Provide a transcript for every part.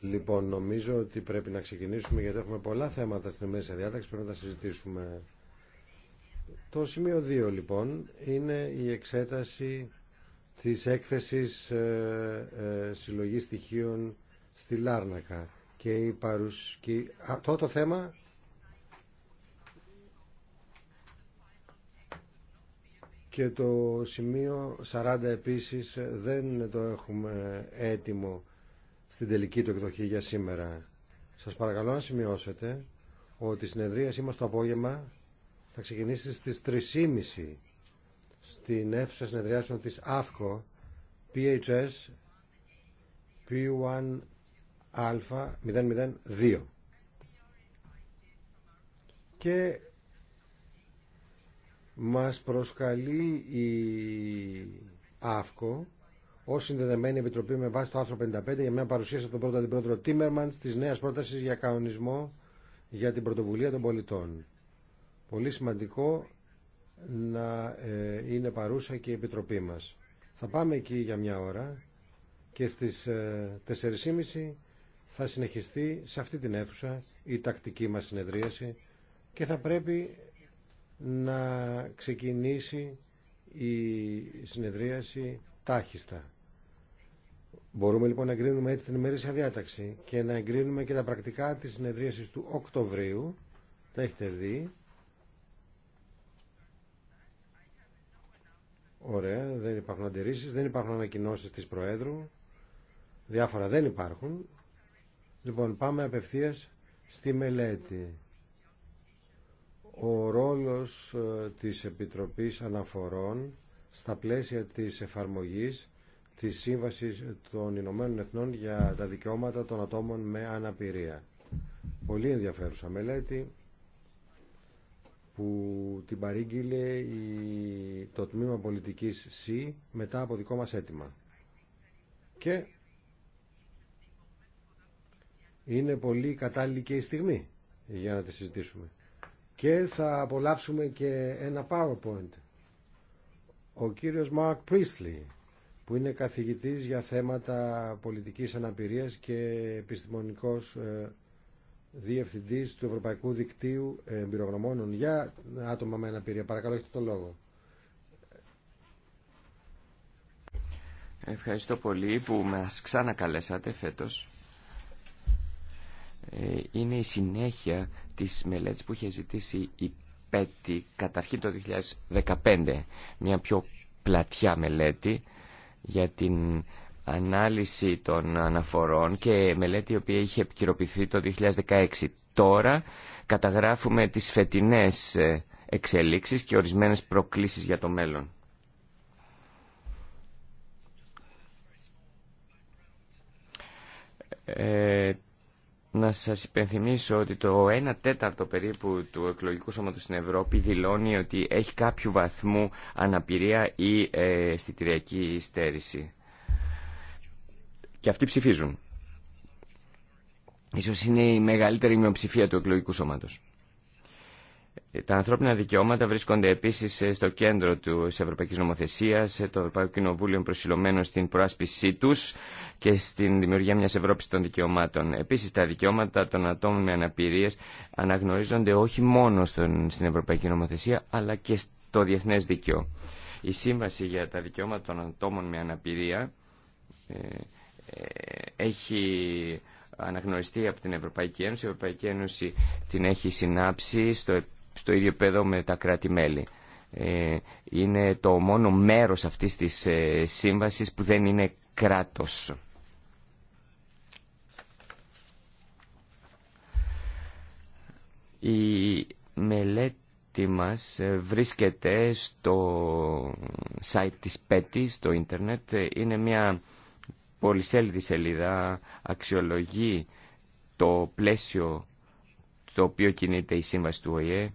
Λοιπόν, νομίζω ότι πρέπει να ξεκινήσουμε γιατί έχουμε πολλά θέματα στη μέση διάταξη πρέπει να τα συζητήσουμε. Το σημείο 2 λοιπόν είναι η εξέταση της έκθεσης ε, ε, συλλογής στοιχείων στη Λάρνακα και η παρουσ... και... το, το θέμα και το σημείο 40 επίσης δεν το έχουμε έτοιμο στην τελική του εκδοχή για σήμερα. Σας παρακαλώ να σημειώσετε ότι η συνεδρίασή μας το απόγευμα θα ξεκινήσει στις 3.30 στην αίθουσα συνεδριάσεων της ΑΦΚΟ PHS P1α002 και μας προσκαλεί η ΑΦΚΟ ω συνδεδεμένη επιτροπή με βάση το άρθρο 55 για μια παρουσίαση από τον πρώτο αντιπρόεδρο Τίμερμαντ τη νέα πρόταση για κανονισμό για την πρωτοβουλία των πολιτών. Πολύ σημαντικό να ε, είναι παρούσα και η επιτροπή μα. Θα πάμε εκεί για μια ώρα και στις 4.30 ε, θα συνεχιστεί σε αυτή την αίθουσα η τακτική μας συνεδρίαση και θα πρέπει να ξεκινήσει η συνεδρίαση τάχιστα. Μπορούμε λοιπόν να εγκρίνουμε έτσι την ημερήσια διάταξη και να εγκρίνουμε και τα πρακτικά της συνεδρίασης του Οκτωβρίου. Τα έχετε δει. Ωραία, δεν υπάρχουν αντιρρήσεις, δεν υπάρχουν ανακοινώσεις της Προέδρου. Διάφορα δεν υπάρχουν. Λοιπόν, πάμε απευθείας στη μελέτη ο ρόλος ε, της Επιτροπής Αναφορών στα πλαίσια της εφαρμογής της Σύμβασης των Ηνωμένων Εθνών για τα δικαιώματα των ατόμων με αναπηρία. Πολύ ενδιαφέρουσα μελέτη που την παρήγγειλε το Τμήμα Πολιτικής ΣΥ μετά από δικό μας αίτημα. Και είναι πολύ κατάλληλη και η στιγμή για να τη συζητήσουμε και θα απολαύσουμε και ένα PowerPoint. Ο κύριος Μάρκ Πρίσλι, που είναι καθηγητής για θέματα πολιτικής αναπηρίας και επιστημονικός ε, διευθυντής του Ευρωπαϊκού Δικτύου ε, Εμπειρογνωμόνων για άτομα με αναπηρία. Παρακαλώ, έχετε το λόγο. Ευχαριστώ πολύ που μας ξανακαλέσατε φέτος. Ε, είναι η συνέχεια της μελέτης που είχε ζητήσει η ΠΕΤΗ καταρχήν το 2015. Μια πιο πλατιά μελέτη για την ανάλυση των αναφορών και μελέτη η οποία είχε επικυρωποιηθεί το 2016. Τώρα καταγράφουμε τις φετινές ε, εξελίξεις και ορισμένες προκλήσεις για το μέλλον. Ε, να σας υπενθυμίσω ότι το 1 τέταρτο περίπου του εκλογικού σώματος στην Ευρώπη δηλώνει ότι έχει κάποιου βαθμού αναπηρία ή ε, αισθητηριακή στέρηση. Και αυτοί ψηφίζουν. Ίσως είναι η μεγαλύτερη μειοψηφία του εκλογικού σώματος. Τα ανθρώπινα δικαιώματα βρίσκονται επίση ε, στο κέντρο τη Ευρωπαϊκή Νομοθεσία. Ε, το Ευρωπαϊκό Κοινοβούλιο είναι προσιλωμένο στην προάσπισή του και στην δημιουργία μια Ευρώπη των δικαιωμάτων. Επίση, τα δικαιώματα των ατόμων με αναπηρίε αναγνωρίζονται όχι μόνο στην Ευρωπαϊκή Νομοθεσία, αλλά και στο διεθνέ δίκαιο. Η Σύμβαση για τα Δικαιώματα των Ατόμων με Αναπηρία ε, ε, έχει αναγνωριστεί από την Ευρωπαϊκή Ένωση. Η Ευρωπαϊκή Ένωση την έχει συνάψει στο στο ίδιο επίπεδο με τα κράτη-μέλη. Ε, είναι το μόνο μέρος αυτής της ε, σύμβασης που δεν είναι κράτος. Η μελέτη μας ε, βρίσκεται στο site της ΠΕΤΗ, στο ίντερνετ. Είναι μια πολυσέλιδη σελίδα, αξιολογεί το πλαίσιο στο οποίο κινείται η σύμβαση του ΟΗΕ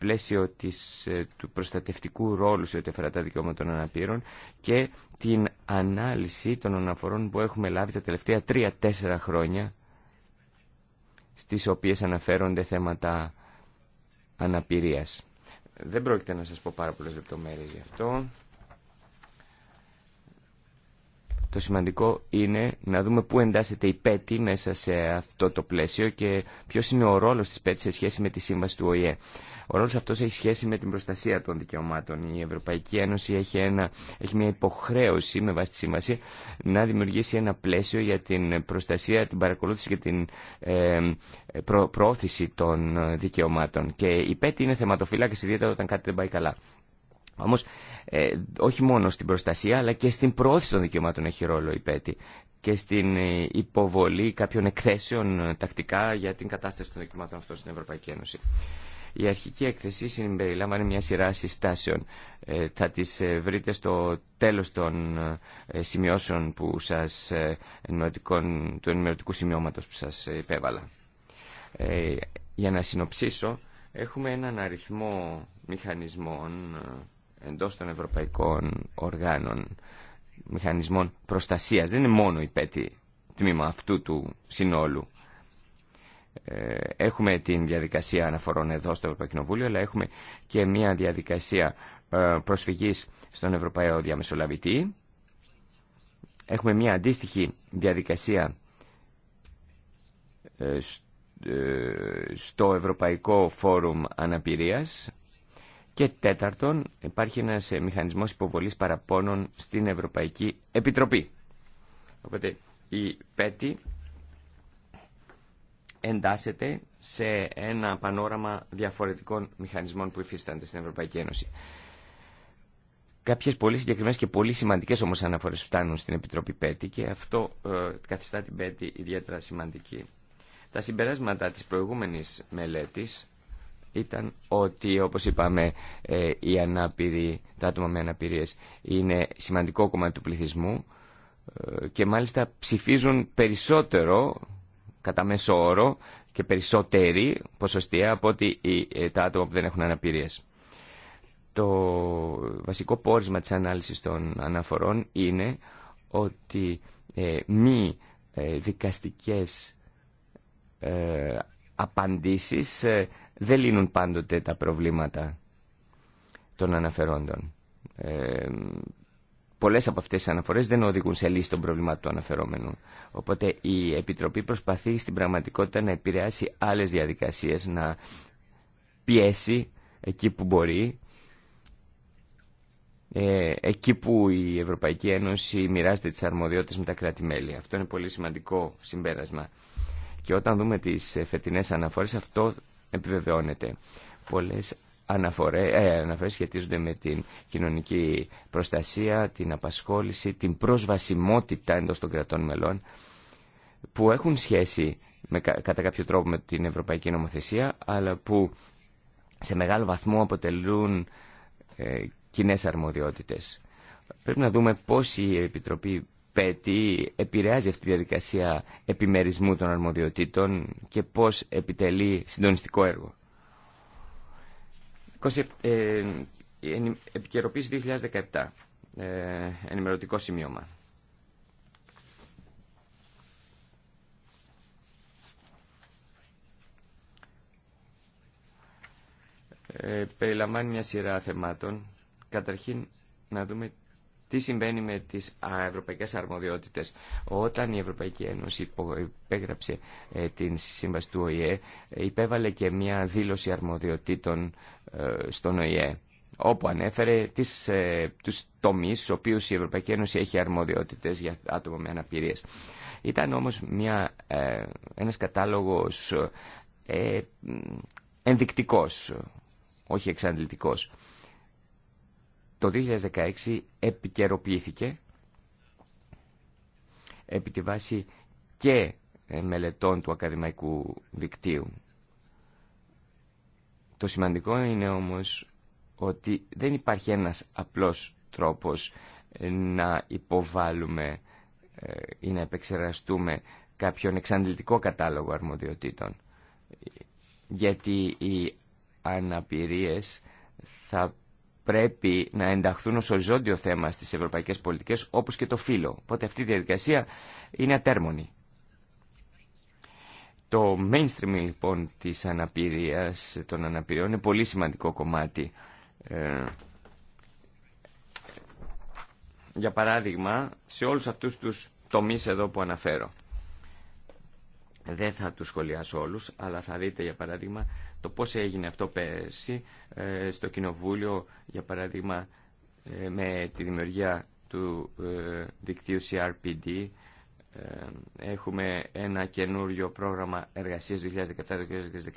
πλαίσιο της, ε, του προστατευτικού ρόλου σε ό,τι αφορά τα δικαιώματα των αναπήρων και την ανάλυση των αναφορών που έχουμε λάβει τα τελευταία τρία-τέσσερα χρόνια στις οποίες αναφέρονται θέματα αναπηρίας. Δεν πρόκειται να σας πω πάρα πολλές λεπτομέρειες γι' αυτό. Το σημαντικό είναι να δούμε πού εντάσσεται η ΠΕΤΗ μέσα σε αυτό το πλαίσιο και ποιος είναι ο ρόλος της ΠΕΤΗ σε σχέση με τη σύμβαση του ΟΗΕ. Ο ρόλο αυτός έχει σχέση με την προστασία των δικαιωμάτων. Η Ευρωπαϊκή Ένωση έχει, ένα, έχει μια υποχρέωση με βάση τη Σύμβαση να δημιουργήσει ένα πλαίσιο για την προστασία, την παρακολούθηση και την ε, προώθηση των δικαιωμάτων. Και η ΠΕΤ είναι θεματοφύλακα, ιδιαίτερα όταν κάτι δεν πάει καλά. Όμω, ε, όχι μόνο στην προστασία, αλλά και στην προώθηση των δικαιωμάτων έχει ρόλο η ΠΕΤΗ και στην ε, υποβολή κάποιων εκθέσεων ε, τακτικά για την κατάσταση των δικαιωμάτων αυτών στην Ευρωπαϊκή Ένωση. Η αρχική έκθεση συμπεριλάμβανε μια σειρά συστάσεων. Ε, θα τις ε, βρείτε στο τέλος των ε, σημειώσεων που σας, του ενημερωτικού σημειώματος που σας υπέβαλα. για να συνοψίσω, έχουμε έναν αριθμό μηχανισμών εντός των ευρωπαϊκών οργάνων, μηχανισμών προστασίας. Δεν είναι μόνο η πέτη τμήμα αυτού του συνόλου. Ε, έχουμε την διαδικασία αναφορών εδώ στο Ευρωπαϊκό Κοινοβούλιο, αλλά έχουμε και μια διαδικασία ε, προσφυγής στον Ευρωπαϊκό Διαμεσολαβητή. Έχουμε μια αντίστοιχη διαδικασία ε, στο Ευρωπαϊκό Φόρουμ Αναπηρίας και τέταρτον υπάρχει ένας μηχανισμός υποβολής παραπώνων στην Ευρωπαϊκή Επιτροπή. Οπότε η ΠΕΤΗ εντάσσεται σε ένα πανόραμα διαφορετικών μηχανισμών που υφίστανται στην Ευρωπαϊκή Ένωση. Κάποιες πολύ συγκεκριμένες και πολύ σημαντικές όμως αναφορές φτάνουν στην Επιτροπή ΠΕΤΗ και αυτό ε, καθιστά την ΠΕΤΗ ιδιαίτερα σημαντική. Τα συμπεράσματα της προηγούμενης μελέτης ήταν ότι, όπως είπαμε, οι ε, ανάπηροι, τα άτομα με αναπηρίες είναι σημαντικό κομμάτι του πληθυσμού ε, και μάλιστα ψηφίζουν περισσότερο κατά μέσο όρο και περισσότερη ποσοστία από ότι ε, τα άτομα που δεν έχουν αναπηρίες. Το βασικό πόρισμα της ανάλυσης των αναφορών είναι ότι ε, μη ε, δικαστικές απαντήσεις δεν λύνουν πάντοτε τα προβλήματα των αναφερόντων πολλές από αυτές τις αναφορές δεν οδηγούν σε λύση των προβλημάτων του αναφερόμενου. Οπότε η Επιτροπή προσπαθεί στην πραγματικότητα να επηρεάσει άλλες διαδικασίες, να πιέσει εκεί που μπορεί, ε, εκεί που η Ευρωπαϊκή Ένωση μοιράζεται τις αρμοδιότητες με τα κράτη-μέλη. Αυτό είναι πολύ σημαντικό συμπέρασμα. Και όταν δούμε τις φετινές αναφορές αυτό επιβεβαιώνεται. Πολλές αναφορές, ε, αναφορές σχετίζονται με την κοινωνική προστασία, την απασχόληση, την προσβασιμότητα εντός των κρατών μελών που έχουν σχέση με, κατά κάποιο τρόπο με την Ευρωπαϊκή Νομοθεσία αλλά που σε μεγάλο βαθμό αποτελούν ε, κοινέ αρμοδιότητες. Πρέπει να δούμε πώς η Επιτροπή ΠΕΤΗ επηρεάζει αυτή τη διαδικασία επιμερισμού των αρμοδιοτήτων και πώς επιτελεί συντονιστικό έργο. Ε, επικαιροποίηση 2017. Ε, ενημερωτικό σημείωμα. Ε, περιλαμβάνει μια σειρά θεμάτων. Καταρχήν να δούμε τι συμβαίνει με τις ευρωπαϊκές αρμοδιότητες. Όταν η Ευρωπαϊκή Ένωση υπέγραψε ε, την σύμβαση του ΟΗΕ, υπέβαλε και μια δήλωση αρμοδιοτήτων ε, στον ΟΗΕ, όπου ανέφερε τις, ε, τους τομείς στους οποίους η Ευρωπαϊκή Ένωση έχει αρμοδιότητες για άτομα με αναπηρίες. Ήταν όμως μια, ένας κατάλογος ε, ενδεικτικός, όχι εξαντλητικός το 2016 επικαιροποιήθηκε επί τη βάση και ε, μελετών του ακαδημαϊκού δικτύου. Το σημαντικό είναι όμως ότι δεν υπάρχει ένας απλός τρόπος ε, να υποβάλουμε ε, ή να επεξεργαστούμε κάποιον εξαντλητικό κατάλογο αρμοδιοτήτων. Γιατί οι αναπηρίες θα πρέπει να ενταχθούν ως οριζόντιο θέμα στις ευρωπαϊκές πολιτικές όπως και το φύλλο. Οπότε αυτή η διαδικασία είναι ατέρμονη. Το mainstream λοιπόν της αναπηρίας, των αναπηριών είναι πολύ σημαντικό κομμάτι. Ε, για παράδειγμα, σε όλους αυτούς τους τομείς εδώ που αναφέρω. Δεν θα τους σχολιάσω όλους, αλλά θα δείτε για παράδειγμα το πώς έγινε αυτό πέρσι ε, στο Κοινοβούλιο, για παράδειγμα ε, με τη δημιουργία του ε, δικτύου CRPD. Έχουμε ένα καινούριο πρόγραμμα εργασίας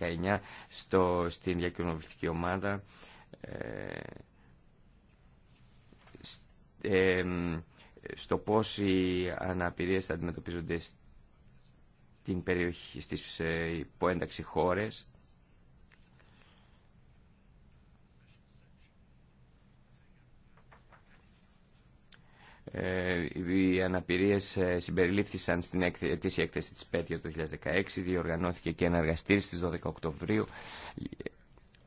2017-2019 στο, στην διακοινοβουλευτική ομάδα. στο πώς οι αναπηρίες θα αντιμετωπίζονται στην περιοχή, στις υποένταξη χώρες. Ε, οι αναπηρίε ε, συμπεριλήφθησαν στην ετήσια έκθεση της ΠΕΤΙΑ του 2016, διοργανώθηκε και ένα εργαστήρι στις 12 Οκτωβρίου.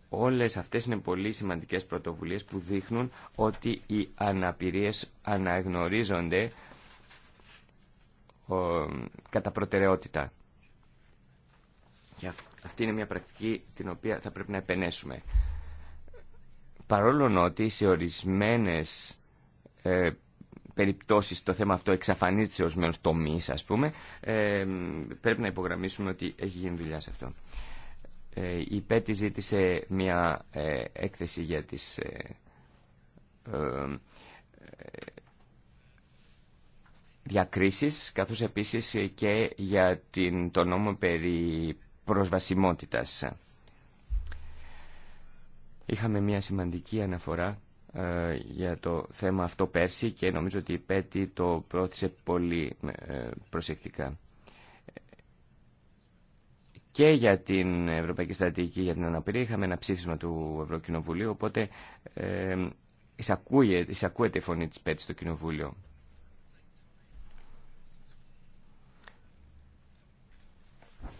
Όλες αυτές είναι πολύ σημαντικές πρωτοβουλίες που δείχνουν ότι οι αναπηρίες αναγνωρίζονται κατά προτεραιότητα. αυτή είναι μια πρακτική την οποία θα πρέπει να επενέσουμε. Παρόλο ότι σε ορισμένες ε, περιπτώσεις το θέμα αυτό εξαφανίζεται σε ορισμένου τομεί, ας πούμε, ε, πρέπει να υπογραμμίσουμε ότι έχει γίνει δουλειά σε αυτό. Ε, η ΠΕΤΗ ζήτησε μια ε, έκθεση για τις... διακρίσεις, καθώς επίσης και για την, το νόμο περί προσβασιμότητας. Είχαμε μια σημαντική αναφορά ε, για το θέμα αυτό πέρσι και νομίζω ότι η Πέτη το πρόθεσε πολύ ε, προσεκτικά. Και για την Ευρωπαϊκή Στρατηγική για την Αναπηρία είχαμε ένα ψήφισμα του Ευρωκοινοβουλίου, οπότε ε, εισακούεται η φωνή της Πέτη στο Κοινοβούλιο.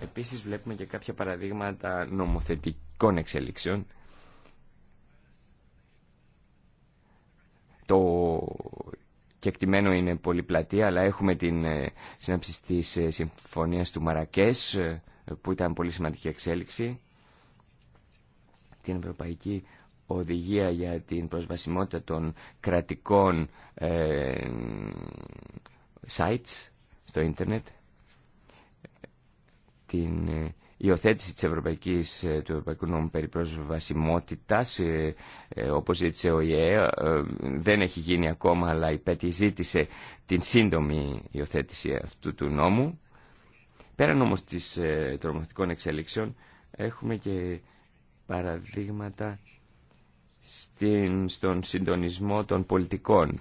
Επίσης βλέπουμε και κάποια παραδείγματα νομοθετικών εξελίξεων Το κεκτημένο είναι πολυπλατεία, αλλά έχουμε την ε, σύναψη της ε, συμφωνία του Μαρακές, ε, που ήταν πολύ σημαντική εξέλιξη, την Ευρωπαϊκή Οδηγία για την προσβασιμότητα των κρατικών ε, sites στο ίντερνετ, την υιοθέτηση της Ευρωπαϊκής, ε, του Ευρωπαϊκού Νόμου περί προσβασιμότητας, ε, ε, όπως ζήτησε ο δεν έχει γίνει ακόμα, αλλά η ΠΕΤΗ ζήτησε την σύντομη υιοθέτηση αυτού του νόμου. Πέραν όμως της, των εξελίξεων, έχουμε και παραδείγματα στην, στον συντονισμό των πολιτικών.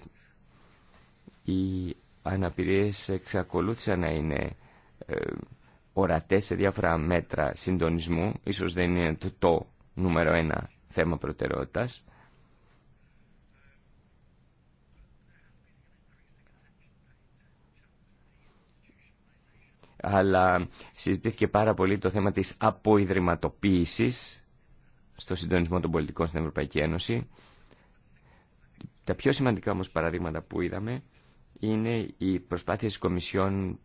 Οι αναπηρίες εξακολούθησαν να είναι ορατές σε διάφορα μέτρα συντονισμού, ίσως δεν είναι το, νούμερο ένα θέμα προτεραιότητας. Αλλά συζητήθηκε πάρα πολύ το θέμα της αποϊδρυματοποίησης στο συντονισμό των πολιτικών στην Ευρωπαϊκή Ένωση. Τα πιο σημαντικά όμως παραδείγματα που είδαμε είναι οι προσπάθειες της Κομισιόν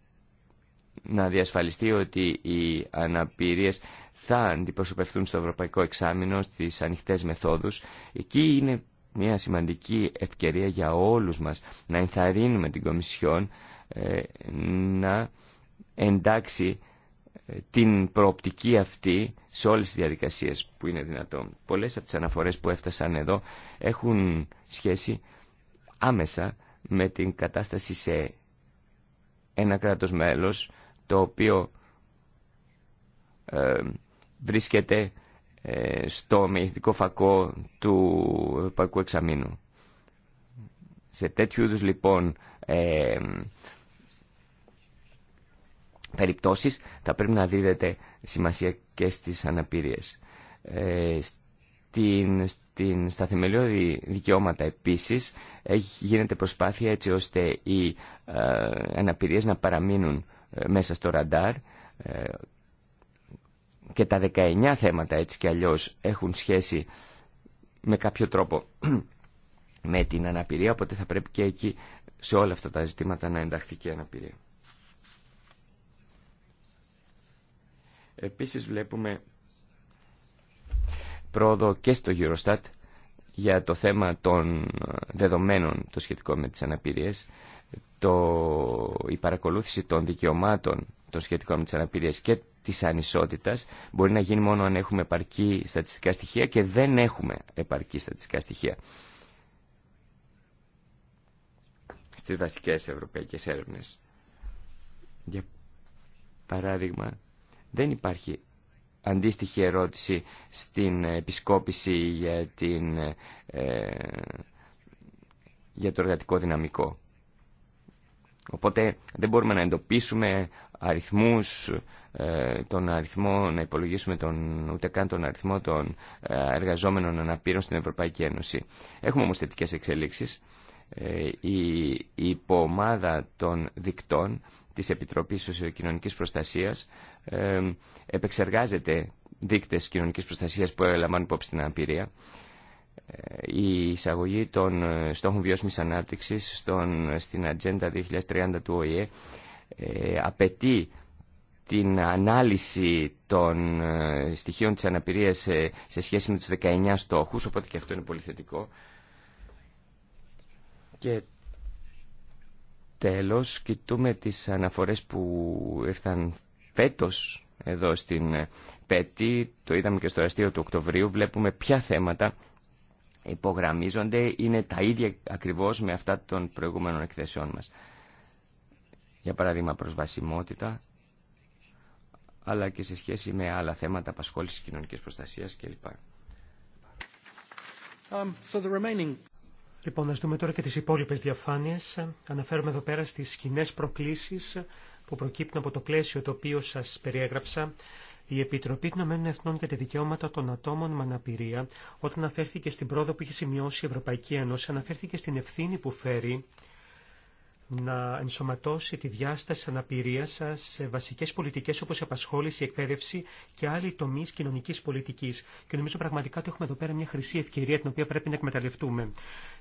να διασφαλιστεί ότι οι αναπηρίες θα αντιπροσωπευτούν στο Ευρωπαϊκό Εξάμεινο στις ανοιχτές μεθόδους. Εκεί είναι μια σημαντική ευκαιρία για όλους μας να ενθαρρύνουμε την Κομισιόν ε, να εντάξει ε, την προοπτική αυτή σε όλες τις διαδικασίες που είναι δυνατόν. Πολλές από τις αναφορές που έφτασαν εδώ έχουν σχέση άμεσα με την κατάσταση σε ένα κράτος μέλος το οποίο ε, βρίσκεται ε, στο μεγεθυντικό φακό του Ευρωπαϊκού Εξαμήνου. Σε τέτοιου είδους λοιπόν ε, περιπτώσεις θα πρέπει να δίδεται σημασία και στις αναπηρίες. Ε, στην, στην, στα θεμελιώδη δικαιώματα επίσης γίνεται προσπάθεια έτσι ώστε οι ε, αναπηρίες να παραμείνουν ε, μέσα στο ραντάρ ε, και τα 19 θέματα έτσι και αλλιώς έχουν σχέση με κάποιο τρόπο με την αναπηρία, οπότε θα πρέπει και εκεί σε όλα αυτά τα ζητήματα να ενταχθεί και η αναπηρία. Επίσης βλέπουμε πρόοδο και στο Eurostat για το θέμα των δεδομένων το σχετικό με τις αναπηρίες το, η παρακολούθηση των δικαιωμάτων των σχετικών με τις αναπηρίες και της ανισότητας μπορεί να γίνει μόνο αν έχουμε επαρκή στατιστικά στοιχεία και δεν έχουμε επαρκή στατιστικά στοιχεία στις βασικές ευρωπαϊκές έρευνες. Για παράδειγμα, δεν υπάρχει αντίστοιχη ερώτηση στην επισκόπηση την, ε, για το εργατικό δυναμικό. Οπότε δεν μπορούμε να εντοπίσουμε αριθμούς, ε, τον αριθμό, να υπολογίσουμε τον, ούτε καν τον αριθμό των ε, εργαζόμενων αναπήρων στην Ευρωπαϊκή Ένωση. Έχουμε όμως θετικές εξελίξεις. Ε, η, υποομάδα των δικτών της Επιτροπής Σοσιοκοινωνικής Προστασίας επεξεργάζεται δείκτες κοινωνικής προστασίας που λαμβάνουν υπόψη την αναπηρία η εισαγωγή των ε, στόχων βιώσιμης ανάπτυξης στον, στην Ατζέντα 2030 του ΟΗΕ ε, απαιτεί την ανάλυση των ε, στοιχείων της αναπηρίας σε, σχέση με τους 19 στόχους, οπότε και αυτό είναι πολύ θετικό. Και τέλος, κοιτούμε τις αναφορές που ήρθαν φέτος εδώ στην ΠΕΤΗ, το είδαμε και στο αστείο του Οκτωβρίου, βλέπουμε ποια θέματα υπογραμμίζονται είναι τα ίδια ακριβώς με αυτά των προηγούμενων εκθέσεών μας. Για παράδειγμα προσβασιμότητα, αλλά και σε σχέση με άλλα θέματα απασχόλησης κοινωνικής προστασίας κλπ. Um, so the remaining... Λοιπόν, ας δούμε τώρα και τις υπόλοιπες διαφάνειες. Αναφέρομαι εδώ πέρα στις κοινέ προκλήσεις που προκύπτουν από το πλαίσιο το οποίο σας περιέγραψα η Επιτροπή των Ηνωμένων Εθνών για τα Δικαιώματα των Ατόμων με Αναπηρία, όταν αναφέρθηκε στην πρόοδο που είχε σημειώσει η Ευρωπαϊκή Ένωση, αναφέρθηκε στην ευθύνη που φέρει να ενσωματώσει τη διάσταση αναπηρία σα σε βασικέ πολιτικέ όπω η απασχόληση, η εκπαίδευση και άλλοι τομεί κοινωνική πολιτική. Και νομίζω πραγματικά ότι έχουμε εδώ πέρα μια χρυσή ευκαιρία την οποία πρέπει να εκμεταλλευτούμε.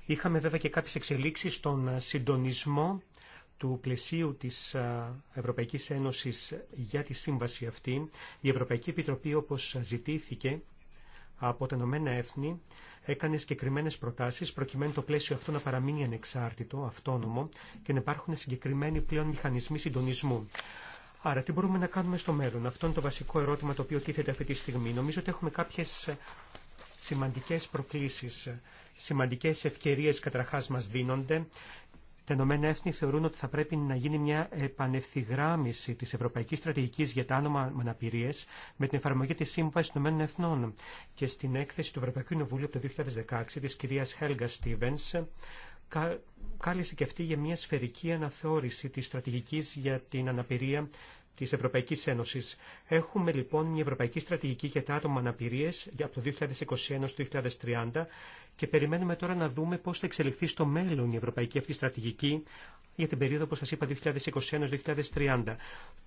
Είχαμε βέβαια και κάποιε εξελίξει στον συντονισμό του πλαισίου της Ευρωπαϊκής Ένωσης για τη σύμβαση αυτή, η Ευρωπαϊκή Επιτροπή, όπως ζητήθηκε από τα Ηνωμένα Έθνη, έκανε συγκεκριμένε προτάσεις προκειμένου το πλαίσιο αυτό να παραμείνει ανεξάρτητο, αυτόνομο και να υπάρχουν συγκεκριμένοι πλέον μηχανισμοί συντονισμού. Άρα, τι μπορούμε να κάνουμε στο μέλλον. Αυτό είναι το βασικό ερώτημα το οποίο τίθεται αυτή τη στιγμή. Νομίζω ότι έχουμε κάποιες σημαντικές προκλήσεις, σημαντικές ευκαιρίες καταρχάς μας δίνονται τα Ηνωμένα Έθνη θεωρούν ότι θα πρέπει να γίνει μια επανευθυγράμμιση τη Ευρωπαϊκή Στρατηγική για τα Άνομα με Αναπηρίε με την εφαρμογή τη Σύμβαση των Ηνωμένων Εθνών. Και στην έκθεση του Ευρωπαϊκού Κοινοβούλου από το 2016 τη κυρία Χέλγα Στίβεν, κάλεσε και αυτή για μια σφαιρική αναθεώρηση τη στρατηγική για την αναπηρία τη Ευρωπαϊκή Ένωση. Έχουμε λοιπόν μια ευρωπαϊκή στρατηγική για τα άτομα αναπηρίε από το 2021 στο 2030 και περιμένουμε τώρα να δούμε πώ θα εξελιχθεί στο μέλλον η ευρωπαϊκή αυτή στρατηγική για την περίοδο, όπω σα είπα, 2021-2030.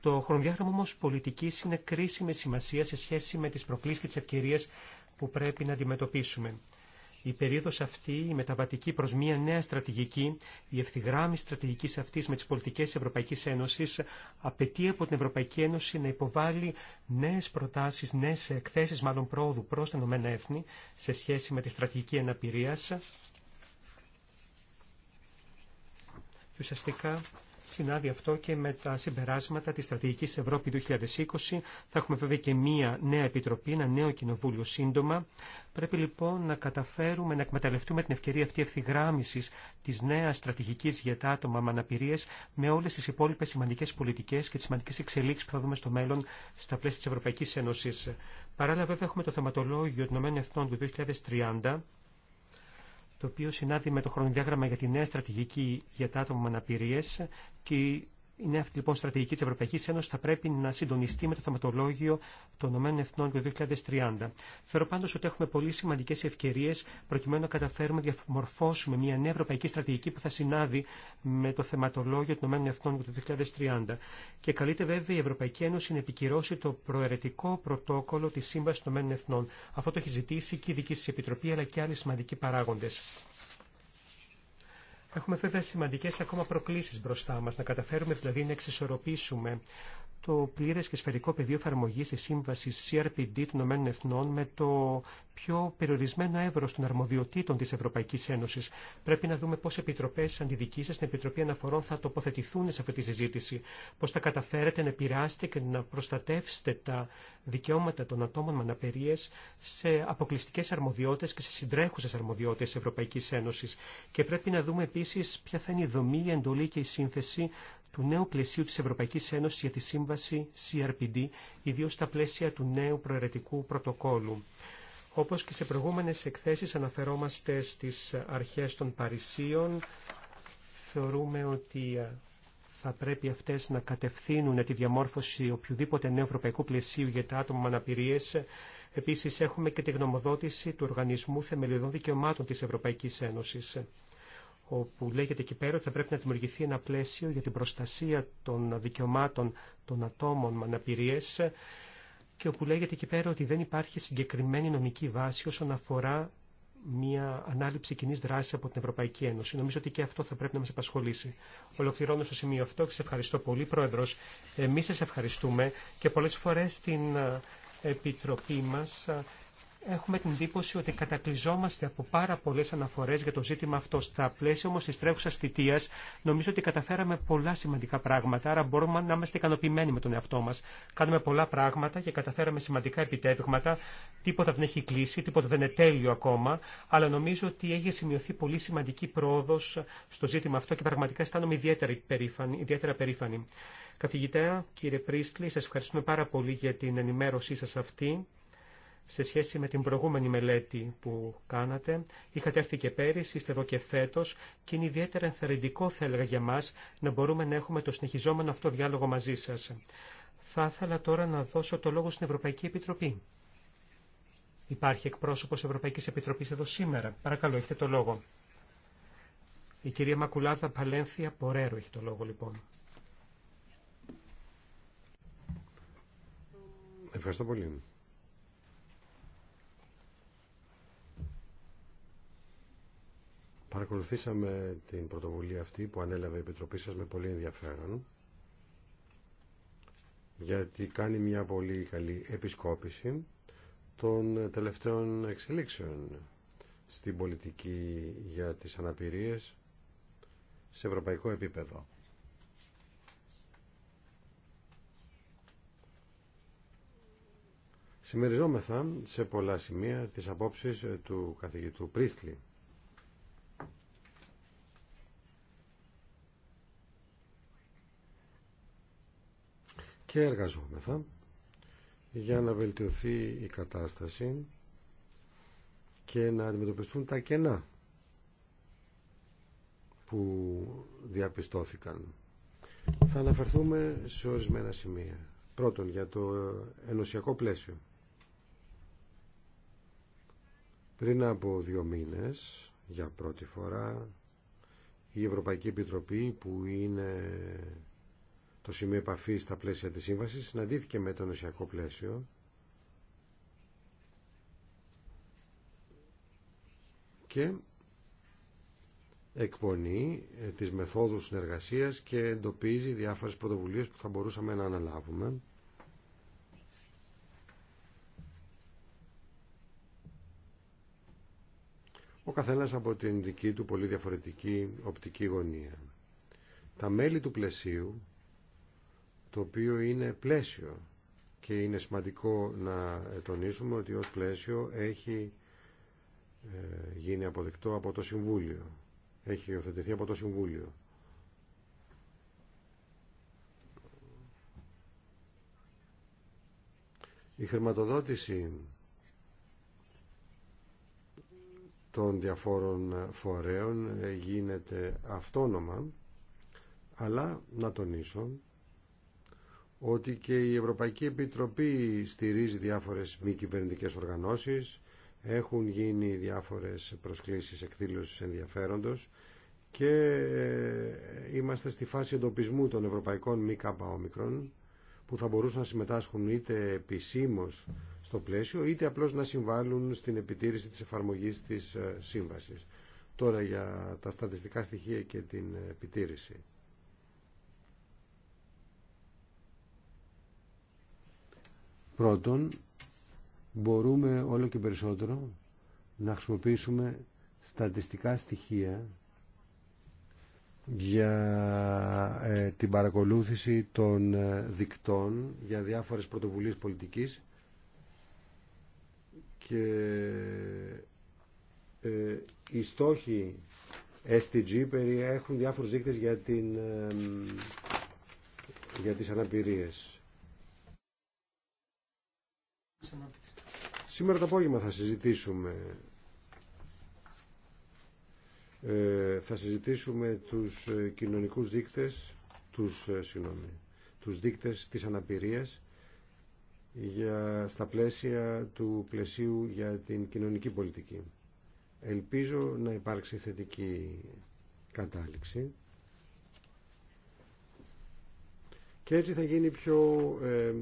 Το χρονοδιάγραμμα όμω πολιτική είναι κρίσιμη σημασία σε σχέση με τι προκλήσει και τι ευκαιρίε που πρέπει να αντιμετωπίσουμε. Η περίοδος αυτή, η μεταβατική προς μια νέα στρατηγική, η ευθυγράμμιση στρατηγικής αυτής με τις πολιτικές Ευρωπαϊκής Ένωσης, απαιτεί από την Ευρωπαϊκή Ένωση να υποβάλει νέες προτάσεις, νέες εκθέσεις μάλλον πρόοδου προς τα Ηνωμένα Έθνη σε σχέση με τη στρατηγική αναπηρία. Και ουσιαστικά Συνάδει αυτό και με τα συμπεράσματα της Στρατηγικής Ευρώπη 2020. Θα έχουμε βέβαια και μία νέα επιτροπή, ένα νέο κοινοβούλιο σύντομα. Πρέπει λοιπόν να καταφέρουμε να εκμεταλλευτούμε την ευκαιρία αυτή ευθυγράμμισης της νέας στρατηγικής για τα άτομα με αναπηρίες με όλες τις υπόλοιπες σημαντικές πολιτικές και τις σημαντικές εξελίξεις που θα δούμε στο μέλλον στα πλαίσια της Ευρωπαϊκής Ένωσης. Παράλληλα βέβαια έχουμε το θεματολόγιο των ΗΕ του 2030 το οποίο συνάδει με το χρονοδιάγραμμα για τη νέα στρατηγική για τα άτομα με αναπηρίες και η νέα αυτή λοιπόν στρατηγική τη Ευρωπαϊκή Ένωση θα πρέπει να συντονιστεί με το θεματολόγιο των ΗΕ το 2030. Θεωρώ πάντω ότι έχουμε πολύ σημαντικέ ευκαιρίε προκειμένου να καταφέρουμε να διαμορφώσουμε μια νέα ευρωπαϊκή στρατηγική που θα συνάδει με το θεματολόγιο των ΗΕ το 2030. Και καλείται βέβαια η Ευρωπαϊκή Ένωση να επικυρώσει το προαιρετικό πρωτόκολλο τη Σύμβαση των ΗΕ. Αυτό το έχει ζητήσει και η δική σα επιτροπή αλλά και άλλοι σημαντικοί παράγοντε. Έχουμε βέβαια σημαντικές ακόμα προκλήσεις μπροστά μας, να καταφέρουμε δηλαδή να εξισορροπήσουμε το πλήρε και σφαιρικό πεδίο εφαρμογή τη σύμβαση CRPD των ΗΕ με το πιο περιορισμένο εύρο των αρμοδιοτήτων τη Ευρωπαϊκής Ένωσης. Πρέπει να δούμε πώ επιτροπές αντιδικήσεις στην Επιτροπή Αναφορών, θα τοποθετηθούν σε αυτή τη συζήτηση, πώ θα καταφέρετε να επηρεάσετε και να προστατεύσετε τα δικαιώματα των ατόμων με αναπηρίε σε αποκλειστικέ αρμοδιότητε και σε συντρέχουσε αρμοδιότητε τη Ευρωπαϊκή Ένωση. Και πρέπει να δούμε επίση ποια θα είναι η δομή, η εντολή και η σύνθεση του νέου πλαισίου της Ευρωπαϊκής Ένωσης για τη Σύμβαση CRPD, ιδίως στα πλαίσια του νέου προαιρετικού πρωτοκόλου. Όπως και σε προηγούμενες εκθέσεις αναφερόμαστε στις αρχές των Παρισίων, θεωρούμε ότι ε, θα πρέπει αυτές να κατευθύνουν τη διαμόρφωση οποιοδήποτε νέου ευρωπαϊκού πλαισίου για τα άτομα με αναπηρίες. Επίσης έχουμε και τη γνωμοδότηση του Οργανισμού Θεμελιωδών Δικαιωμάτων της Ευρωπαϊκής Ένωσης όπου λέγεται εκεί πέρα ότι θα πρέπει να δημιουργηθεί ένα πλαίσιο για την προστασία των δικαιωμάτων των ατόμων με αναπηρίες και όπου λέγεται εκεί πέρα ότι δεν υπάρχει συγκεκριμένη νομική βάση όσον αφορά μια ανάληψη κοινή δράση από την Ευρωπαϊκή Ένωση. Νομίζω ότι και αυτό θα πρέπει να μα απασχολήσει. Ολοκληρώνω στο σημείο αυτό και σε ευχαριστώ πολύ, Πρόεδρο. Εμεί σα ευχαριστούμε και πολλέ φορέ στην ε, Επιτροπή μα ε, έχουμε την εντύπωση ότι κατακλυζόμαστε από πάρα πολλέ αναφορέ για το ζήτημα αυτό. Στα πλαίσια όμω τη τρέχουσα θητεία, νομίζω ότι καταφέραμε πολλά σημαντικά πράγματα, άρα μπορούμε να είμαστε ικανοποιημένοι με τον εαυτό μα. Κάνουμε πολλά πράγματα και καταφέραμε σημαντικά επιτεύγματα, τίποτα δεν έχει κλείσει, τίποτα δεν είναι τέλειο ακόμα, αλλά νομίζω ότι έχει σημειωθεί πολύ σημαντική πρόοδο στο ζήτημα αυτό και πραγματικά αισθάνομαι ιδιαίτερα περήφανη. Ιδιαίτερα περήφανη. κύριε Πρίστλη, σα ευχαριστούμε πάρα πολύ για την ενημέρωσή σα αυτή σε σχέση με την προηγούμενη μελέτη που κάνατε. Είχατε έρθει και πέρυσι, είστε εδώ και φέτο και είναι ιδιαίτερα ενθαρρυντικό, θα έλεγα για μας, να μπορούμε να έχουμε το συνεχιζόμενο αυτό διάλογο μαζί σας. Θα ήθελα τώρα να δώσω το λόγο στην Ευρωπαϊκή Επιτροπή. Υπάρχει εκπρόσωπος Ευρωπαϊκής Επιτροπής εδώ σήμερα. Παρακαλώ, έχετε το λόγο. Η κυρία Μακουλάδα Παλένθια Πορέρο έχει το λόγο λοιπόν. Ευχαριστώ πολύ. Παρακολουθήσαμε την πρωτοβουλία αυτή που ανέλαβε η Επιτροπή σας με πολύ ενδιαφέρον γιατί κάνει μια πολύ καλή επισκόπηση των τελευταίων εξελίξεων στην πολιτική για τις αναπηρίες σε ευρωπαϊκό επίπεδο. Συμμεριζόμεθα σε πολλά σημεία τις απόψεις του καθηγητού Πρίστλη και εργαζόμεθα για να βελτιωθεί η κατάσταση και να αντιμετωπιστούν τα κενά που διαπιστώθηκαν. Θα αναφερθούμε σε ορισμένα σημεία. Πρώτον, για το ενωσιακό πλαίσιο. Πριν από δύο μήνες, για πρώτη φορά, η Ευρωπαϊκή Επιτροπή, που είναι το σημείο επαφή στα πλαίσια της σύμβασης συναντήθηκε με το νοσιακό πλαίσιο και εκπονεί ε, τις μεθόδους συνεργασίας και εντοπίζει διάφορες πρωτοβουλίες που θα μπορούσαμε να αναλάβουμε. Ο καθένας από την δική του πολύ διαφορετική οπτική γωνία. Τα μέλη του πλαισίου το οποίο είναι πλαίσιο και είναι σημαντικό να τονίσουμε ότι ως πλαίσιο έχει ε, γίνει αποδεκτό από το Συμβούλιο. Έχει υιοθετηθεί από το Συμβούλιο. Η χρηματοδότηση των διαφόρων φορέων ε, γίνεται αυτόνομα, αλλά να τονίσω ότι και η Ευρωπαϊκή Επιτροπή στηρίζει διάφορες μη κυβερνητικέ οργανώσεις, έχουν γίνει διάφορες προσκλήσεις εκδήλωσης ενδιαφέροντος και ε, είμαστε στη φάση εντοπισμού των ευρωπαϊκών μη ομικρών που θα μπορούσαν να συμμετάσχουν είτε επισήμως στο πλαίσιο είτε απλώς να συμβάλλουν στην επιτήρηση της εφαρμογής της ε, σύμβασης. Τώρα για τα στατιστικά στοιχεία και την ε, επιτήρηση. Πρώτον, μπορούμε όλο και περισσότερο να χρησιμοποιήσουμε στατιστικά στοιχεία για ε, την παρακολούθηση των ε, δικτών για διάφορες πρωτοβουλίες πολιτικής και ε, οι στόχοι STG περιέχουν διάφορους δείκτες για, την, ε, για τις αναπηρίες. Σήμερα το απόγευμα θα συζητήσουμε ε, θα συζητήσουμε τους ε, κοινωνικούς δείκτες τους, ε, συγγνώμη, τους δείκτες της αναπηρίας για, στα πλαίσια του πλαισίου για την κοινωνική πολιτική. Ελπίζω να υπάρξει θετική κατάληξη και έτσι θα γίνει πιο ε,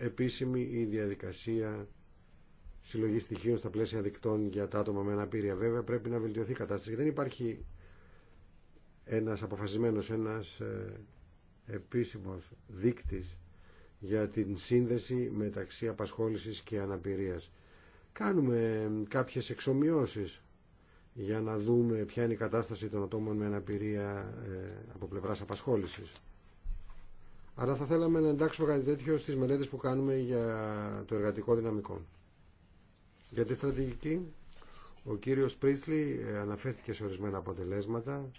επίσημη η διαδικασία συλλογή στοιχείων στα πλαίσια δικτών για τα άτομα με αναπηρία. Βέβαια πρέπει να βελτιωθεί η κατάσταση. Δεν υπάρχει ένας αποφασισμένο, ένας ε, επίσημος δείκτη για την σύνδεση μεταξύ απασχόλησης και αναπηρίας. Κάνουμε κάποιες εξομοιώσεις για να δούμε ποια είναι η κατάσταση των ατόμων με αναπηρία ε, από πλευράς απασχόλησης. Αλλά θα θέλαμε να εντάξουμε κάτι τέτοιο στις μελέτες που κάνουμε για το εργατικό δυναμικό. Για τη στρατηγική, ο κύριος Πρίσλι ε, αναφέρθηκε σε ορισμένα αποτελέσματα.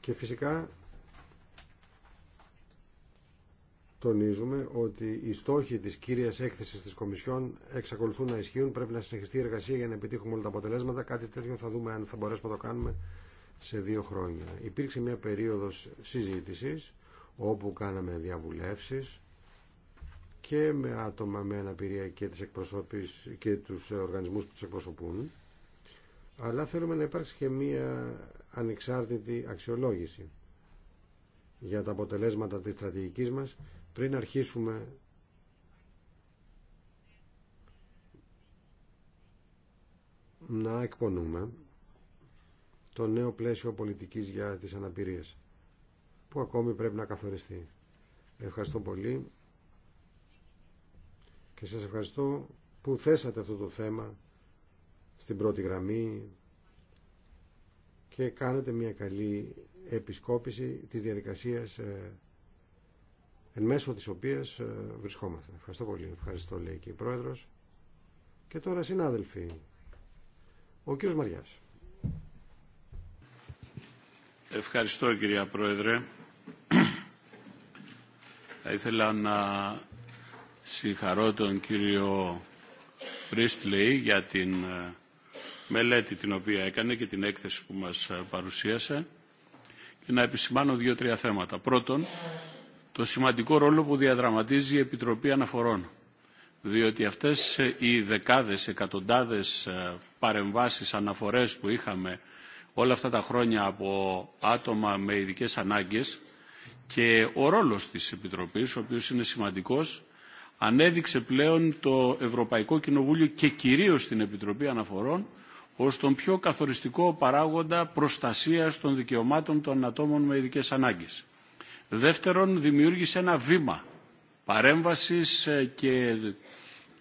Και φυσικά τονίζουμε ότι οι στόχοι της κύριας έκθεσης της Κομισιόν εξακολουθούν να ισχύουν. Πρέπει να συνεχιστεί η εργασία για να επιτύχουμε όλα τα αποτελέσματα. Κάτι τέτοιο θα δούμε αν θα μπορέσουμε να το κάνουμε σε δύο χρόνια. Υπήρξε μια περίοδος συζήτησης όπου κάναμε διαβουλεύσεις και με άτομα με αναπηρία και, και τους οργανισμούς που τους εκπροσωπούν αλλά θέλουμε να υπάρξει και μία ανεξάρτητη αξιολόγηση για τα αποτελέσματα της στρατηγικής μας πριν αρχίσουμε να εκπονούμε το νέο πλαίσιο πολιτικής για τις αναπηρίες που ακόμη πρέπει να καθοριστεί. Ευχαριστώ πολύ και σας ευχαριστώ που θέσατε αυτό το θέμα στην πρώτη γραμμή και κάνετε μια καλή επισκόπηση της διαδικασίας ε, εν μέσω της οποίας ε, βρισκόμαστε. Ευχαριστώ πολύ. Ευχαριστώ λέει και η Πρόεδρος. Και τώρα συνάδελφοι, ο κύριος Μαριάς. Ευχαριστώ κυρία Πρόεδρε. Θα ήθελα να συγχαρώ τον κύριο Πρίστλεϊ για την ε, μελέτη την οποία έκανε και την έκθεση που μας ε, παρουσίασε και να επισημάνω δύο-τρία θέματα. Πρώτον, το σημαντικό ρόλο που διαδραματίζει η Επιτροπή Αναφορών. Διότι αυτές ε, οι δεκάδες, εκατοντάδες ε, παρεμβάσεις, αναφορές που είχαμε όλα αυτά τα χρόνια από άτομα με ειδικέ ανάγκες και ο ρόλος της Επιτροπής, ο οποίος είναι σημαντικός, ανέδειξε πλέον το Ευρωπαϊκό Κοινοβούλιο και κυρίως την Επιτροπή Αναφορών ως τον πιο καθοριστικό παράγοντα προστασίας των δικαιωμάτων των ατόμων με ειδικέ ανάγκες. Δεύτερον, δημιούργησε ένα βήμα παρέμβασης ε, και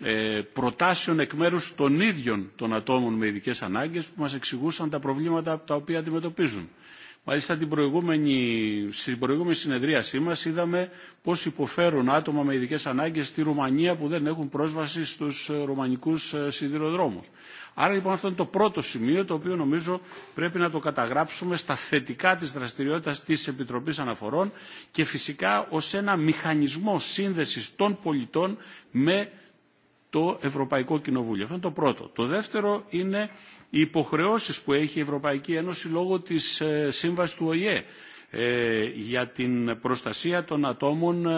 ε, προτάσεων εκ μέρους των ίδιων των ατόμων με ειδικές ανάγκες που μας εξηγούσαν τα προβλήματα τα οποία αντιμετωπίζουν. Μάλιστα την προηγούμενη, στην προηγούμενη συνεδρίασή μας είδαμε πώς υποφέρουν άτομα με ειδικές ανάγκες στη Ρουμανία που δεν έχουν πρόσβαση στους ε, ρουμανικούς ε, σιδηροδρόμους. Άρα λοιπόν αυτό είναι το πρώτο σημείο το οποίο νομίζω πρέπει να το καταγράψουμε στα θετικά της δραστηριότητας της Επιτροπής Αναφορών και φυσικά ως ένα μηχανισμό σύνδεσης των πολιτών με το Ευρωπαϊκό Κοινοβούλιο. Αυτό είναι το πρώτο. Το δεύτερο είναι οι υποχρεώσεις που έχει η Ευρωπαϊκή Ένωση λόγω της ε, σύμβασης του ΟΗΕ ε, για την προστασία των ατόμων ε,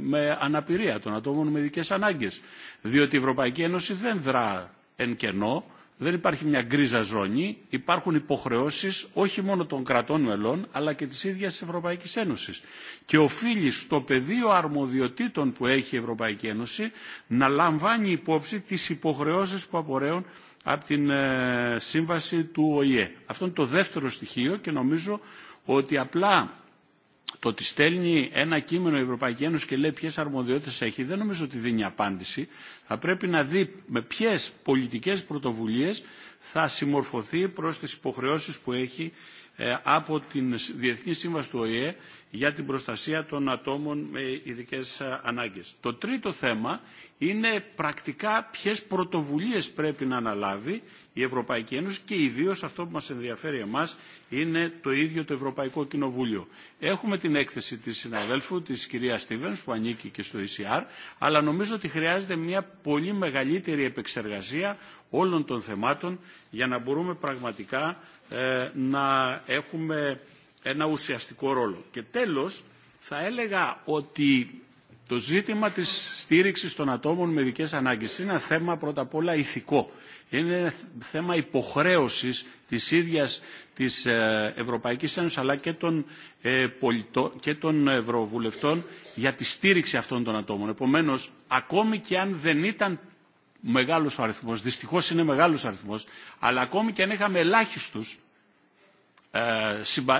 με αναπηρία, των ατόμων με ειδικές ανάγκες. Διότι η Ευρωπαϊκή Ένωση δεν δρά εν κενό, δεν υπάρχει μια γκρίζα ζώνη, υπάρχουν υποχρεώσεις όχι μόνο των κρατών μελών αλλά και της ίδιας της Ευρωπαϊκής Ένωσης. Και οφείλει στο πεδίο αρμοδιοτήτων που έχει η Ευρωπαϊκή Ένωση να λαμβάνει υπόψη τις υποχρεώσεις που απορρέουν από την ε, σύμβαση του ΟΗΕ. Αυτό είναι το δεύτερο στοιχείο και νομίζω ότι απλά το ότι στέλνει ένα κείμενο η Ευρωπαϊκή Ένωση και λέει ποιες αρμοδιότητες έχει δεν νομίζω ότι δίνει απάντηση. Θα πρέπει να δει με ποιες πολιτικές πρωτοβουλίες θα συμμορφωθεί προς τις υποχρεώσεις που έχει ε, από την Διεθνή Σύμβαση του ΟΗΕ για την προστασία των ατόμων με ειδικέ ε, ανάγκες. Το τρίτο θέμα είναι πρακτικά ποιες πρωτοβουλίες πρέπει να αναλάβει η Ευρωπαϊκή Ένωση και ιδίως αυτό που μας ενδιαφέρει εμάς είναι το ίδιο το Ευρωπαϊκό Κοινοβούλιο. Έχουμε την έκθεση της συναδέλφου, της κυρία Στίβενς που ανήκει και στο ECR, αλλά νομίζω ότι χρειάζεται μια πολύ μεγαλύτερη επεξεργασία όλων των θεμάτων για να μπορούμε πραγματικά ε, να έχουμε ένα ουσιαστικό ρόλο. Και τέλος, θα έλεγα ότι το ζήτημα της στήριξης των ατόμων με ειδικές ανάγκες είναι ένα θέμα πρώτα απ' όλα ηθικό. Είναι θέμα υποχρέωσης της ίδιας της ε, Ευρωπαϊκής Ένωσης αλλά και των, ε, πολιτών, και των Ευρωβουλευτών για τη στήριξη αυτών των ατόμων. Επομένως, ακόμη και αν δεν ήταν μεγάλος ο αριθμός, δυστυχώς είναι μεγάλος αριθμός, αλλά ακόμη και αν είχαμε ελάχιστους ε,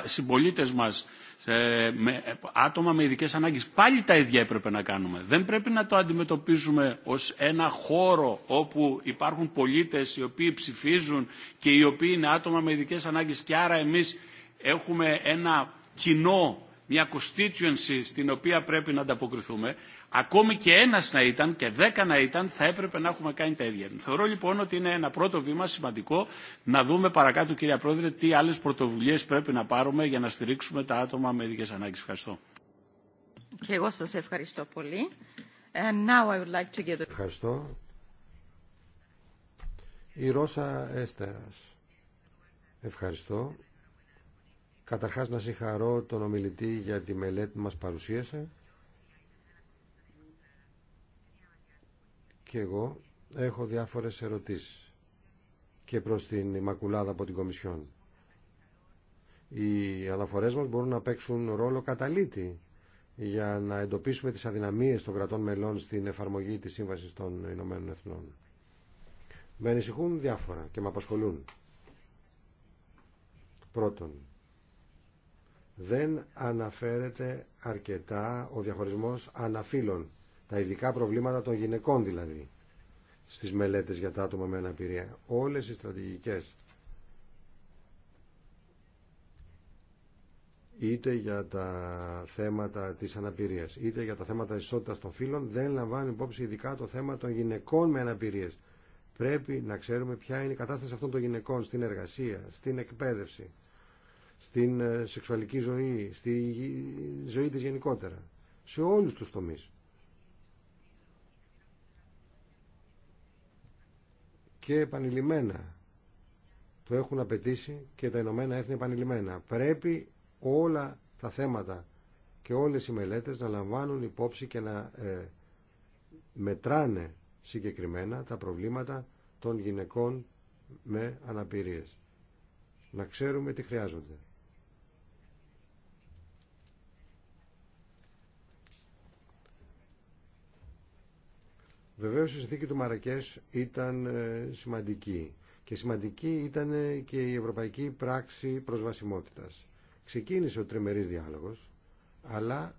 συμπολίτε μας, ε, με, άτομα με ειδικές ανάγκες, πάλι τα ίδια έπρεπε να κάνουμε. Δεν πρέπει να το αντιμετωπίζουμε ως ένα χώρο όπου υπάρχουν πολίτες οι οποίοι ψηφίζουν και οι οποίοι είναι άτομα με ειδικές ανάγκες και άρα εμείς έχουμε ένα κοινό μια constituency στην οποία πρέπει να ανταποκριθούμε, Ακόμη και ένας να ήταν και δέκα να ήταν θα έπρεπε να έχουμε κάνει τα ίδια. Θεωρώ λοιπόν ότι είναι ένα πρώτο βήμα σημαντικό να δούμε παρακάτω κυρία Πρόεδρε τι άλλες πρωτοβουλίες πρέπει να πάρουμε για να στηρίξουμε τα άτομα με ειδικέ ανάγκες. Ευχαριστώ. Και εγώ σας ευχαριστώ πολύ. now I would like to Ευχαριστώ. Η Ρώσα Έστερας. Ευχαριστώ. Καταρχάς να συγχαρώ τον ομιλητή για τη μελέτη που μας παρουσίασε. και εγώ έχω διάφορες ερωτήσεις και προς την Μακουλάδα από την Κομισιόν. Οι αναφορές μας μπορούν να παίξουν ρόλο καταλήτη για να εντοπίσουμε τις αδυναμίες των κρατών μελών στην εφαρμογή της Σύμβασης των Ηνωμένων Εθνών. Με ανησυχούν διάφορα και με απασχολούν. Πρώτον, δεν αναφέρεται αρκετά ο διαχωρισμός αναφύλων τα ειδικά προβλήματα των γυναικών δηλαδή, στις μελέτες για τα άτομα με αναπηρία. Όλες οι στρατηγικές, είτε για τα θέματα της αναπηρίας, είτε για τα θέματα ισότητας των φύλων, δεν λαμβάνουν υπόψη ειδικά το θέμα των γυναικών με αναπηρίες. Πρέπει να ξέρουμε ποια είναι η κατάσταση αυτών των γυναικών στην εργασία, στην εκπαίδευση, στην ε, σεξουαλική ζωή, στη ζωή της γενικότερα, σε όλους τους τομείς. και επανειλημμένα. Το έχουν απαιτήσει και τα Ηνωμένα Έθνη επανειλημμένα. Πρέπει όλα τα θέματα και όλες οι μελέτες να λαμβάνουν υπόψη και να ε, μετράνε συγκεκριμένα τα προβλήματα των γυναικών με αναπηρίες. Να ξέρουμε τι χρειάζονται. Βεβαίω η συνθήκη του Μαρακέ ήταν ε, σημαντική και σημαντική ήταν ε, και η ευρωπαϊκή πράξη προσβασιμότητα. Ξεκίνησε ο τριμερής διάλογος, αλλά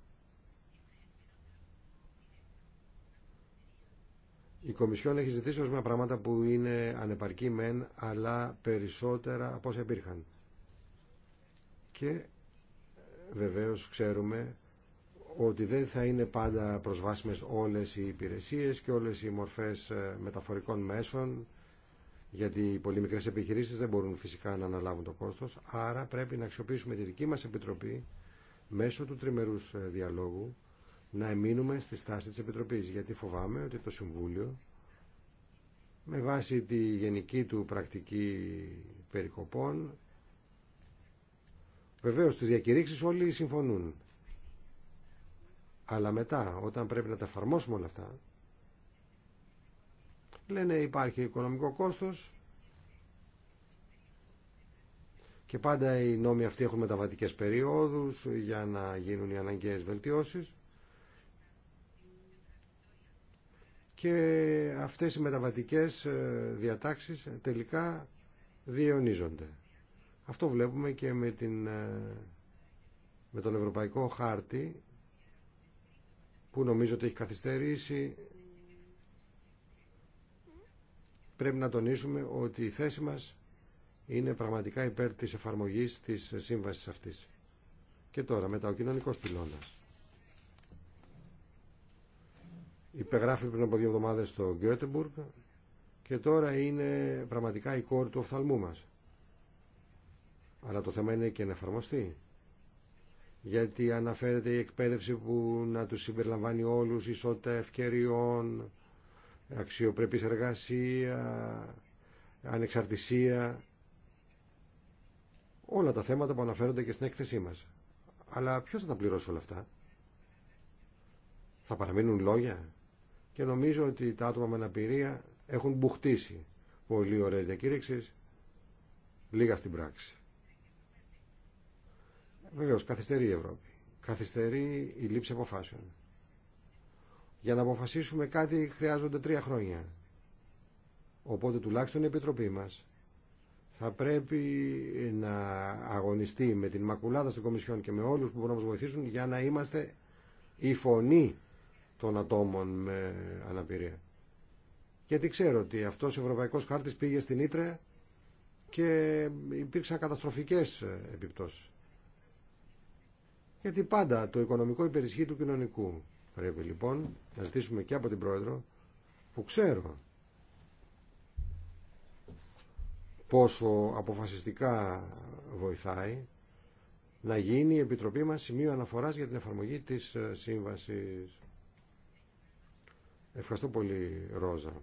η Κομισιόν έχει ζητήσει μία πράγματα που είναι ανεπαρκή μεν, αλλά περισσότερα από όσα υπήρχαν. Και ε, βεβαίως ξέρουμε ότι δεν θα είναι πάντα προσβάσιμες όλες οι υπηρεσίες και όλες οι μορφές ε, μεταφορικών μέσων γιατί οι πολύ μικρές επιχειρήσεις δεν μπορούν φυσικά να αναλάβουν το κόστος άρα πρέπει να αξιοποιήσουμε τη δική μας Επιτροπή μέσω του τριμερούς ε, διαλόγου να εμείνουμε στη στάση της Επιτροπής γιατί φοβάμαι ότι το Συμβούλιο με βάση τη γενική του πρακτική περικοπών βεβαίως στις διακηρύξεις όλοι συμφωνούν αλλά μετά, όταν πρέπει να τα εφαρμόσουμε όλα αυτά, λένε υπάρχει οικονομικό κόστος και πάντα οι νόμοι αυτοί έχουν μεταβατικές περιόδους για να γίνουν οι αναγκαίες βελτιώσεις και αυτές οι μεταβατικές ε, διατάξεις τελικά διαιωνίζονται. Αυτό βλέπουμε και με, ε, με τον Ευρωπαϊκό Χάρτη που νομίζω ότι έχει καθυστερήσει. Πρέπει να τονίσουμε ότι η θέση μας είναι πραγματικά υπέρ της εφαρμογής της σύμβασης αυτής. Και τώρα, μετά ο κοινωνικός πυλώνας. Υπεγράφει πριν από δύο εβδομάδες στο Γκέτεμπουργκ και τώρα είναι πραγματικά η κόρη του οφθαλμού μας. Αλλά το θέμα είναι και να εφαρμοστεί γιατί αναφέρεται η εκπαίδευση που να τους συμπεριλαμβάνει όλους, ισότητα ευκαιριών, αξιοπρεπής εργασία, ανεξαρτησία, όλα τα θέματα που αναφέρονται και στην έκθεσή μας. Αλλά ποιος θα τα πληρώσει όλα αυτά. Θα παραμείνουν λόγια. Και νομίζω ότι τα άτομα με αναπηρία έχουν μπουχτίσει πολύ ωραίες διακήρυξεις, λίγα στην πράξη. Βεβαίω, καθυστερεί η Ευρώπη. Καθυστερεί η λήψη αποφάσεων. Για να αποφασίσουμε κάτι χρειάζονται τρία χρόνια. Οπότε τουλάχιστον η Επιτροπή μας θα πρέπει να αγωνιστεί με την μακουλάδα στην Κομισιόν και με όλους που μπορούν να μας βοηθήσουν για να είμαστε η φωνή των ατόμων με αναπηρία. Γιατί ξέρω ότι αυτός ο Ευρωπαϊκός Χάρτης πήγε στην Ήτρε και υπήρξαν καταστροφικές επιπτώσεις. Γιατί πάντα το οικονομικό υπερισχύει του κοινωνικού. Πρέπει λοιπόν να ζητήσουμε και από την Πρόεδρο που ξέρω πόσο αποφασιστικά βοηθάει να γίνει η Επιτροπή μας σημείο αναφοράς για την εφαρμογή της ε, σύμβασης. Ευχαριστώ πολύ Ρόζα.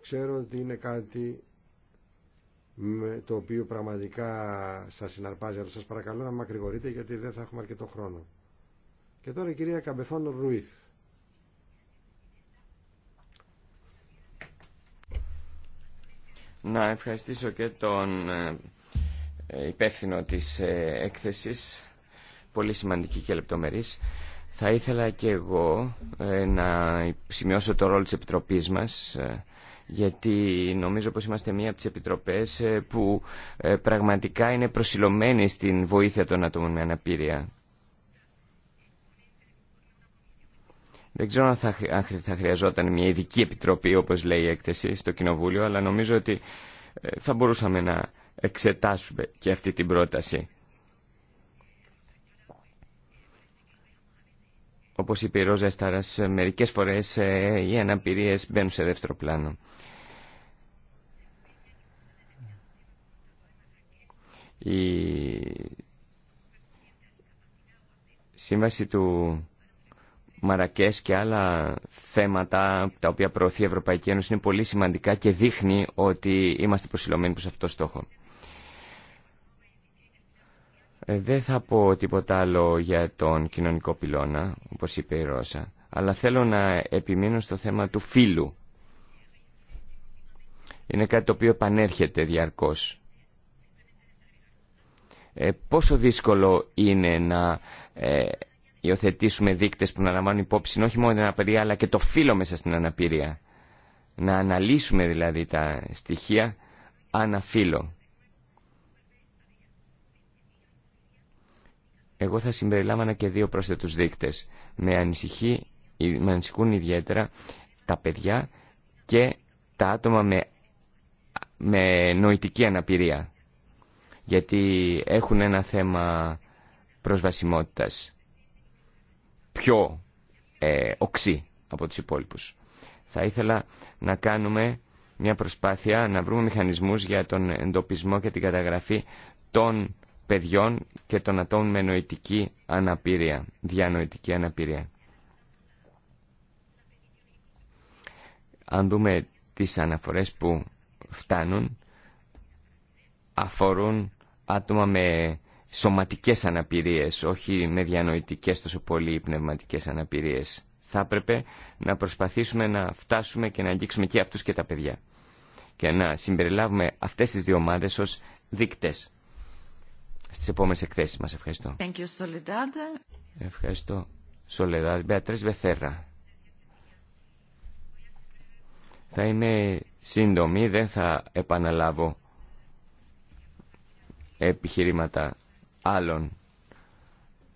Ξέρω ότι είναι κάτι με το οποίο πραγματικά σας συναρπάζει, αλλά σας παρακαλώ να μακρηγορείτε γιατί δεν θα έχουμε αρκετό χρόνο. Και τώρα η κυρία Καμπεθόν Ρουίθ. Να ευχαριστήσω και τον ε, ε, υπεύθυνο της ε, έκθεσης, πολύ σημαντική και λεπτομερής. Θα ήθελα και εγώ να σημειώσω το ρόλο της Επιτροπής μας γιατί νομίζω πως είμαστε μία από τις επιτροπές ε, που ε, πραγματικά είναι προσιλωμένη στην βοήθεια των ατόμων με αναπήρεια. Δεν ξέρω αν θα χρειαζόταν μια ειδική επιτροπή, όπως λέει η έκθεση, στο Κοινοβούλιο, αλλά νομίζω ότι ε, θα μπορούσαμε να εξετάσουμε και αυτή την πρόταση. όπως είπε η Ρόζα Σταράς, ε, μερικές φορές ε, οι αναπηρίες μπαίνουν σε δεύτερο πλάνο. Η σύμβαση του Μαρακές και άλλα θέματα τα οποία προωθεί η Ευρωπαϊκή Ένωση είναι πολύ σημαντικά και δείχνει ότι είμαστε προσιλωμένοι προς αυτό το στόχο. Ε, δεν θα πω τίποτα άλλο για τον κοινωνικό πυλώνα, όπως είπε η Ρώσα, αλλά θέλω να επιμείνω στο θέμα του φίλου. Είναι κάτι το οποίο επανέρχεται διαρκώς. Ε, πόσο δύσκολο είναι να ε, υιοθετήσουμε δείκτες που να λαμβάνουν υπόψη όχι μόνο την αναπηρία αλλά και το φίλο μέσα στην αναπηρία. Να αναλύσουμε δηλαδή τα στοιχεία αναφύλλο. Εγώ θα συμπεριλάμβανα και δύο πρόσθετους δείκτες. Με, με ανησυχούν ιδιαίτερα τα παιδιά και τα άτομα με, νοητική αναπηρία. Γιατί έχουν ένα θέμα προσβασιμότητας πιο ε, οξύ από τους υπόλοιπους. Θα ήθελα να κάνουμε μια προσπάθεια να βρούμε μηχανισμούς για τον εντοπισμό και την καταγραφή των παιδιών και των ατόμων με νοητική αναπηρία, διανοητική αναπηρία. Αν δούμε τις αναφορές που φτάνουν, αφορούν άτομα με σωματικές αναπηρίες, όχι με διανοητικές τόσο πολύ πνευματικές αναπηρίες. Θα έπρεπε να προσπαθήσουμε να φτάσουμε και να αγγίξουμε και αυτούς και τα παιδιά και να συμπεριλάβουμε αυτές τις δύο ομάδες ως δείκτες στις επόμενες εκθέσεις μας. Ευχαριστώ. Thank you, Ευχαριστώ. Soledad. Beatriz Becerra. Θα είμαι σύντομη, δεν θα επαναλάβω επιχειρήματα άλλων.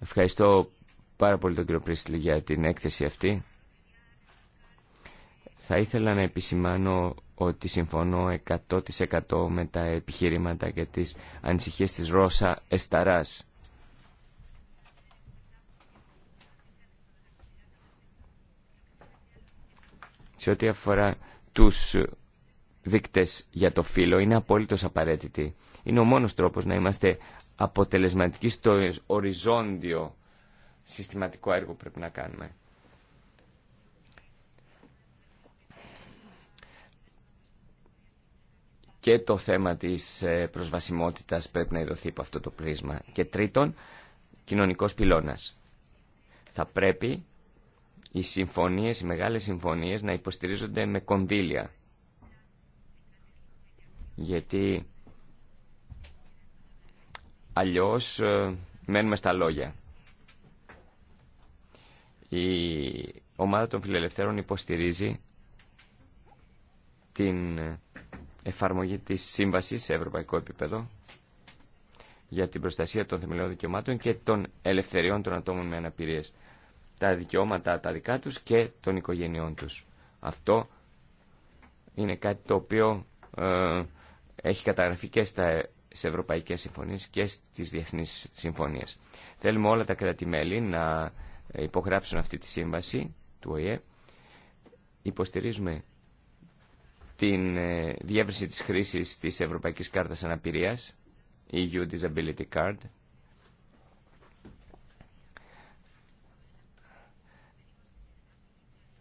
Ευχαριστώ πάρα πολύ τον κύριο Πρίστιλ για την έκθεση αυτή. Θα ήθελα να επισημάνω ότι συμφωνώ 100% με τα επιχειρήματα και τις ανησυχίες της Ρώσα Εσταράς. Σε ό,τι αφορά τους δείκτες για το φύλλο, είναι απόλυτος απαραίτητοι. Είναι ο μόνος τρόπος να είμαστε αποτελεσματικοί στο οριζόντιο συστηματικό έργο που πρέπει να κάνουμε. και το θέμα της ε, προσβασιμότητας πρέπει να ειδωθεί από αυτό το πρίσμα. Και τρίτον, κοινωνικός πυλώνας. Θα πρέπει οι συμφωνίες, οι μεγάλες συμφωνίες να υποστηρίζονται με κονδύλια. Γιατί αλλιώς ε, μένουμε στα λόγια. Η ομάδα των φιλελευθέρων υποστηρίζει την εφαρμογή της σύμβασης σε ευρωπαϊκό επίπεδο για την προστασία των θεμελιών δικαιωμάτων και των ελευθεριών των ατόμων με αναπηρίες. Τα δικαιώματα τα δικά τους και των οικογένειών τους. Αυτό είναι κάτι το οποίο ε, έχει καταγραφεί και στα, σε ευρωπαϊκές συμφωνίες και στις διεθνείς συμφωνίες. Θέλουμε όλα τα κράτη-μέλη να υπογράψουν αυτή τη σύμβαση του ΟΗΕ. Υποστηρίζουμε την ε, διεύρυνση της χρήσης της Ευρωπαϊκής Κάρτας Αναπηρίας, EU Disability Card.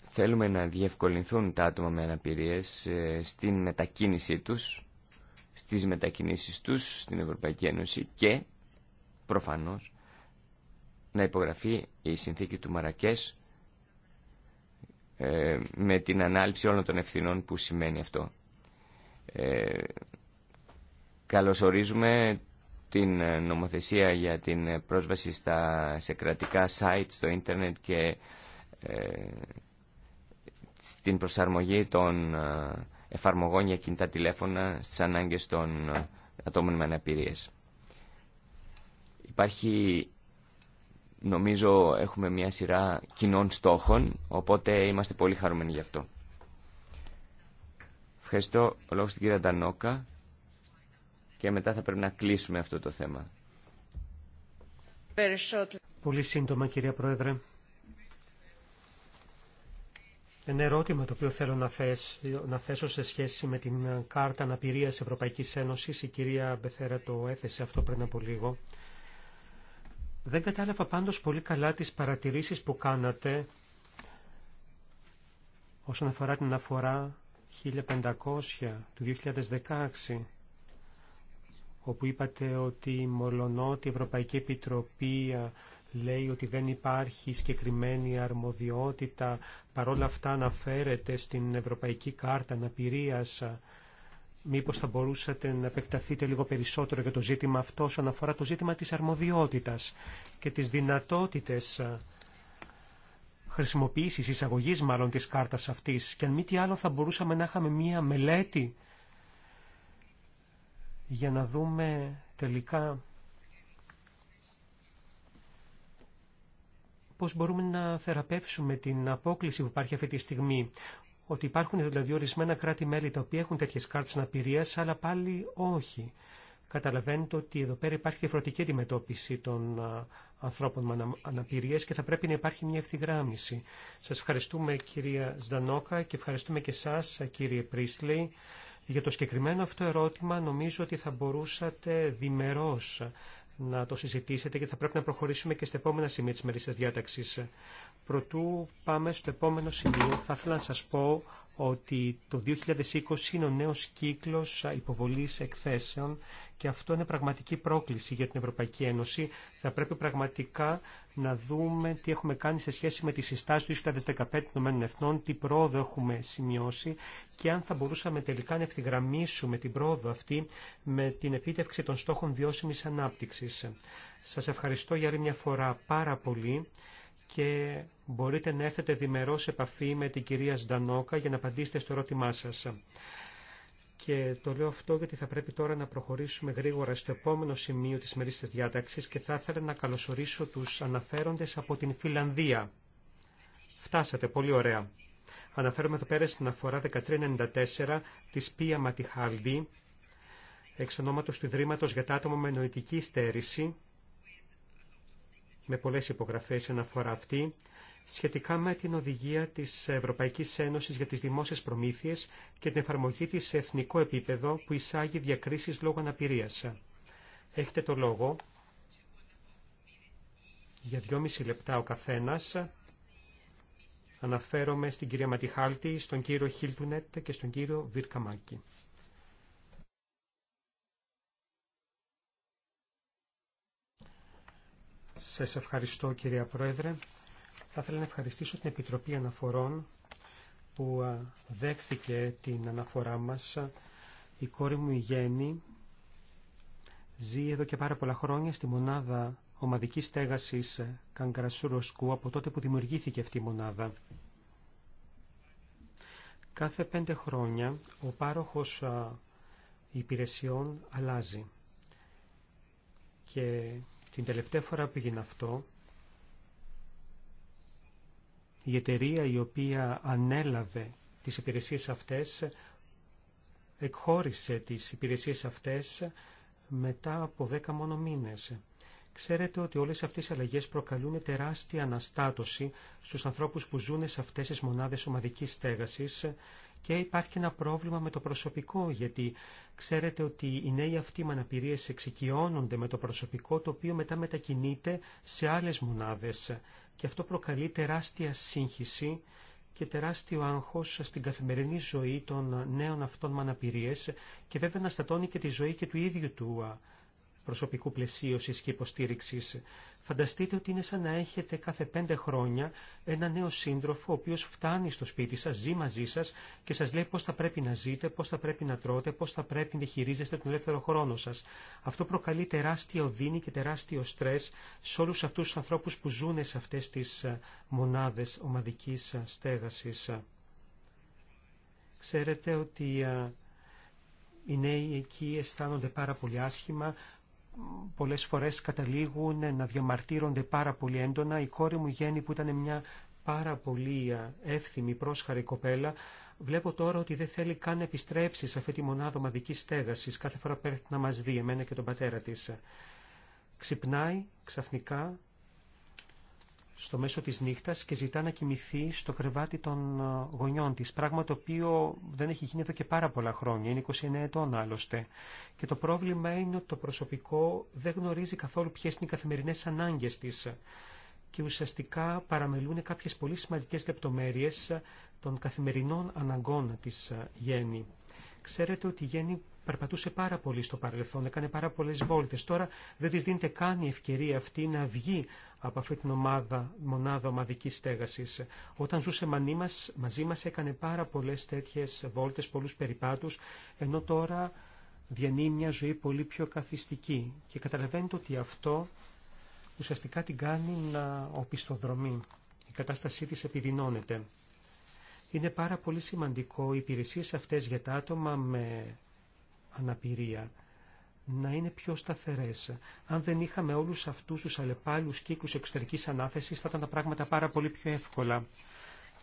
Θέλουμε να διευκολυνθούν τα άτομα με αναπηρίες ε, στην μετακίνησή τους, στις μετακινήσεις τους στην Ευρωπαϊκή Ένωση και προφανώς να υπογραφεί η συνθήκη του Μαρακές ε, με την ανάληψη όλων των ευθυνών που σημαίνει αυτό. Ε, καλωσορίζουμε την ε, νομοθεσία για την πρόσβαση στα, σε κρατικά site στο ίντερνετ και στην προσαρμογή των εφαρμογών για κινητά τηλέφωνα στις ανάγκες των ατόμων με αναπηρίες. Υπάρχει νομίζω έχουμε μια σειρά κοινών στόχων, οπότε είμαστε πολύ χαρούμενοι γι' αυτό. Ευχαριστώ λόγω στην κυρία Ντανόκα και μετά θα πρέπει να κλείσουμε αυτό το θέμα. Πολύ σύντομα κυρία Πρόεδρε. Ένα ερώτημα το οποίο θέλω να, θέσω, να θέσω σε σχέση με την κάρτα αναπηρίας Ευρωπαϊκής Ένωσης. Η κυρία Μπεθέρα το έθεσε αυτό πριν από λίγο. Δεν κατάλαβα πάντως πολύ καλά τις παρατηρήσεις που κάνατε όσον αφορά την αφορά 1500 του 2016 όπου είπατε ότι μολονότι η Ευρωπαϊκή Επιτροπή λέει ότι δεν υπάρχει συγκεκριμένη αρμοδιότητα παρόλα αυτά αναφέρεται στην Ευρωπαϊκή Κάρτα Αναπηρίας Μήπως θα μπορούσατε να επεκταθείτε λίγο περισσότερο για το ζήτημα αυτό όσον αφορά το ζήτημα της αρμοδιότητας και τις δυνατότητες ε, χρησιμοποίησης, εισαγωγής μάλλον της κάρτας αυτής και αν μη τι άλλο θα μπορούσαμε να είχαμε μία μελέτη για να δούμε τελικά πώς μπορούμε να θεραπεύσουμε την απόκληση που υπάρχει αυτή τη στιγμή ότι υπάρχουν δηλαδή ορισμένα κράτη-μέλη τα οποία έχουν τέτοιες κάρτες αναπηρίας, αλλά πάλι όχι. Καταλαβαίνετε ότι εδώ πέρα υπάρχει διαφορετική αντιμετώπιση των ανθρώπων με αναπηρίες και θα πρέπει να υπάρχει μια ευθυγράμμιση. Σας ευχαριστούμε κυρία Στανόκα και ευχαριστούμε και εσάς κύριε Πρίσλεϊ. Για το συγκεκριμένο αυτό ερώτημα νομίζω ότι θα μπορούσατε διμερώς να το συζητήσετε και θα πρέπει να προχωρήσουμε και στα επόμενα σημεία της μερίστα διάταξης. Προτού πάμε στο επόμενο σημείο, θα ήθελα να σας πω ότι το 2020 είναι ο νέος κύκλος υποβολής εκθέσεων και αυτό είναι πραγματική πρόκληση για την Ευρωπαϊκή Ένωση. Θα πρέπει πραγματικά να δούμε τι έχουμε κάνει σε σχέση με τη συστάση του 2015 των ΗΕ, τι πρόοδο έχουμε σημειώσει και αν θα μπορούσαμε τελικά να ευθυγραμμίσουμε την πρόοδο αυτή με την επίτευξη των στόχων βιώσιμης ανάπτυξης. Σας ευχαριστώ για άλλη μια φορά πάρα πολύ και μπορείτε να έρθετε διμερώς σε επαφή με την κυρία Σντανόκα για να απαντήσετε στο ερώτημά σας. Και το λέω αυτό γιατί θα πρέπει τώρα να προχωρήσουμε γρήγορα στο επόμενο σημείο της μερίστης διάταξης και θα ήθελα να καλωσορίσω τους αναφέροντες από την Φιλανδία. Φτάσατε, πολύ ωραία. Αναφέρομαι εδώ πέρα στην αφορά 1394 της Πία Ματιχάλδη, εξ ονόματος του Ιδρύματος για τα άτομα με νοητική στέρηση, με πολλές υπογραφές αναφορά αυτή, σχετικά με την οδηγία της Ευρωπαϊκής Ένωσης για τις δημόσιες προμήθειες και την εφαρμογή της σε εθνικό επίπεδο που εισάγει διακρίσεις λόγω αναπηρίας. Έχετε το λόγο για δυόμιση λεπτά ο καθένας. Αναφέρομαι στην κυρία Ματιχάλτη, στον κύριο Χίλτουνετ και στον κύριο Βίρκαμάκη. Σας ευχαριστώ κυρία Πρόεδρε. Θα ήθελα να ευχαριστήσω την Επιτροπή Αναφορών που δέχθηκε την αναφορά μας. Η κόρη μου η Γέννη ζει εδώ και πάρα πολλά χρόνια στη μονάδα ομαδικής στέγασης ε, Καγκρασού Ροσκού από τότε που δημιουργήθηκε αυτή η μονάδα. Κάθε πέντε χρόνια ο πάροχος υπηρεσιών αλλάζει και την τελευταία φορά που έγινε αυτό, η εταιρεία η οποία ανέλαβε τις υπηρεσίες αυτές εκχώρησε τις υπηρεσίες αυτές μετά από δέκα μόνο μήνες. Ξέρετε ότι όλες αυτές οι αλλαγές προκαλούν τεράστια αναστάτωση στους ανθρώπους που ζουν σε αυτές τις μονάδες ομαδικής στέγασης και υπάρχει και ένα πρόβλημα με το προσωπικό, γιατί ξέρετε ότι οι νέοι αυτοί με αναπηρίες εξοικειώνονται με το προσωπικό, το οποίο μετά μετακινείται σε άλλες μονάδες. Και αυτό προκαλεί τεράστια σύγχυση και τεράστιο άγχος στην καθημερινή ζωή των νέων αυτών με αναπηρίες και βέβαια να στατώνει και τη ζωή και του ίδιου του προσωπικού πλαισίωσης και υποστήριξης. Φανταστείτε ότι είναι σαν να έχετε κάθε πέντε χρόνια ένα νέο σύντροφο, ο οποίος φτάνει στο σπίτι σας, ζει μαζί σας και σας λέει πώς θα πρέπει να ζείτε, πώς θα πρέπει να τρώτε, πώς θα πρέπει να χειρίζεστε τον ελεύθερο χρόνο σας. Αυτό προκαλεί τεράστια οδύνη και τεράστιο στρες σε όλους αυτούς τους ανθρώπους που ζουν σε αυτές τις ε, μονάδες ομαδικής ε, στέγασης. Ξέρετε ότι ε, οι νέοι εκεί αισθάνονται πάρα πολύ άσχημα, πολλές φορές καταλήγουν να διαμαρτύρονται πάρα πολύ έντονα. Η κόρη μου Γέννη που ήταν μια πάρα πολύ εύθυμη πρόσχαρη κοπέλα Βλέπω τώρα ότι δεν θέλει καν να επιστρέψει σε αυτή τη μονάδα ομαδική στέγαση κάθε φορά που να μα δει, εμένα και τον πατέρα τη. Ξυπνάει ξαφνικά στο μέσο της νύχτας και ζητά να κοιμηθεί στο κρεβάτι των ε, γονιών της, πράγμα το οποίο δεν έχει γίνει εδώ και πάρα πολλά χρόνια, είναι 29 ετών άλλωστε. Και το πρόβλημα είναι ότι το προσωπικό δεν γνωρίζει καθόλου ποιες είναι οι καθημερινές ανάγκες της και ουσιαστικά παραμελούν κάποιες πολύ σημαντικές λεπτομέρειες των καθημερινών αναγκών της ε, Γέννη. Ξέρετε ότι η Γέννη περπατούσε πάρα πολύ στο παρελθόν, έκανε πάρα πολλέ βόλτες Τώρα δεν τη δίνεται καν η ευκαιρία αυτή να βγει από αυτή την ομάδα, μονάδα ομαδική στέγασης. Όταν ζούσε μαζί μας έκανε πάρα πολλές τέτοιε βόλτες, πολλούς περιπάτους, ενώ τώρα διανύει μια ζωή πολύ πιο καθιστική και καταλαβαίνετε ότι αυτό ουσιαστικά την κάνει να οπισθοδρομεί. Η κατάστασή τη επιδεινώνεται. Είναι πάρα πολύ σημαντικό οι υπηρεσίε αυτές για τα άτομα με αναπηρία να είναι πιο σταθερές. Αν δεν είχαμε όλους αυτούς τους αλλεπάλους κύκλους εξωτερικής ανάθεσης, θα ήταν τα πράγματα πάρα πολύ πιο εύκολα.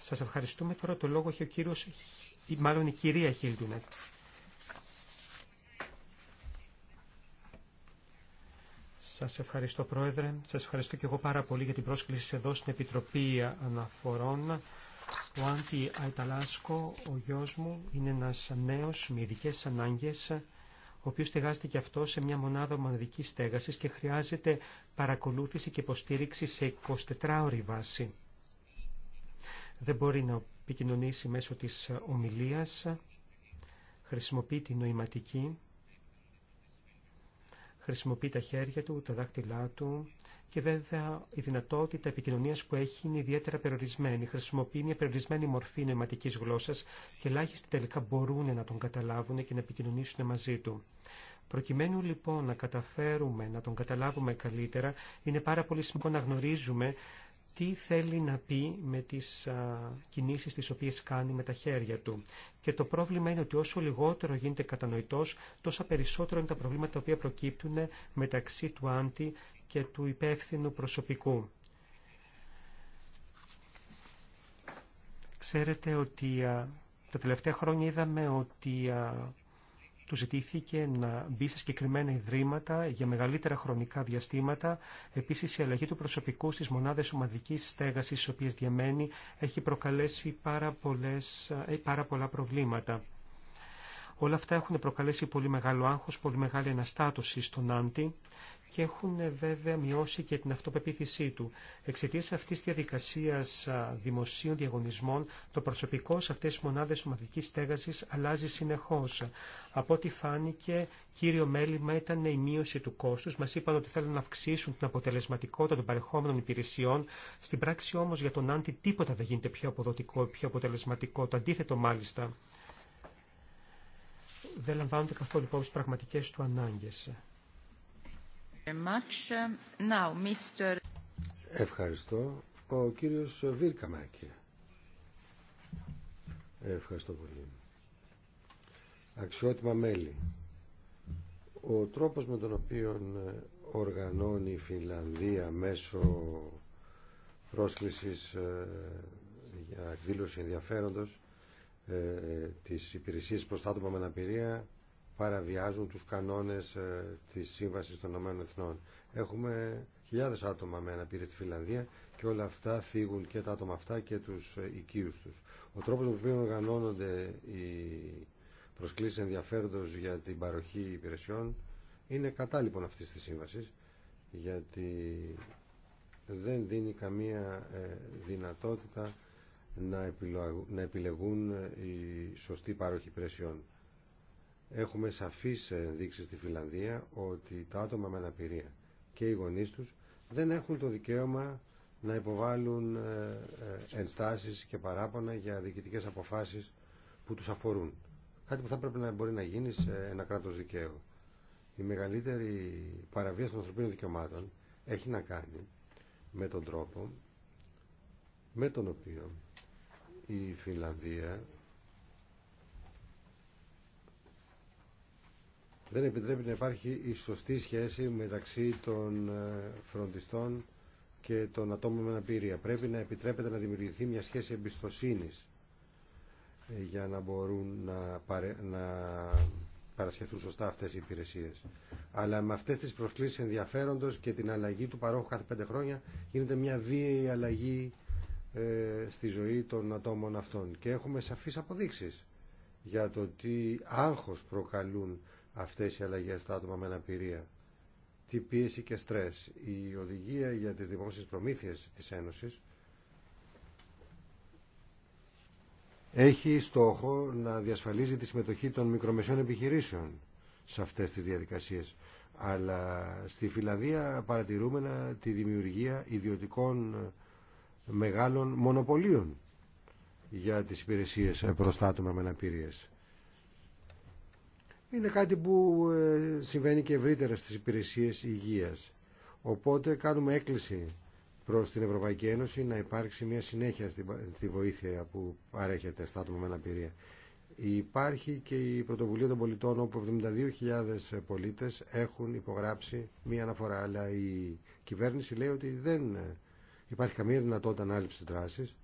Σας ευχαριστούμε. Τώρα το λόγο έχει ο κύριος, ή μάλλον η κυρία Χίλτουνετ. Σας ευχαριστώ Πρόεδρε. Σας ευχαριστώ και εγώ πάρα πολύ για την πρόσκληση εδώ στην Επιτροπή Αναφορών. Ο Άντι Αϊταλάσκο, ο γιος μου, είναι ένας νέος με ειδικέ ανάγκες ο οποίος στεγάστηκε αυτό σε μια μονάδα μοναδική στέγασης και χρειάζεται παρακολούθηση και υποστήριξη σε 24ωρη βάση. Δεν μπορεί να επικοινωνήσει μέσω της ομιλίας, χρησιμοποιεί τη νοηματική, χρησιμοποιεί τα χέρια του, τα δάχτυλά του, και βέβαια η δυνατότητα επικοινωνία που έχει είναι ιδιαίτερα περιορισμένη. Χρησιμοποιεί μια περιορισμένη μορφή νοηματική γλώσσα και ελάχιστοι τελικά μπορούν να τον καταλάβουν και να επικοινωνήσουν μαζί του. Προκειμένου λοιπόν να καταφέρουμε να τον καταλάβουμε καλύτερα, είναι πάρα πολύ σημαντικό να γνωρίζουμε τι θέλει να πει με τις κινήσει κινήσεις τις οποίες κάνει με τα χέρια του. Και το πρόβλημα είναι ότι όσο λιγότερο γίνεται κατανοητός, τόσα περισσότερο είναι τα προβλήματα τα οποία προκύπτουν μεταξύ του άντι και του υπεύθυνου προσωπικού. Ξέρετε ότι α, τα τελευταία χρόνια είδαμε ότι του ζητήθηκε να μπει σε συγκεκριμένα ιδρύματα για μεγαλύτερα χρονικά διαστήματα. Επίσης, η αλλαγή του προσωπικού στις μονάδες ομαδικής στέγασης, στις οποίες διαμένει, έχει προκαλέσει πάρα, πολλές, ε, πάρα πολλά προβλήματα. Όλα αυτά έχουν προκαλέσει πολύ μεγάλο άγχος, πολύ μεγάλη αναστάτωση στον Άντι και έχουν ε, βέβαια μειώσει και την αυτοπεποίθησή του. Εξαιτία αυτή τη διαδικασία δημοσίων διαγωνισμών, το προσωπικό σε αυτέ τι μονάδε ομαδική στέγαση αλλάζει συνεχώ. Από ό,τι φάνηκε, κύριο μέλημα ήταν η μείωση του κόστου. Μα είπαν ότι θέλουν να αυξήσουν την αποτελεσματικότητα των παρεχόμενων υπηρεσιών. Στην πράξη όμω για τον Άντι τίποτα δεν γίνεται πιο αποδοτικό, πιο αποτελεσματικό. Το αντίθετο μάλιστα. Δεν λαμβάνονται καθόλου υπόψη πραγματικέ του ανάγκε. Ευχαριστώ. Ο κύριος Βίρκαμάκη. Ευχαριστώ πολύ. Αξιότιμα μέλη. Ο τρόπος με τον οποίο ε, οργανώνει η Φινλανδία μέσω πρόσκλησης ε, για εκδήλωση ενδιαφέροντος ε, της υπηρεσίας προς με αναπηρία παραβιάζουν τους κανόνες ε, της Σύμβασης των Ηνωμένων Εθνών. Έχουμε χιλιάδες άτομα με αναπήρες στη Φιλανδία και όλα αυτά θίγουν και τα άτομα αυτά και τους ε, οικείους τους. Ο τρόπος με τον οποίο οργανώνονται οι προσκλήσεις ενδιαφέροντος για την παροχή υπηρεσιών είναι κατά λοιπόν αυτής της σύμβασης γιατί δεν δίνει καμία ε, δυνατότητα να επιλεγούν οι σωστοί πάροχοι υπηρεσιών. Έχουμε σαφείς ενδείξεις στη Φιλανδία ότι τα άτομα με αναπηρία και οι γονείς τους δεν έχουν το δικαίωμα να υποβάλουν ε, ε, ενστάσεις και παράπονα για διοικητικές αποφάσεις που τους αφορούν. Κάτι που θα πρέπει να μπορεί να γίνει σε ένα κράτος δικαίου. Η μεγαλύτερη παραβίαση των ανθρωπίνων δικαιωμάτων έχει να κάνει με τον τρόπο με τον οποίο η Φιλανδία δεν επιτρέπει να υπάρχει η σωστή σχέση μεταξύ των ε, φροντιστών και των ατόμων με αναπηρία. Πρέπει να επιτρέπεται να δημιουργηθεί μια σχέση εμπιστοσύνης ε, για να μπορούν να, να παρασχεθούν σωστά αυτές οι υπηρεσίες. Αλλά με αυτές τις προσκλήσεις ενδιαφέροντος και την αλλαγή του παρόχου κάθε πέντε χρόνια γίνεται μια βίαιη αλλαγή ε, στη ζωή των ατόμων αυτών. Και έχουμε σαφείς αποδείξεις για το τι άγχος προκαλούν αυτές οι αλλαγές στα άτομα με αναπηρία. Τι πίεση και στρες. Η οδηγία για τις δημόσιες προμήθειες της Ένωσης έχει στόχο να διασφαλίζει τη συμμετοχή των μικρομεσαίων επιχειρήσεων σε αυτές τις διαδικασίες. Αλλά στη Φιλανδία παρατηρούμε τη δημιουργία ιδιωτικών μεγάλων μονοπωλίων για τις υπηρεσίες προς άτομα με αναπηρίες είναι κάτι που ε, συμβαίνει και ευρύτερα στις υπηρεσίες υγείας. Οπότε κάνουμε έκκληση προς την Ευρωπαϊκή Ένωση να υπάρξει μια συνέχεια στη βοήθεια που παρέχεται στα άτομα με αναπηρία. Υπάρχει και η πρωτοβουλία των πολιτών όπου 72.000 πολίτες έχουν υπογράψει μία αναφορά αλλά η κυβέρνηση λέει ότι δεν ε, υπάρχει καμία δυνατότητα ανάληψης δράσης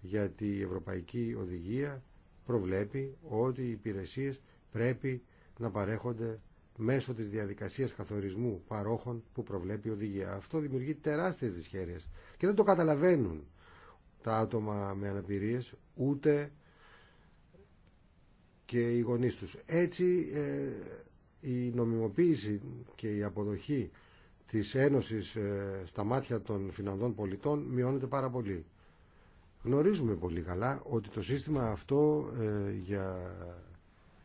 γιατί η Ευρωπαϊκή Οδηγία προβλέπει ότι οι υπηρεσίες πρέπει να παρέχονται μέσω της διαδικασίας καθορισμού παρόχων που προβλέπει η οδηγία. Αυτό δημιουργεί τεράστιες δυσχέρειες και δεν το καταλαβαίνουν τα άτομα με αναπηρίες ούτε και οι γονείς τους. Έτσι ε, η νομιμοποίηση και η αποδοχή της Ένωσης ε, στα μάτια των φιλανδών πολιτών μειώνεται πάρα πολύ. Γνωρίζουμε πολύ καλά ότι το σύστημα αυτό ε, για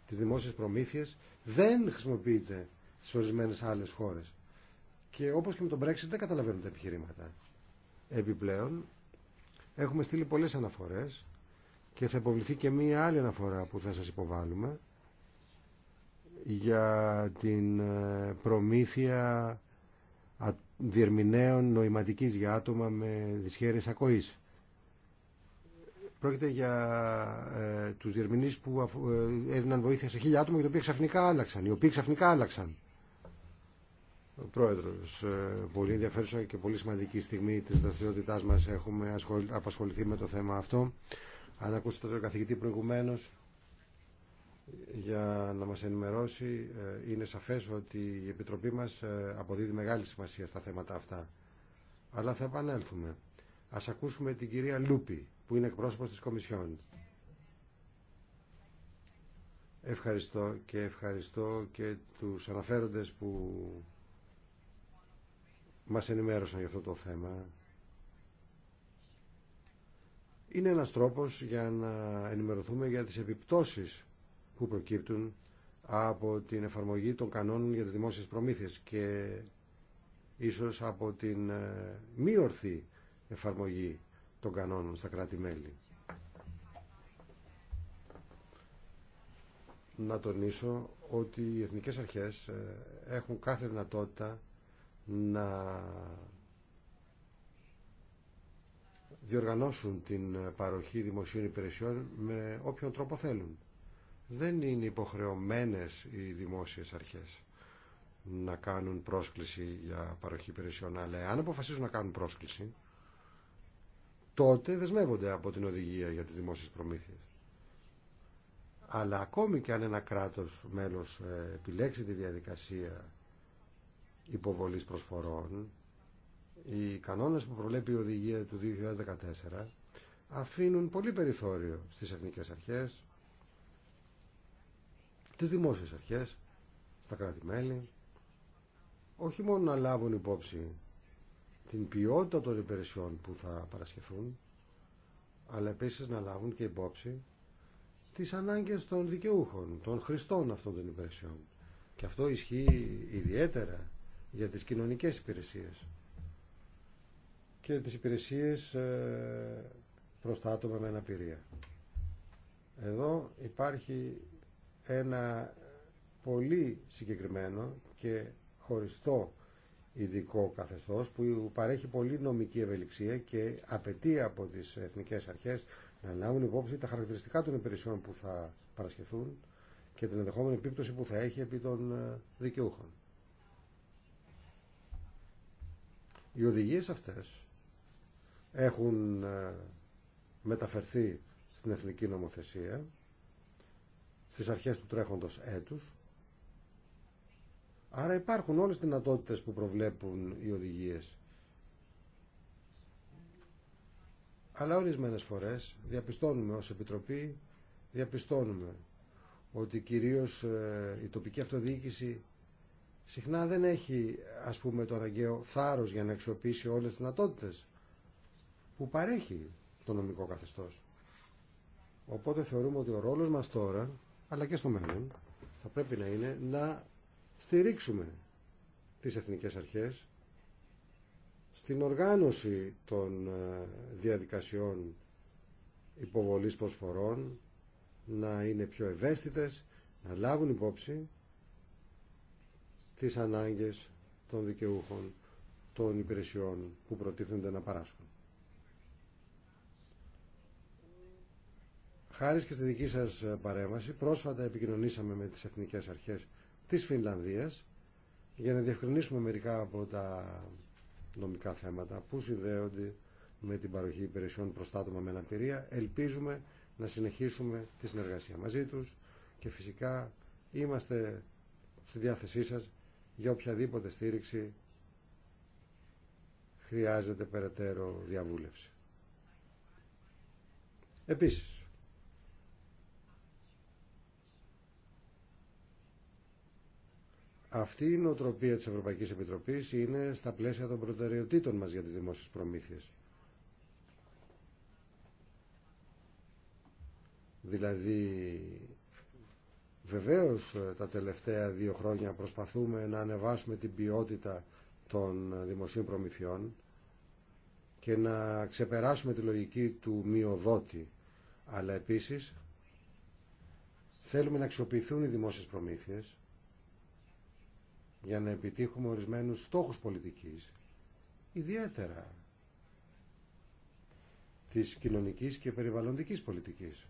τις δημόσιες προμήθειες δεν χρησιμοποιείται σε ορισμένες άλλες χώρες. Και όπως και με τον Brexit δεν καταλαβαίνουν τα επιχειρήματα. Επιπλέον, έχουμε στείλει πολλές αναφορές και θα υποβληθεί και μία άλλη αναφορά που θα σας υποβάλουμε για την ε, προμήθεια διερμηνέων νοηματικής για άτομα με δυσχέρειες ακοής. Πρόκειται για ε, του διερμηνεί που ε, έδιναν βοήθεια σε χίλια άτομα και τα οποία ξαφνικά άλλαξαν. Οι οποίοι ξαφνικά άλλαξαν. Ο πρόεδρο, ε, πολύ ενδιαφέρουσα και πολύ σημαντική στιγμή τη δραστηριότητά μα. Έχουμε απασχοληθεί με το θέμα αυτό. Αν ακούσετε τον καθηγητή προηγουμένω για να μας ενημερώσει ε, είναι σαφές ότι η Επιτροπή μας ε, αποδίδει μεγάλη σημασία στα θέματα αυτά αλλά θα επανέλθουμε ας ακούσουμε την κυρία Λούπη που είναι εκπρόσωπος της Κομισιόν. Ευχαριστώ και ευχαριστώ και τους αναφέροντες που μας ενημέρωσαν για αυτό το θέμα. Είναι ένας τρόπος για να ενημερωθούμε για τις επιπτώσεις που προκύπτουν από την εφαρμογή των κανόνων για τις δημόσιες προμήθειες και ίσως από την ε, μη ορθή εφαρμογή των κανόνων στα κράτη-μέλη. Να τονίσω ότι οι εθνικές αρχές ε, έχουν κάθε δυνατότητα να διοργανώσουν την παροχή δημοσίων υπηρεσιών με όποιον τρόπο θέλουν. Δεν είναι υποχρεωμένες οι δημόσιες αρχές να κάνουν πρόσκληση για παροχή υπηρεσιών, αλλά αν αποφασίζουν να κάνουν πρόσκληση, τότε δεσμεύονται από την οδηγία για τις δημόσιες προμήθειες. Αλλά ακόμη και αν ένα κράτος μέλος ε, επιλέξει τη διαδικασία υποβολής προσφορών, οι κανόνες που προβλέπει η οδηγία του 2014 αφήνουν πολύ περιθώριο στις εθνικές αρχές, τις δημόσιες αρχές, στα κράτη-μέλη, όχι μόνο να λάβουν υπόψη την ποιότητα των υπηρεσιών που θα παρασχεθούν, αλλά επίσης να λάβουν και υπόψη τις ανάγκες των δικαιούχων, των χρηστών αυτών των υπηρεσιών. Και αυτό ισχύει ιδιαίτερα για τις κοινωνικές υπηρεσίες και τις υπηρεσίες ε, προς τα άτομα με αναπηρία. Εδώ υπάρχει ένα πολύ συγκεκριμένο και χωριστό ειδικό καθεστώς που παρέχει πολύ νομική ευελιξία και απαιτεί από τις εθνικές αρχές να λάβουν υπόψη τα χαρακτηριστικά των υπηρεσιών που θα παρασχεθούν και την ενδεχόμενη επίπτωση που θα έχει επί των ε, δικαιούχων. Οι οδηγίες αυτές έχουν ε, μεταφερθεί στην εθνική νομοθεσία στις αρχές του τρέχοντος έτους Άρα υπάρχουν όλες τις δυνατότητες που προβλέπουν οι οδηγίες. Αλλά ορισμένες φορές διαπιστώνουμε ως Επιτροπή, διαπιστώνουμε ότι κυρίως ε, η τοπική αυτοδιοίκηση συχνά δεν έχει ας πούμε το αναγκαίο θάρρος για να αξιοποιήσει όλες τις δυνατότητες που παρέχει το νομικό καθεστώς. Οπότε θεωρούμε ότι ο ρόλος μας τώρα, αλλά και στο μέλλον, θα πρέπει να είναι να στηρίξουμε τις εθνικές αρχές στην οργάνωση των ε, διαδικασιών υποβολής προσφορών να είναι πιο ευαίσθητες, να λάβουν υπόψη τις ανάγκες των δικαιούχων των υπηρεσιών που προτίθενται να παράσχουν. Χάρη και στη δική σας παρέμβαση, πρόσφατα επικοινωνήσαμε με τις Εθνικές Αρχές της Φινλανδίας για να διευκρινίσουμε μερικά από τα νομικά θέματα που συνδέονται με την παροχή υπηρεσιών προς με αναπηρία. Ελπίζουμε να συνεχίσουμε τη συνεργασία μαζί τους και φυσικά είμαστε στη διάθεσή σας για οποιαδήποτε στήριξη χρειάζεται περαιτέρω διαβούλευση. Επίσης, Αυτή η νοοτροπία της Ευρωπαϊκής Επιτροπής είναι στα πλαίσια των προτεραιοτήτων μας για τις δημόσιες προμήθειες. Δηλαδή, βεβαίως τα τελευταία δύο χρόνια προσπαθούμε να ανεβάσουμε την ποιότητα των δημοσίων προμηθειών και να ξεπεράσουμε τη λογική του μειοδότη. Αλλά επίσης θέλουμε να αξιοποιηθούν οι δημόσιες προμήθειες για να επιτύχουμε ορισμένους στόχους πολιτικής, ιδιαίτερα της κοινωνικής και περιβαλλοντικής πολιτικής.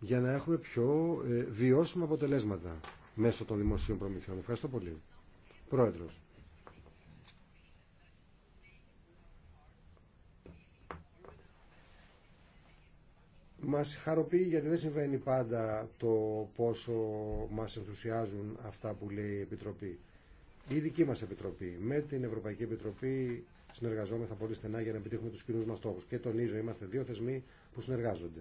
για να έχουμε πιο ε, βιώσιμα αποτελέσματα μέσω των δημοσίων προμηθειών. Ευχαριστώ πολύ. Πρόεδρος. Μας χαροποιεί γιατί δεν συμβαίνει πάντα το πόσο μας ενθουσιάζουν αυτά που λέει η Επιτροπή. Η δική μας Επιτροπή. Με την Ευρωπαϊκή Επιτροπή συνεργαζόμεθα πολύ στενά για να επιτύχουμε τους κοινούς μας στόχους. Και τονίζω, είμαστε δύο θεσμοί που συνεργάζονται.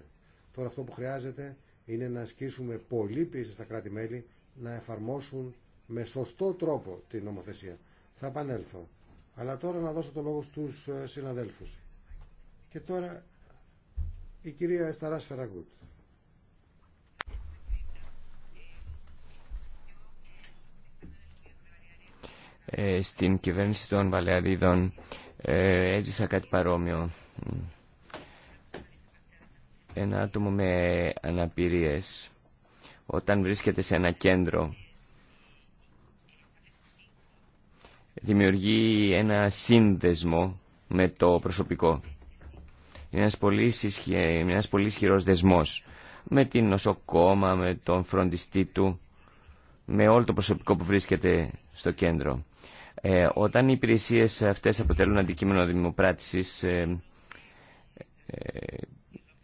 Τώρα αυτό που χρειάζεται είναι να ασκήσουμε πολύ πίεση στα κράτη-μέλη να εφαρμόσουν με σωστό τρόπο την νομοθεσία. Θα επανέλθω. Αλλά τώρα να δώσω το λόγο στους συναδέλφους. Και τώρα η κυρία ε, στην κυβέρνηση των Βαλεαρίδων ε, έζησα κάτι παρόμοιο. Ένα άτομο με αναπηρίες όταν βρίσκεται σε ένα κέντρο δημιουργεί ένα σύνδεσμο με το προσωπικό. Είναι ένας πολύ, ισχυρό ένας ισχυρός δεσμός με την νοσοκόμα, με τον φροντιστή του, με όλο το προσωπικό που βρίσκεται στο κέντρο. Ε, όταν οι υπηρεσίες αυτές αποτελούν αντικείμενο δημοπράτησης, ε, ε,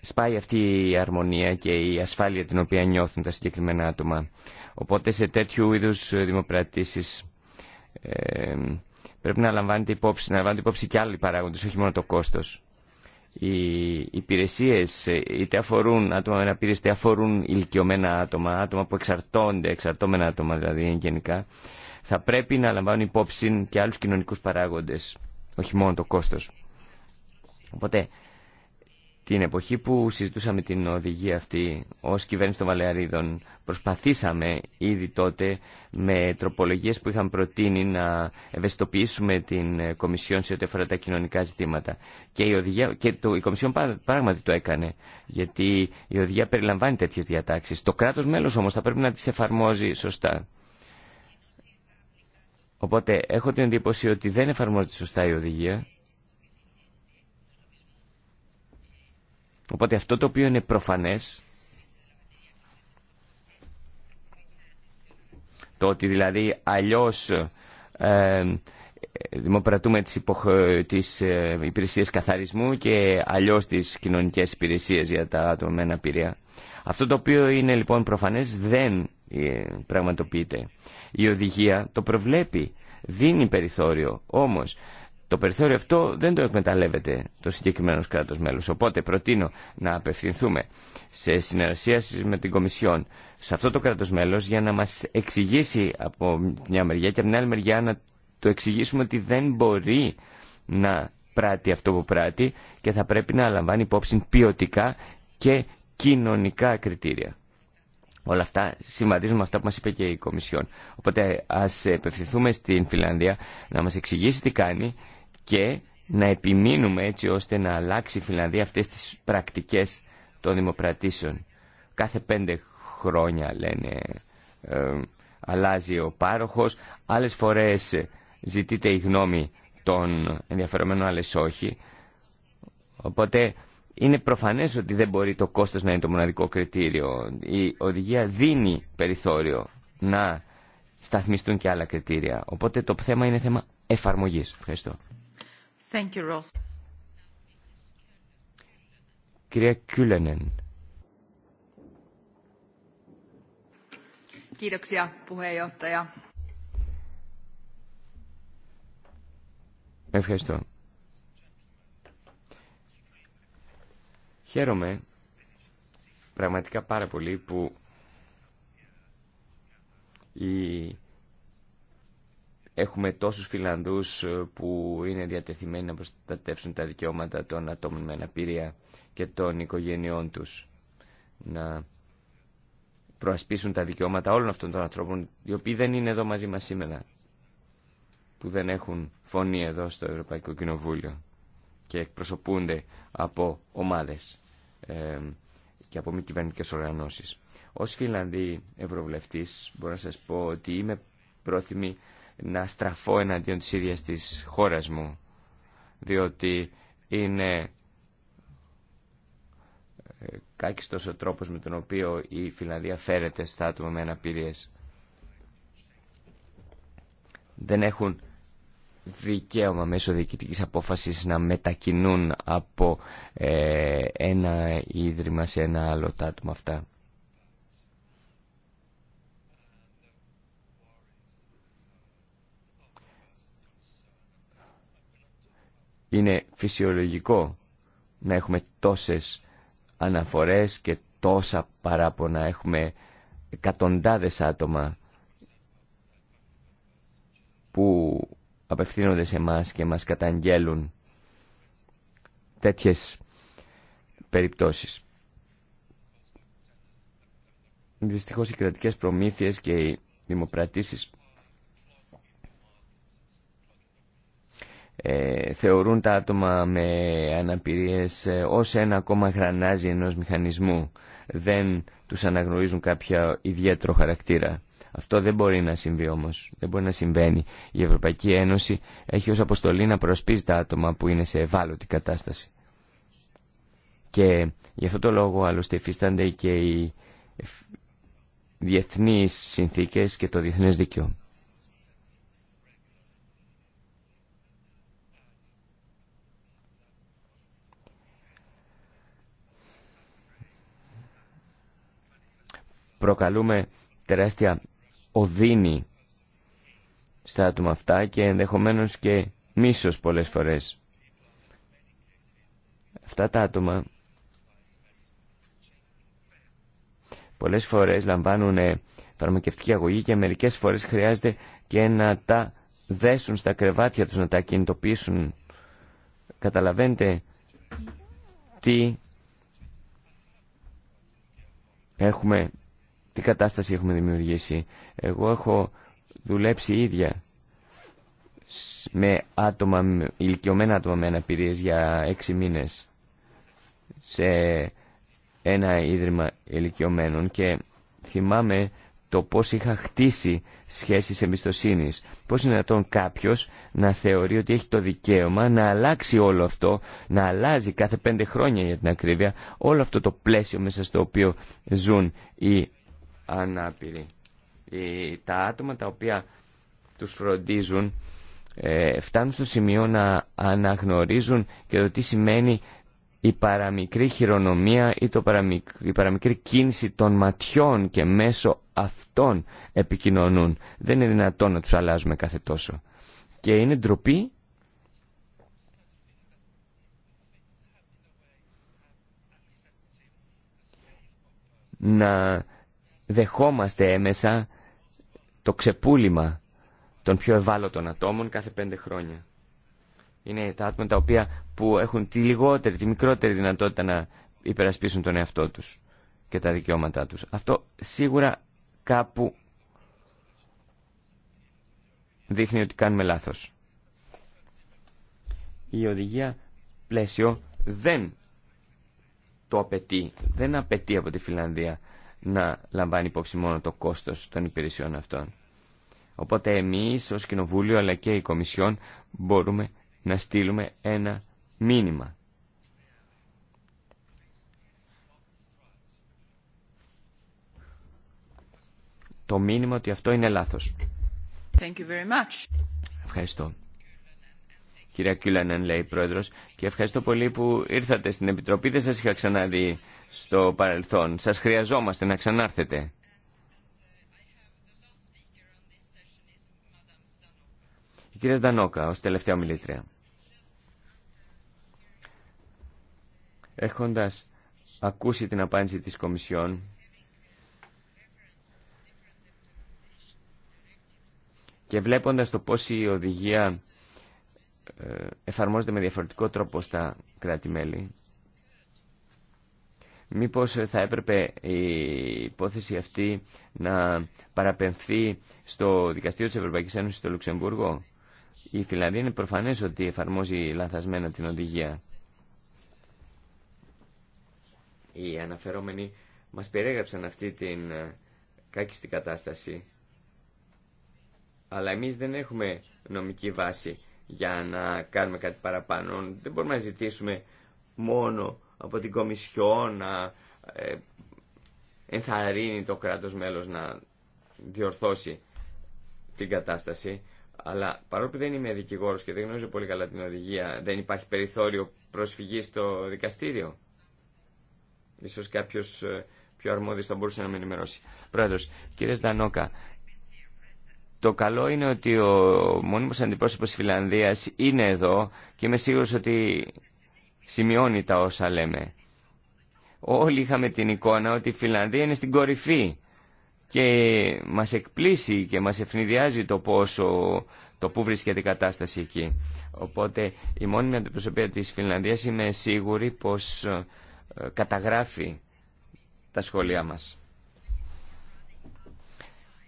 σπάει αυτή η αρμονία και η ασφάλεια την οποία νιώθουν τα συγκεκριμένα άτομα. Οπότε σε τέτοιου είδους δημοπρατήσεις πρέπει να λαμβάνετε υπόψη, να λαμβάνετε υπόψη και άλλοι παράγοντες, όχι μόνο το κόστος οι υπηρεσίες ε, είτε αφορούν άτομα με αναπηρία είτε αφορούν ηλικιωμένα άτομα, άτομα που εξαρτώνται, εξαρτώμενα άτομα δηλαδή γενικά, θα πρέπει να λαμβάνουν υπόψη και άλλους κοινωνικούς παράγοντες, όχι μόνο το κόστος. Οπότε την εποχή που συζητούσαμε την οδηγία αυτή ως κυβέρνηση των Βαλεαρίδων προσπαθήσαμε ήδη τότε με τροπολογίες που είχαν προτείνει να ευαισθητοποιήσουμε την Κομισιόν σε ό,τι αφορά τα κοινωνικά ζητήματα. Και, η, οδηγία, και το, η Κομισιόν πράγματι το έκανε, γιατί η οδηγία περιλαμβάνει τέτοιες διατάξεις. Το κράτος μέλος όμως θα πρέπει να τις εφαρμόζει σωστά. Οπότε έχω την εντύπωση ότι δεν εφαρμόζεται σωστά η οδηγία Οπότε αυτό το οποίο είναι προφανές, το ότι δηλαδή αλλιώς ε, δημοπρατούμε τις, υποχ... Ε, υπηρεσίες καθαρισμού και αλλιώς τις κοινωνικές υπηρεσίες για τα άτομα με αναπηρία. Αυτό το οποίο είναι λοιπόν προφανές δεν ε, πραγματοποιείται. Η οδηγία το προβλέπει, δίνει περιθώριο, όμως το περιθώριο αυτό δεν το εκμεταλλεύεται το συγκεκριμένο κράτος μέλος. Οπότε προτείνω να απευθυνθούμε σε συνεργασία με την Κομισιόν σε αυτό το κράτος μέλος για να μας εξηγήσει από μια μεριά και από την άλλη μεριά να το εξηγήσουμε ότι δεν μπορεί να πράττει αυτό που πράττει και θα πρέπει να λαμβάνει υπόψη ποιοτικά και κοινωνικά κριτήρια. Όλα αυτά συμβαδίζουν με αυτά που μας είπε και η Κομισιόν. Οπότε ας επευθυνθούμε στην Φιλανδία να μας εξηγήσει τι κάνει και να επιμείνουμε έτσι ώστε να αλλάξει η Φιλανδία αυτές τις πρακτικές των δημοπρατήσεων. Κάθε πέντε χρόνια λένε ε, αλλάζει ο πάροχος, άλλες φορές ζητείται η γνώμη των ενδιαφερομένων, άλλες όχι. Οπότε είναι προφανές ότι δεν μπορεί το κόστος να είναι το μοναδικό κριτήριο. Η οδηγία δίνει περιθώριο να σταθμιστούν και άλλα κριτήρια. Οπότε το θέμα είναι θέμα εφαρμογής. Ευχαριστώ. Thank you, Ross. Κυρία Κούλενεν. Kiitoksia, puheenjohtaja. Ευχαριστώ. Χαίρομαι πραγματικά πάρα πολύ που η έχουμε τόσους Φιλανδούς ε, που είναι διατεθειμένοι να προστατεύσουν τα δικαιώματα των ατόμων με αναπηρία και των οικογένειών τους. Να προασπίσουν τα δικαιώματα όλων αυτών των ανθρώπων, οι οποίοι δεν είναι εδώ μαζί μας σήμερα, που δεν έχουν φωνή εδώ στο Ευρωπαϊκό Κοινοβούλιο και εκπροσωπούνται από ομάδες ε, και από μη κυβερνητικές οργανώσεις. Ως Φιλανδή Ευρωβουλευτής μπορώ να σας πω ότι είμαι πρόθυμη να στραφώ εναντίον της ίδιας της χώρας μου, διότι είναι ε, κάκιστος ο τρόπος με τον οποίο η Φιλανδία φέρεται στα άτομα με αναπηρίες. Δεν έχουν δικαίωμα μέσω διοικητικής απόφασης να μετακινούν από ε, ένα ίδρυμα σε ένα άλλο τα άτομα αυτά. είναι φυσιολογικό να έχουμε τόσες αναφορές και τόσα παράπονα. Έχουμε εκατοντάδες άτομα που απευθύνονται σε μας και μας καταγγέλουν τέτοιες περιπτώσεις. Δυστυχώς οι κρατικές προμήθειες και οι δημοπρατήσεις ε, θεωρούν τα άτομα με αναπηρίες ε, ως ένα ακόμα γρανάζι ενός μηχανισμού. Δεν τους αναγνωρίζουν κάποια ιδιαίτερο χαρακτήρα. Αυτό δεν μπορεί να συμβεί όμως, δεν μπορεί να συμβαίνει. Η Ευρωπαϊκή Ένωση έχει ως αποστολή να προσπίζει τα άτομα που είναι σε ευάλωτη κατάσταση. Και γι' αυτό το λόγο άλλωστε υφίστανται και οι διεθνείς συνθήκες και το διεθνές δίκαιο. προκαλούμε τεράστια οδύνη στα άτομα αυτά και ενδεχομένως και μίσος πολλές φορές. Αυτά τα άτομα πολλές φορές λαμβάνουν ε, φαρμακευτική αγωγή και μερικές φορές χρειάζεται και να τα δέσουν στα κρεβάτια τους, να τα κινητοποιήσουν. Καταλαβαίνετε τι έχουμε τι κατάσταση έχουμε δημιουργήσει. Εγώ έχω δουλέψει ίδια με άτομα, ηλικιωμένα άτομα με αναπηρίες για έξι μήνες σε ένα ίδρυμα ηλικιωμένων και θυμάμαι το πώς είχα χτίσει σχέσεις εμπιστοσύνης. Πώς είναι δυνατόν κάποιος να θεωρεί ότι έχει το δικαίωμα να αλλάξει όλο αυτό, να αλλάζει κάθε πέντε χρόνια για την ακρίβεια, όλο αυτό το πλαίσιο μέσα στο οποίο ζουν οι ανάπηροι. Τα άτομα τα οποία τους φροντίζουν ε, φτάνουν στο σημείο να αναγνωρίζουν και το τι σημαίνει η παραμικρή χειρονομία ή το η παραμικρή κίνηση των ματιών και μέσω αυτών επικοινωνούν. Δεν είναι δυνατόν να τους αλλάζουμε κάθε τόσο. Και είναι ντροπή να δεχόμαστε έμεσα το ξεπούλημα των πιο ευάλωτων ατόμων κάθε πέντε χρόνια. Είναι τα άτομα τα οποία που έχουν τη λιγότερη, τη μικρότερη δυνατότητα να υπερασπίσουν τον εαυτό τους και τα δικαιώματά τους. Αυτό σίγουρα κάπου δείχνει ότι κάνουμε λάθος. Η οδηγία πλαίσιο δεν το απαιτεί, δεν απαιτεί από τη Φιλανδία να λαμβάνει υπόψη μόνο το κόστος των υπηρεσιών αυτών. Οπότε εμείς ως Κοινοβούλιο αλλά και η Κομισιόν μπορούμε να στείλουμε ένα μήνυμα. Το μήνυμα ότι αυτό είναι λάθος. Thank you very much. Ευχαριστώ κυρία Κιούλανεν, λέει η πρόεδρο. Και ευχαριστώ πολύ που ήρθατε στην Επιτροπή. Δεν σα είχα ξαναδεί στο παρελθόν. Σα χρειαζόμαστε να ξανάρθετε. Η κυρία Στανόκα, ω τελευταία ομιλήτρια. Έχοντα ακούσει την απάντηση της Κομισιόν, και βλέποντας το πώς η οδηγία ε, εφαρμόζεται με διαφορετικό τρόπο στα κράτη-μέλη. Μήπως ε, θα έπρεπε η υπόθεση αυτή να παραπεμφθεί στο Δικαστήριο της Ευρωπαϊκής Ένωσης στο Λουξεμβούργο. Η Φιλανδία είναι προφανές ότι εφαρμόζει λανθασμένα την οδηγία. Οι αναφερόμενοι μας περιέγραψαν αυτή την ε, κάκιστη κατάσταση. Αλλά εμείς δεν έχουμε νομική βάση για να κάνουμε κάτι παραπάνω. Δεν μπορούμε να ζητήσουμε μόνο από την Κομισιό να ε, ενθαρρύνει το κράτος μέλος να διορθώσει την κατάσταση. Αλλά παρόλο που δεν είμαι δικηγόρο και δεν γνωρίζω πολύ καλά την οδηγία, δεν υπάρχει περιθώριο προσφυγή στο δικαστήριο. Ίσως κάποιο ε, πιο αρμόδιος θα μπορούσε να με ενημερώσει. Πρόεδρο, κύριε Στανόκα, το καλό είναι ότι ο μόνιμος αντιπρόσωπος της Φιλανδίας είναι εδώ και είμαι σίγουρος ότι σημειώνει τα όσα λέμε. Όλοι είχαμε την εικόνα ότι η Φιλανδία είναι στην κορυφή και μας εκπλήσει και μας ευνηδιάζει το πόσο το που βρίσκεται η κατάσταση εκεί. Οπότε η μόνιμη αντιπροσωπεία της Φιλανδίας είμαι σίγουρη πως ε, καταγράφει τα σχόλιά μας.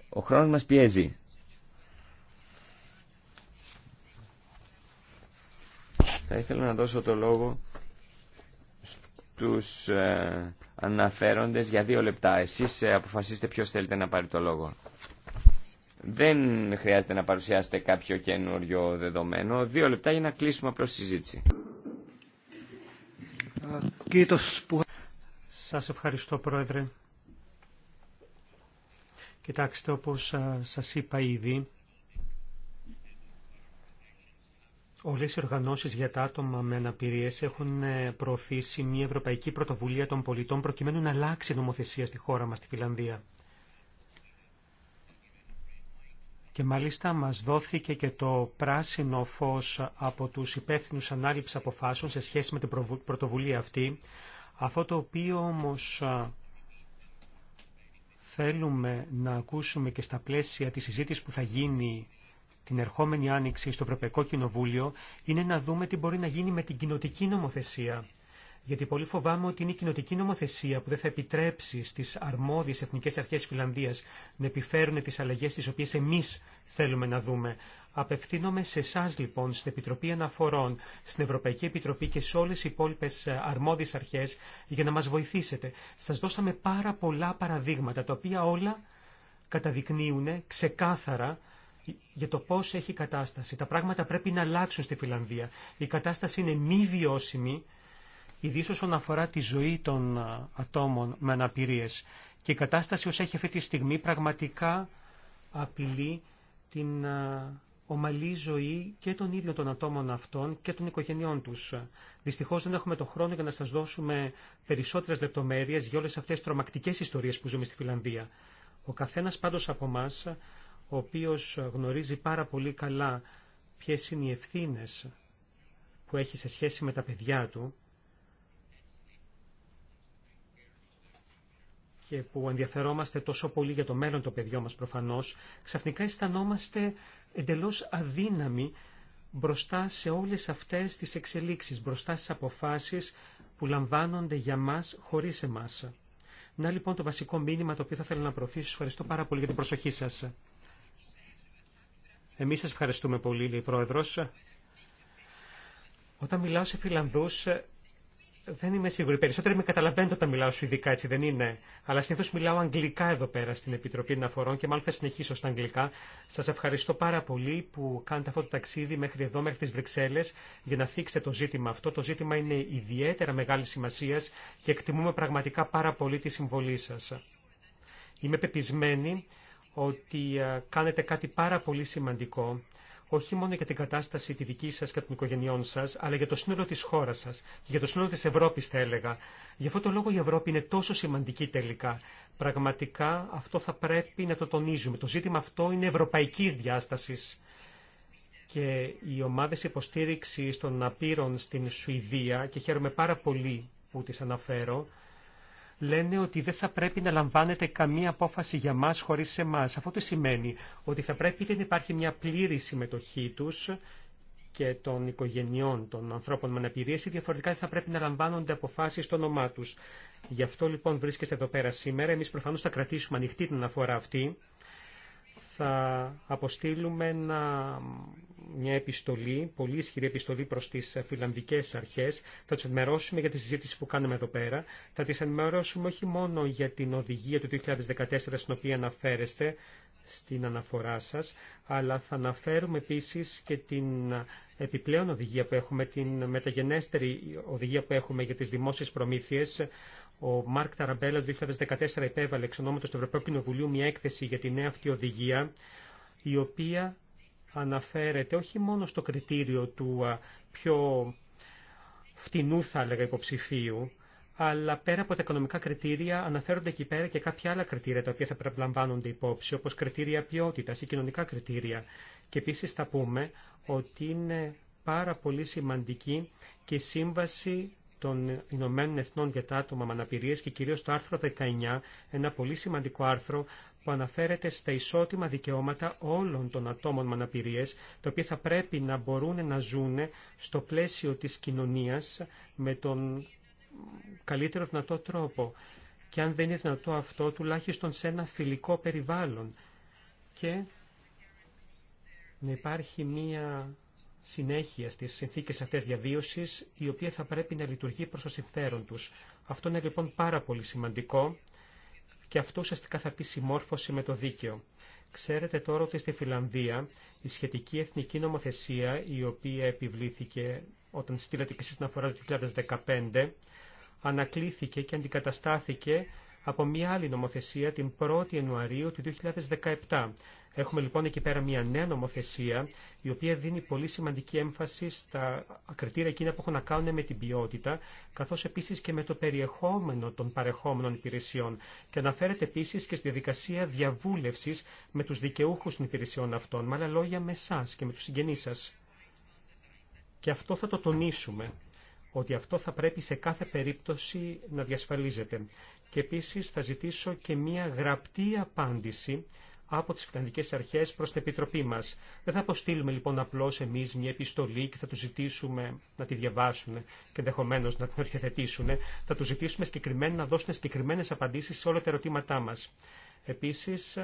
Ο χρόνος μας πιέζει. Θα ήθελα να δώσω το λόγο στους ε, αναφέροντες για δύο λεπτά. Εσείς ε, αποφασίστε ποιος θέλετε να πάρει το λόγο. Δεν χρειάζεται να παρουσιάσετε κάποιο καινούριο δεδομένο. Δύο λεπτά για να κλείσουμε απλώς τη συζήτηση. Σας ευχαριστώ Πρόεδρε. Κοιτάξτε, όπως ε, σας είπα ήδη, Όλες οι οργανώσεις για τα άτομα με αναπηρίες έχουν ε, προωθήσει μια ευρωπαϊκή πρωτοβουλία των πολιτών προκειμένου να αλλάξει η νομοθεσία στη χώρα μας, στη Φιλανδία. Και μάλιστα μας δόθηκε και το πράσινο φως από τους υπεύθυνους ανάληψη αποφάσεων σε σχέση με την πρωτοβουλία αυτή. Αυτό το οποίο όμως ε, θέλουμε να ακούσουμε και στα πλαίσια της συζήτησης που θα γίνει την ερχόμενη άνοιξη στο Ευρωπαϊκό Κοινοβούλιο είναι να δούμε τι μπορεί να γίνει με την κοινοτική νομοθεσία. Γιατί πολύ φοβάμαι ότι είναι η κοινοτική νομοθεσία που δεν θα επιτρέψει στι αρμόδιε εθνικέ αρχέ Φιλανδία να επιφέρουν τι αλλαγέ τι οποίε εμεί θέλουμε να δούμε. Απευθύνομαι σε εσά λοιπόν, στην Επιτροπή Αναφορών, στην Ευρωπαϊκή Επιτροπή και σε όλε οι υπόλοιπε αρμόδιε αρχέ για να μα βοηθήσετε. Σα δώσαμε πάρα πολλά παραδείγματα τα οποία όλα καταδεικνύουν ξεκάθαρα για το πώς έχει η κατάσταση. Τα πράγματα πρέπει να αλλάξουν στη Φιλανδία. Η κατάσταση είναι μη βιώσιμη, ιδίως όσον αφορά τη ζωή των ατόμων με αναπηρίες. Και η κατάσταση όσο έχει αυτή τη στιγμή πραγματικά απειλεί την ομαλή ζωή και των ίδιων των ατόμων αυτών και των οικογενειών τους. Δυστυχώς δεν έχουμε το χρόνο για να σας δώσουμε περισσότερες λεπτομέρειες για όλες αυτές τις τρομακτικές ιστορίες που ζούμε στη Φιλανδία. Ο καθένας πάντως από εμά ο οποίος γνωρίζει πάρα πολύ καλά ποιες είναι οι ευθύνε που έχει σε σχέση με τα παιδιά του και που ενδιαφερόμαστε τόσο πολύ για το μέλλον των παιδιών μας προφανώς, ξαφνικά αισθανόμαστε εντελώς αδύναμοι μπροστά σε όλες αυτές τις εξελίξεις, μπροστά στις αποφάσεις που λαμβάνονται για μας χωρίς εμάς. Να λοιπόν το βασικό μήνυμα το οποίο θα ήθελα να προωθήσω. Ευχαριστώ πάρα πολύ για την προσοχή σας. Εμείς σας ευχαριστούμε πολύ, λέει Πρόεδρος. Όταν μιλάω σε Φιλανδούς, δεν είμαι σίγουρη. Περισσότερο με καταλαβαίνετε όταν μιλάω σου ειδικά, έτσι δεν είναι. Αλλά συνήθω μιλάω αγγλικά εδώ πέρα στην Επιτροπή Αναφορών και μάλλον θα συνεχίσω στα αγγλικά. Σα ευχαριστώ πάρα πολύ που κάνετε αυτό το ταξίδι μέχρι εδώ, μέχρι τι Βρυξέλλε, για να θίξετε το ζήτημα αυτό. Το ζήτημα είναι ιδιαίτερα μεγάλη σημασία και εκτιμούμε πραγματικά πάρα πολύ τη συμβολή σα. Είμαι πεπισμένη ότι ε, κάνετε κάτι πάρα πολύ σημαντικό, όχι μόνο για την κατάσταση τη δική σας και των οικογενειών σας, αλλά για το σύνολο της χώρας σας, και για το σύνολο της Ευρώπης θα έλεγα. Γι' αυτό το λόγο η Ευρώπη είναι τόσο σημαντική τελικά. Πραγματικά αυτό θα πρέπει να το τονίζουμε. Το ζήτημα αυτό είναι ευρωπαϊκής διάστασης. Και οι ομάδες υποστήριξης των απείρων στην Σουηδία, και χαίρομαι πάρα πολύ που τις αναφέρω, λένε ότι δεν θα πρέπει να λαμβάνετε καμία απόφαση για μας χωρίς εμάς. Αυτό τι σημαίνει ότι θα πρέπει να υπάρχει μια πλήρη συμμετοχή τους και των οικογενειών των ανθρώπων με αναπηρία, ή διαφορετικά θα πρέπει να λαμβάνονται αποφάσεις στο όνομά τους. Γι' αυτό λοιπόν βρίσκεστε εδώ πέρα σήμερα. Εμείς προφανώς θα κρατήσουμε ανοιχτή την αναφορά αυτή θα αποστείλουμε μια επιστολή, πολύ ισχυρή επιστολή προς τις φιλανδικές αρχές. Θα τις ενημερώσουμε για τη συζήτηση που κάνουμε εδώ πέρα. Θα τις ενημερώσουμε όχι μόνο για την οδηγία του 2014 στην οποία αναφέρεστε, στην αναφορά σας, αλλά θα αναφέρουμε επίσης και την επιπλέον οδηγία που έχουμε, την μεταγενέστερη οδηγία που έχουμε για τις δημόσιες προμήθειες, ο Μάρκ Ταραμπέλα το 2014 επέβαλε εξ ονόματος του Ευρωπαϊκού Κοινοβουλίου μια έκθεση για τη νέα αυτή οδηγία, η οποία αναφέρεται όχι μόνο στο κριτήριο του πιο φτηνού θα έλεγα υποψηφίου, αλλά πέρα από τα οικονομικά κριτήρια αναφέρονται εκεί πέρα και κάποια άλλα κριτήρια τα οποία θα πρέπει να λαμβάνονται υπόψη, όπως κριτήρια ποιότητας ή κοινωνικά κριτήρια. Και επίσης θα πούμε ότι είναι πάρα πολύ σημαντική και η σύμβαση των Ηνωμένων Εθνών για τα άτομα με αναπηρίες και κυρίως το άρθρο 19, ένα πολύ σημαντικό άρθρο που αναφέρεται στα ισότιμα δικαιώματα όλων των ατόμων με αναπηρίες, τα οποία θα πρέπει να μπορούν να ζουν στο πλαίσιο της κοινωνίας με τον καλύτερο δυνατό τρόπο. Και αν δεν είναι δυνατό αυτό, τουλάχιστον σε ένα φιλικό περιβάλλον. Και να υπάρχει μία συνέχεια στις συνθήκες αυτές διαβίωσης, η οποία θα πρέπει να λειτουργεί προς το συμφέρον τους. Αυτό είναι λοιπόν πάρα πολύ σημαντικό και αυτό ουσιαστικά θα πει συμμόρφωση με το δίκαιο. Ξέρετε τώρα ότι στη Φιλανδία η σχετική εθνική νομοθεσία, η οποία επιβλήθηκε όταν στείλατε και εσείς την αφορά του 2015, ανακλήθηκε και αντικαταστάθηκε από μια άλλη νομοθεσία την 1η Ιανουαρίου του 2017. Έχουμε λοιπόν εκεί πέρα μια νέα νομοθεσία η οποία δίνει πολύ σημαντική έμφαση στα κριτήρια εκείνα που έχουν να κάνουν με την ποιότητα καθώς επίσης και με το περιεχόμενο των παρεχόμενων υπηρεσιών και αναφέρεται επίσης και στη διαδικασία διαβούλευσης με τους δικαιούχους των υπηρεσιών αυτών, με άλλα λόγια με εσά και με τους συγγενείς σας. Και αυτό θα το τονίσουμε ότι αυτό θα πρέπει σε κάθε περίπτωση να διασφαλίζεται. Και επίσης θα ζητήσω και μία γραπτή απάντηση από τις Φιλανδικές Αρχές προς την Επιτροπή μας. Δεν θα αποστείλουμε λοιπόν απλώς εμείς μια επιστολή και θα του ζητήσουμε να τη διαβάσουν και ενδεχομένω να την οριοθετήσουν. Θα του ζητήσουμε συγκεκριμένα να δώσουν συγκεκριμένες απαντήσεις σε όλα τα ερωτήματά μας. Επίσης,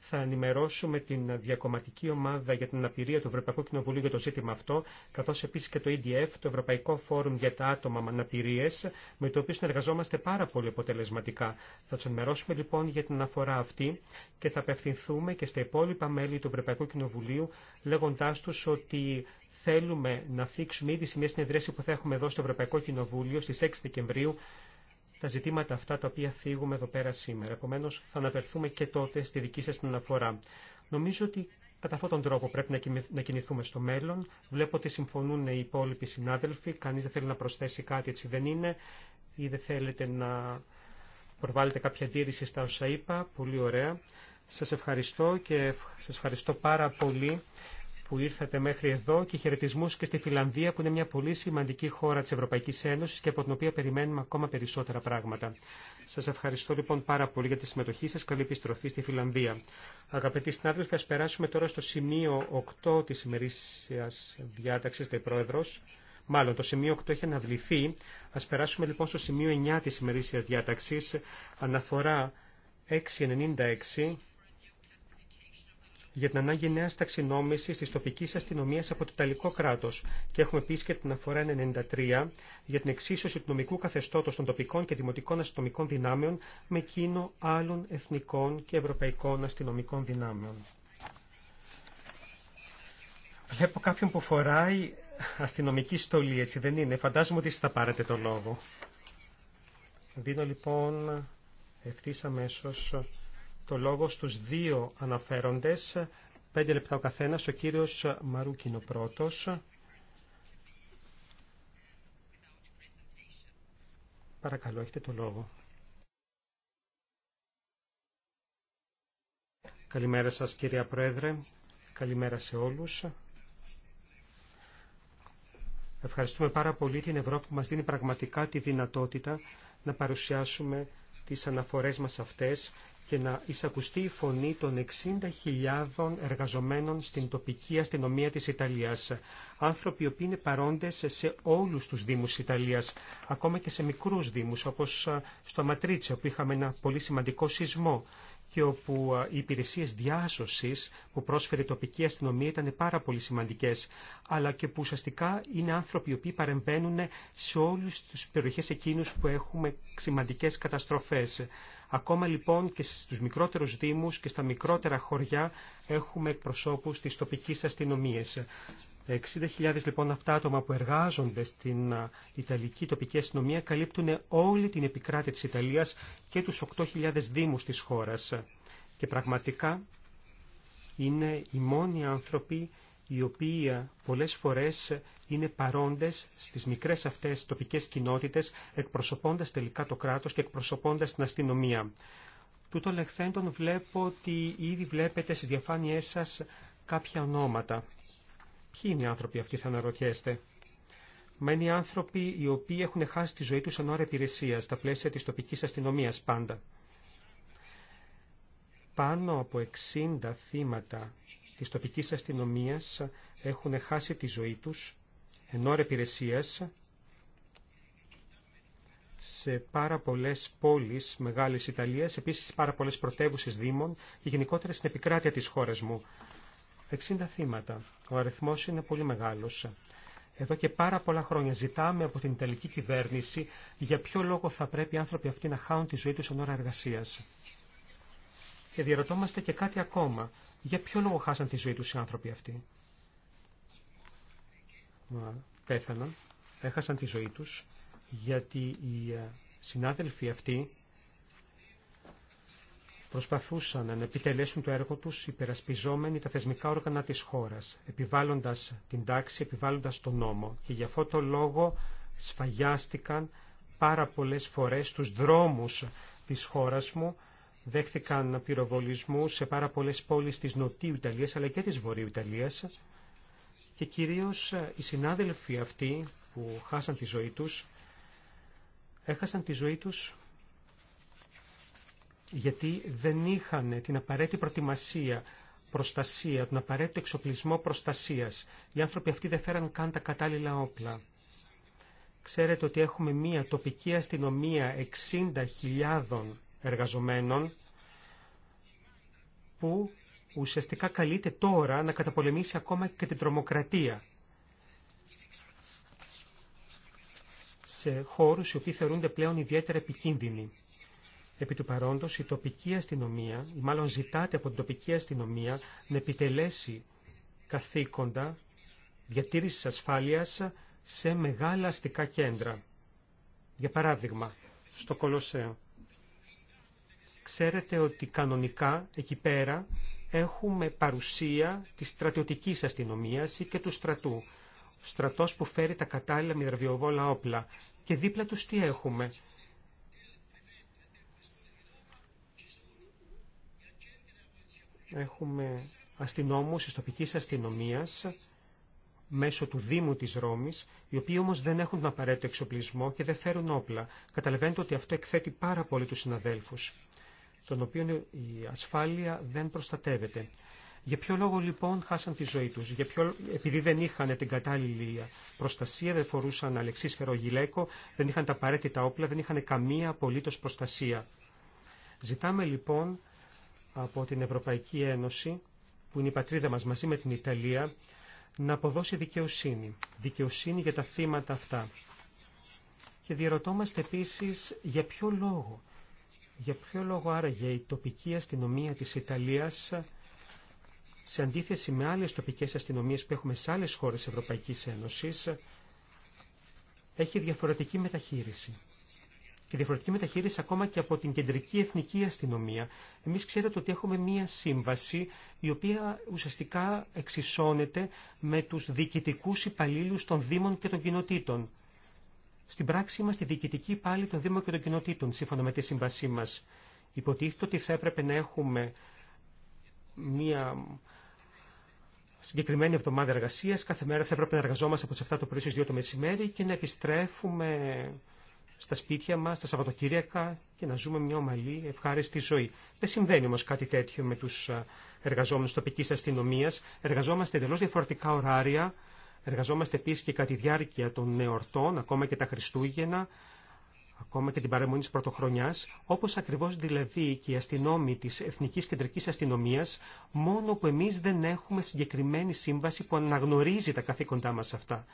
θα ενημερώσουμε την διακομματική ομάδα για την αναπηρία του Ευρωπαϊκού Κοινοβουλίου για το ζήτημα αυτό, καθώ επίση και το EDF, το Ευρωπαϊκό Φόρουμ για τα άτομα με αναπηρίε, με το οποίο συνεργαζόμαστε πάρα πολύ αποτελεσματικά. Θα του ενημερώσουμε λοιπόν για την αναφορά αυτή και θα απευθυνθούμε και στα υπόλοιπα μέλη του Ευρωπαϊκού Κοινοβουλίου, λέγοντά του ότι θέλουμε να θίξουμε ήδη σε μια συνεδρίαση που θα έχουμε εδώ στο Ευρωπαϊκό Κοινοβούλιο στι 6 Δεκεμβρίου τα ζητήματα αυτά τα οποία θίγουμε εδώ πέρα σήμερα. Επομένω, θα αναφερθούμε και τότε στη δική σα την αναφορά. Νομίζω ότι κατά αυτόν τον τρόπο πρέπει να κινηθούμε στο μέλλον. Βλέπω ότι συμφωνούν οι υπόλοιποι συνάδελφοι. Κανεί δεν θέλει να προσθέσει κάτι, έτσι δεν είναι. Ή δεν θέλετε να προβάλλετε κάποια αντίρρηση στα όσα είπα. Πολύ ωραία. Σας ευχαριστώ και σας ευχαριστώ πάρα πολύ που ήρθατε μέχρι εδώ και χαιρετισμού και στη Φιλανδία που είναι μια πολύ σημαντική χώρα της Ευρωπαϊκής Ένωσης και από την οποία περιμένουμε ακόμα περισσότερα πράγματα. Σας ευχαριστώ λοιπόν πάρα πολύ για τη συμμετοχή σας. Καλή επιστροφή στη Φιλανδία. Αγαπητοί συνάδελφοι, ας περάσουμε τώρα στο σημείο 8 της ημερήσιας διάταξης, λέει Πρόεδρος. Μάλλον το σημείο 8 έχει αναβληθεί. Ας περάσουμε λοιπόν στο σημείο 9 της ημερήσία διάταξης. Αναφορά 696 για την ανάγκη νέα ταξινόμηση τη τοπική αστυνομία από το Ιταλικό κράτο. Και έχουμε επίση και την αφορά 93 για την εξίσωση του νομικού καθεστώτο των τοπικών και δημοτικών αστυνομικών δυνάμεων με εκείνο άλλων εθνικών και ευρωπαϊκών αστυνομικών δυνάμεων. Βλέπω κάποιον που φοράει αστυνομική στολή, έτσι δεν είναι. Φαντάζομαι ότι θα πάρετε το λόγο. Δίνω λοιπόν ευθύ αμέσω το λόγο στους δύο αναφέροντες. Πέντε λεπτά ο καθένας, ο κύριος Μαρούκινο πρώτος. Παρακαλώ, έχετε το λόγο. Καλημέρα σας κυρία Πρόεδρε, καλημέρα σε όλους. Ευχαριστούμε πάρα πολύ την Ευρώπη που μας δίνει πραγματικά τη δυνατότητα να παρουσιάσουμε τις αναφορές μας αυτές και να εισακουστεί η φωνή των 60.000 εργαζομένων στην τοπική αστυνομία της Ιταλίας. Άνθρωποι που είναι παρόντες σε όλους τους δήμους Ιταλίας, ακόμα και σε μικρούς δήμους, όπως στο Ματρίτσε, που είχαμε ένα πολύ σημαντικό σεισμό και όπου οι υπηρεσίες διάσωσης που πρόσφερε η τοπική αστυνομία ήταν πάρα πολύ σημαντικές, αλλά και που ουσιαστικά είναι άνθρωποι οι οποίοι παρεμβαίνουν σε όλους τους περιοχές εκείνους που έχουμε σημαντικές καταστροφές. Ακόμα λοιπόν και στους μικρότερους δήμους και στα μικρότερα χωριά έχουμε εκπροσώπους της τοπικής αστυνομίας. 60.000 λοιπόν αυτά άτομα που εργάζονται στην Ιταλική τοπική αστυνομία καλύπτουν όλη την επικράτεια της Ιταλίας και τους 8.000 δήμους της χώρας. Και πραγματικά είναι οι μόνοι άνθρωποι οι οποίοι πολλές φορές είναι παρόντες στις μικρές αυτές τοπικές κοινότητες, εκπροσωπώντας τελικά το κράτος και εκπροσωπώντας την αστυνομία. Τούτο λεχθέντων βλέπω ότι ήδη βλέπετε στις διαφάνειές σας κάποια ονόματα. Ποιοι είναι οι άνθρωποι αυτοί θα αναρωτιέστε. Μα είναι οι άνθρωποι οι οποίοι έχουν χάσει τη ζωή τους εν ώρα υπηρεσία στα πλαίσια της τοπικής αστυνομίας πάντα. Πάνω από 60 θύματα της τοπικής αστυνομίας έχουν χάσει τη ζωή τους εν ώρα υπηρεσίας σε πάρα πολλέ πόλει μεγάλη Ιταλία, επίση πάρα πολλέ πρωτεύουσε Δήμων και γενικότερα στην επικράτεια τη χώρα μου. 60 θύματα. Ο αριθμό είναι πολύ μεγάλο. Εδώ και πάρα πολλά χρόνια ζητάμε από την Ιταλική κυβέρνηση για ποιο λόγο θα πρέπει οι άνθρωποι αυτοί να χάουν τη ζωή του εν ώρα εργασία. Και διαρωτόμαστε και κάτι ακόμα. Για ποιο λόγο χάσαν τη ζωή του οι άνθρωποι αυτοί. Ε, πέθαναν, έχασαν τη ζωή τους, γιατί οι ε, συνάδελφοι αυτοί προσπαθούσαν να επιτελέσουν το έργο τους υπερασπιζόμενοι τα θεσμικά όργανα της χώρας, επιβάλλοντας την τάξη, επιβάλλοντας τον νόμο. Και γι' αυτό το λόγο σφαγιάστηκαν πάρα πολλές φορές στους δρόμους της χώρας μου, δέχθηκαν πυροβολισμού σε πάρα πολλές πόλεις της Νοτιού Ιταλίας αλλά και της Βορείου Ιταλίας και κυρίως ε, οι συνάδελφοι αυτοί που χάσαν τη ζωή τους, έχασαν τη ζωή τους γιατί δεν είχαν την απαραίτητη προετοιμασία, προστασία, τον απαραίτητο εξοπλισμό προστασίας. Οι άνθρωποι αυτοί δεν φέραν καν τα κατάλληλα όπλα. Ξέρετε ότι έχουμε μία τοπική αστυνομία 60.000 εργαζομένων που ουσιαστικά καλείται τώρα να καταπολεμήσει ακόμα και την τρομοκρατία. σε χώρους οι οποίοι θεωρούνται πλέον ιδιαίτερα επικίνδυνοι. Επί του παρόντος, η τοπική αστυνομία, ή μάλλον ζητάται από την τοπική αστυνομία, να επιτελέσει καθήκοντα διατήρησης ασφάλειας σε μεγάλα αστικά κέντρα. Για παράδειγμα, στο Κολοσσέο. Ξέρετε ότι κανονικά εκεί πέρα έχουμε παρουσία της στρατιωτικής αστυνομίας ή και του στρατού. Ο στρατός που φέρει τα κατάλληλα μυδραβιοβόλα όπλα. Και δίπλα τους τι έχουμε. Έχουμε αστυνόμους της τοπικής αστυνομίας μέσω του Δήμου της Ρώμης, οι οποίοι όμως δεν έχουν τον απαραίτητο εξοπλισμό και δεν φέρουν όπλα. Καταλαβαίνετε ότι αυτό εκθέτει πάρα πολύ τους συναδέλφους των οποίο η ασφάλεια δεν προστατεύεται. Για ποιο λόγο λοιπόν χάσαν τη ζωή τους, για ποιο... επειδή δεν είχαν την κατάλληλη προστασία, δεν φορούσαν αλεξίσφαιρο γυλαίκο, δεν είχαν τα απαραίτητα όπλα, δεν είχαν καμία απολύτως προστασία. Ζητάμε λοιπόν από την Ευρωπαϊκή Ένωση, που είναι η πατρίδα μας μαζί με την Ιταλία, να αποδώσει δικαιοσύνη. Δικαιοσύνη για τα θύματα αυτά. Και διαρωτόμαστε επίσης για ποιο λόγο για ποιο λόγο άραγε η τοπική αστυνομία της Ιταλίας σε αντίθεση με άλλες τοπικές αστυνομίες που έχουμε σε άλλες χώρες Ευρωπαϊκής Ένωσης έχει διαφορετική μεταχείριση. Και διαφορετική μεταχείριση ακόμα και από την κεντρική εθνική αστυνομία. Εμείς ξέρετε ότι έχουμε μία σύμβαση η οποία ουσιαστικά εξισώνεται με τους διοικητικούς υπαλλήλους των Δήμων και των κοινοτήτων. Στην πράξη είμαστε διοικητικοί πάλι των Δήμων και των Κοινοτήτων, σύμφωνα με τη σύμβασή μα. Υποτίθεται ότι θα έπρεπε να έχουμε μία συγκεκριμένη εβδομάδα εργασία. Κάθε μέρα θα έπρεπε να εργαζόμαστε από τι 7 το πρωί στι 2 το μεσημέρι και να επιστρέφουμε στα σπίτια μα, στα Σαββατοκύριακα και να ζούμε μια ομαλή, ευχάριστη ζωή. Δεν συμβαίνει όμω κάτι τέτοιο με του εργαζόμενου τοπική αστυνομία. Εργαζόμαστε εντελώ διαφορετικά ωράρια Εργαζόμαστε επίση και κατά τη διάρκεια των νεορτών, ακόμα και τα Χριστούγεννα, ακόμα και την παραμονή της Πρωτοχρονιάς, όπως ακριβώς δηλαδή και οι αστυνόμοι της Εθνικής κεντρική Αστυνομίας, μόνο που εμείς δεν έχουμε συγκεκριμένη σύμβαση που αναγνωρίζει τα καθήκοντά μας αυτά.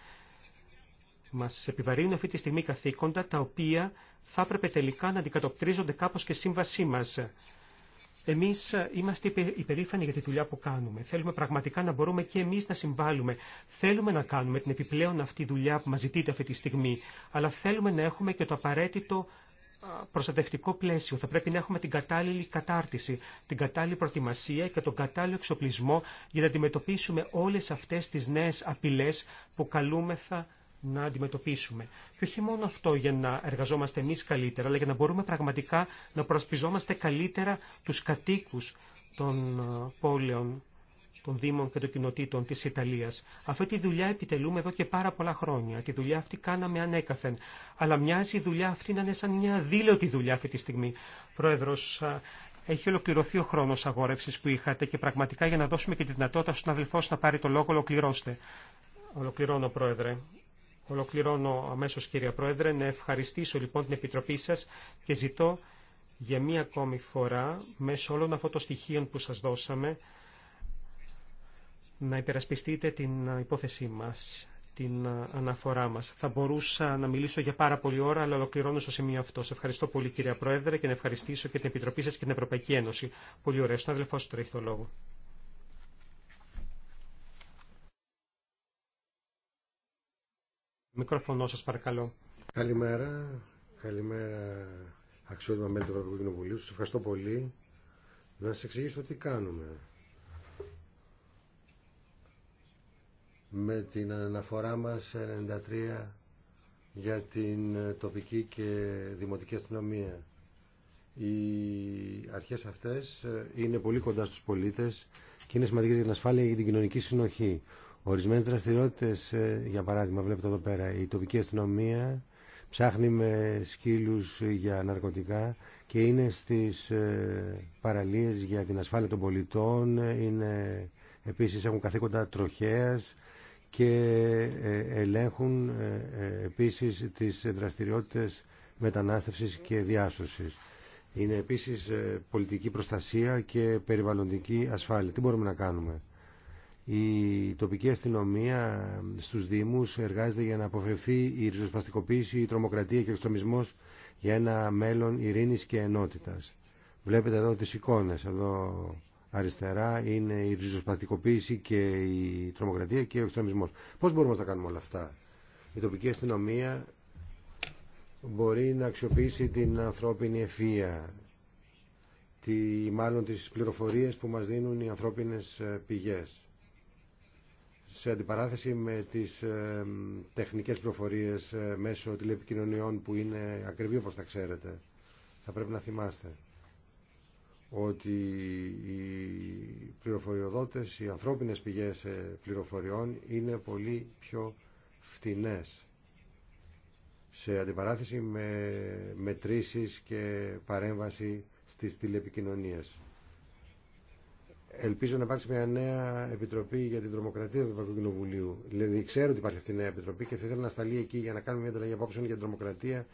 Μας επιβαρύνουν αυτή τη στιγμή καθήκοντα τα οποία θα έπρεπε τελικά να αντικατοπτρίζονται κάπω και σύμβασή μα. Εμεί ε, είμαστε υπερήφανοι για τη δουλειά που κάνουμε. Θέλουμε πραγματικά να μπορούμε και εμείς να συμβάλλουμε. Θέλουμε να κάνουμε την επιπλέον αυτή δουλειά που μα ζητείτε αυτή τη στιγμή. Αλλά θέλουμε να έχουμε και το απαραίτητο προστατευτικό πλαίσιο. Θα πρέπει να έχουμε την κατάλληλη κατάρτιση, την κατάλληλη προετοιμασία και τον κατάλληλο εξοπλισμό για να αντιμετωπίσουμε όλε αυτέ τι νέε απειλέ που καλούμεθα να αντιμετωπίσουμε. Και όχι μόνο αυτό για να εργαζόμαστε εμείς καλύτερα, αλλά για να μπορούμε πραγματικά να προσπιζόμαστε καλύτερα τους κατοίκους των ε, πόλεων, των Δήμων και των Κοινοτήτων της Ιταλίας. Αυτή τη δουλειά επιτελούμε εδώ και πάρα πολλά χρόνια. Τη δουλειά αυτή κάναμε ανέκαθεν. Αλλά μοιάζει η δουλειά αυτή να είναι σαν μια δήλωτη δουλειά αυτή τη στιγμή. Πρόεδρος, ε, έχει ολοκληρωθεί ο χρόνο αγόρευση που είχατε και πραγματικά για να δώσουμε και τη δυνατότητα στον αδελφό να πάρει το λόγο, ολοκληρώστε. Ολοκληρώνω, Πρόεδρε. Ολοκληρώνω αμέσως κύριε Πρόεδρε να ευχαριστήσω λοιπόν την Επιτροπή σας και ζητώ για μία ακόμη φορά μέσω όλων αυτών των στοιχείων που σας δώσαμε να υπερασπιστείτε την υπόθεσή μας, την αναφορά μας. Θα μπορούσα να μιλήσω για πάρα πολλή ώρα, αλλά ολοκληρώνω στο σημείο αυτό. Σε ευχαριστώ πολύ κυρία Πρόεδρε και να ευχαριστήσω και την Επιτροπή σας και την Ευρωπαϊκή Ένωση. Πολύ ωραία. Στον αδελφό σου τώρα έχει το λόγο. Μικρόφωνο σας παρακαλώ. Καλημέρα. Καλημέρα αξιότιμα μέλη του Ευρωπαϊκού Κοινοβουλίου. Σας ευχαριστώ πολύ. Να σας εξηγήσω τι κάνουμε. Με την αναφορά μας 93 για την τοπική και δημοτική αστυνομία. Οι αρχές αυτές είναι πολύ κοντά στους πολίτες και είναι σημαντικές για την ασφάλεια και την κοινωνική συνοχή. Ορισμένες δραστηριότητες, ε, για παράδειγμα, βλέπετε εδώ πέρα, η τοπική αστυνομία ψάχνει με σκύλους για ναρκωτικά και είναι στις ε, παραλίες για την ασφάλεια των πολιτών, είναι, επίσης έχουν καθήκοντα τροχέας και ε, ελέγχουν επίσης τις δραστηριότητες μετανάστευσης και διάσωσης. Είναι επίσης πολιτική προστασία και περιβαλλοντική ασφάλεια. Τι μπορούμε να κάνουμε η τοπική αστυνομία στους Δήμους εργάζεται για να αποφευθεί η ριζοσπαστικοποίηση, η τρομοκρατία και ο εξτρομισμός για ένα μέλλον ειρήνης και ενότητας. Βλέπετε εδώ τις εικόνες. Εδώ αριστερά είναι η ριζοσπαστικοποίηση και η τρομοκρατία και ο εξτρομισμός. Πώς μπορούμε να κάνουμε όλα αυτά. Η τοπική αστυνομία μπορεί να αξιοποιήσει την ανθρώπινη ευφία τη, μάλλον τις πληροφορίες που μας δίνουν οι ανθρώπινες ε, πηγές σε αντιπαράθεση με τις ε, τεχνικές προφορίες ε, μέσω τηλεπικοινωνιών που είναι ακριβή όπως τα ξέρετε, θα πρέπει να θυμάστε ότι οι πληροφοριοδότες, οι ανθρώπινες πηγές ε, πληροφοριών είναι πολύ πιο φτηνές σε αντιπαράθεση με μετρήσεις και παρέμβαση στις τηλεπικοινωνίες ελπίζω να υπάρξει μια νέα επιτροπή για την τρομοκρατία του Ευρωπαϊκού Κοινοβουλίου. Δηλαδή, ξέρω ότι υπάρχει αυτή η νέα επιτροπή και θα ήθελα να σταλεί εκεί για να κάνουμε μια ανταλλαγή απόψεων για την τρομοκρατία,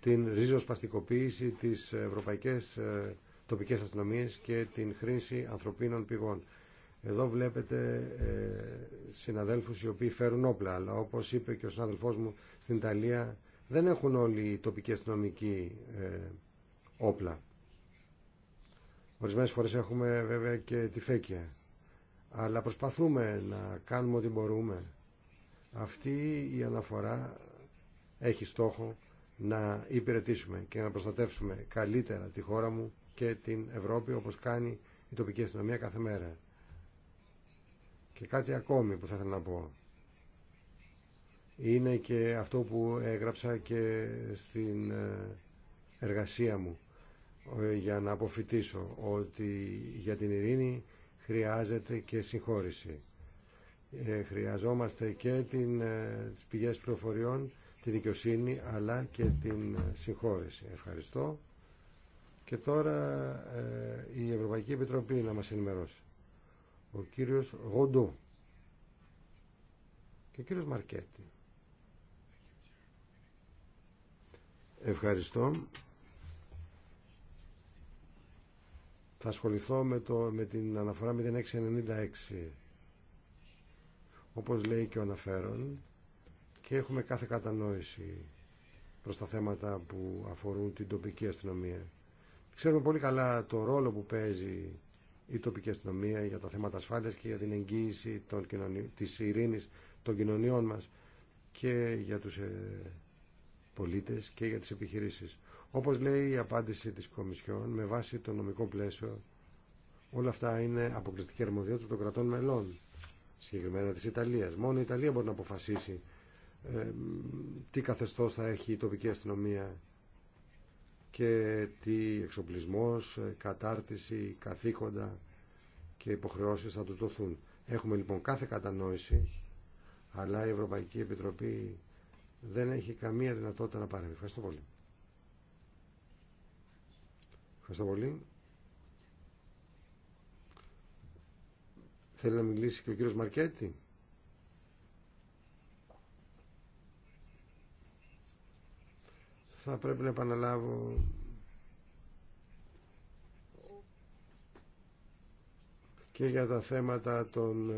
την ριζοσπαστικοποίηση, τι ευρωπαϊκέ ε, τοπικέ αστυνομίε και την χρήση ανθρωπίνων πηγών. Εδώ βλέπετε ε, συναδέλφους οι οποίοι φέρουν όπλα, αλλά όπως είπε και ο συναδελφός μου στην Ιταλία, δεν έχουν όλοι οι τοπικοί αστυνομικοί ε, όπλα. Ορισμένες φορές έχουμε βέβαια και τη φέκια. Αλλά προσπαθούμε να κάνουμε ό,τι μπορούμε. Αυτή η αναφορά έχει στόχο να υπηρετήσουμε και να προστατεύσουμε καλύτερα τη χώρα μου και την Ευρώπη όπως κάνει η τοπική αστυνομία κάθε μέρα. Και κάτι ακόμη που θα ήθελα να πω. Είναι και αυτό που έγραψα και στην ε, εργασία μου. Ε, για να αποφυτίσω ότι για την ειρήνη χρειάζεται και συγχώρηση. Ε, χρειαζόμαστε και την, ε, τις πηγές πληροφοριών, τη δικαιοσύνη αλλά και την συγχώρηση. Ευχαριστώ. Και τώρα η Ευρωπαϊκή Επιτροπή να μας ενημερώσει. Ο κύριος Γοντού και ο κύριος Μαρκέτη. Ευχαριστώ. Θα ασχοληθώ με, το, με την αναφορά 0696 όπως λέει και ο αναφέρον και έχουμε κάθε κατανόηση προς τα θέματα που αφορούν την τοπική αστυνομία. Ξέρουμε πολύ καλά το ρόλο που παίζει η τοπική αστυνομία για τα θέματα ασφάλειας και για την εγγύηση των κοινωνι... της ειρήνης των κοινωνιών μας και για τους ε, πολίτες και για τις επιχειρήσεις. Όπως λέει η απάντηση της Κομισιόν, με βάση το νομικό πλαίσιο, όλα αυτά είναι αποκλειστική αρμοδιότητα των κρατών μελών, συγκεκριμένα της Ιταλίας. Μόνο η Ιταλία μπορεί να αποφασίσει ε, τι καθεστώς θα έχει η τοπική αστυνομία και τι εξοπλισμός, ε, κατάρτιση, καθήκοντα και υποχρεώσεις θα τους δοθούν. Έχουμε λοιπόν κάθε κατανόηση, αλλά η Ευρωπαϊκή Επιτροπή δεν έχει καμία δυνατότητα να πάρει. Ευχαριστώ πολύ. Ευχαριστώ πολύ. Θέλει να μιλήσει και ο κύριος Μαρκέτη. Θα πρέπει να επαναλάβω και για τα θέματα των,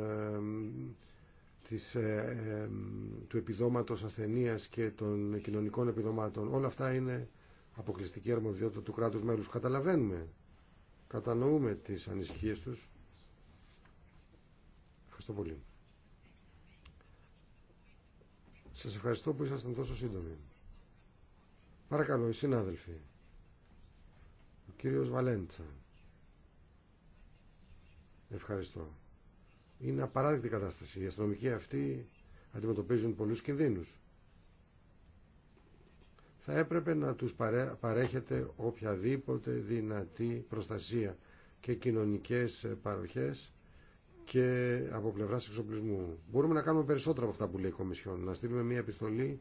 της, ε, του επιδόματος ασθενείας και των κοινωνικών επιδομάτων. Όλα αυτά είναι αποκλειστική αρμοδιότητα του κράτους μέλους. Καταλαβαίνουμε, κατανοούμε τις ανησυχίες τους. Ευχαριστώ πολύ. Σας ευχαριστώ που ήσασταν τόσο σύντομοι. Παρακαλώ, οι συνάδελφοι. Ο κύριος Βαλέντσα. Ευχαριστώ. Είναι απαράδεκτη κατάσταση. Οι αστυνομικοί αυτοί αντιμετωπίζουν πολλούς κινδύνους θα έπρεπε να τους παρέχεται οποιαδήποτε δυνατή προστασία και κοινωνικές παροχές και από πλευράς εξοπλισμού. Μπορούμε να κάνουμε περισσότερα από αυτά που λέει η Κομισιόν. Να στείλουμε μια επιστολή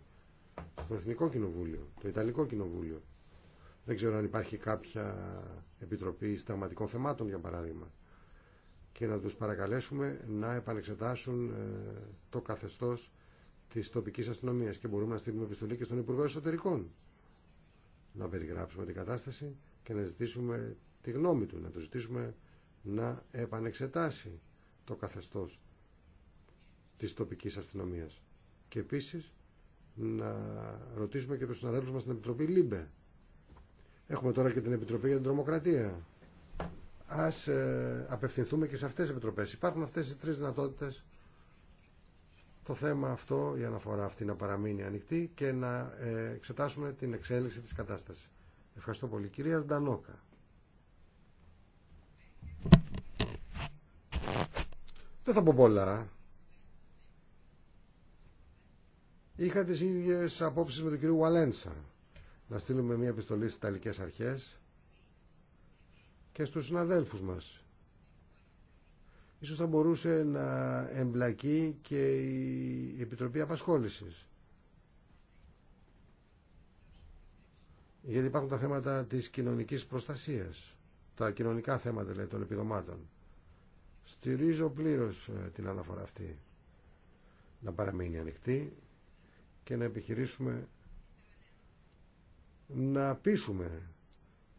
στο Εθνικό Κοινοβούλιο, το Ιταλικό Κοινοβούλιο. Δεν ξέρω αν υπάρχει κάποια επιτροπή συνταγματικών θεμάτων, για παράδειγμα. Και να τους παρακαλέσουμε να επανεξετάσουν ε, το καθεστώς Τη τοπική αστυνομία και μπορούμε να στείλουμε επιστολή και στον Υπουργό Εσωτερικών να περιγράψουμε την κατάσταση και να ζητήσουμε τη γνώμη του, να το ζητήσουμε να επανεξετάσει το καθεστώς της τοπικής αστυνομίας. Και επίσης να ρωτήσουμε και τους συναδέλφους μας στην Επιτροπή ΛΥΜΠΕ. Έχουμε τώρα και την Επιτροπή για την Τρομοκρατία. Ας ε, απευθυνθούμε και σε αυτές τις επιτροπές. Υπάρχουν αυτές οι τρεις δυνατότητες το θέμα αυτό, η αναφορά αυτή να παραμείνει ανοιχτή και να ε, εξετάσουμε την εξέλιξη της κατάστασης. Ευχαριστώ πολύ. Κυρία Ντανόκα. Δεν θα πω πολλά. Είχα τις ίδιες απόψεις με τον κύριο Βαλέντσα. Να στείλουμε μια επιστολή στις Ιταλικές Αρχές και στους συναδέλφους μας Ίσως θα μπορούσε να εμπλακεί και η Επιτροπή Απασχόλησης. Γιατί υπάρχουν τα θέματα της κοινωνικής προστασίας, τα κοινωνικά θέματα δηλαδή, των επιδομάτων. Στηρίζω πλήρως ε, την αναφορά αυτή να παραμείνει ανοιχτή και να επιχειρήσουμε να πείσουμε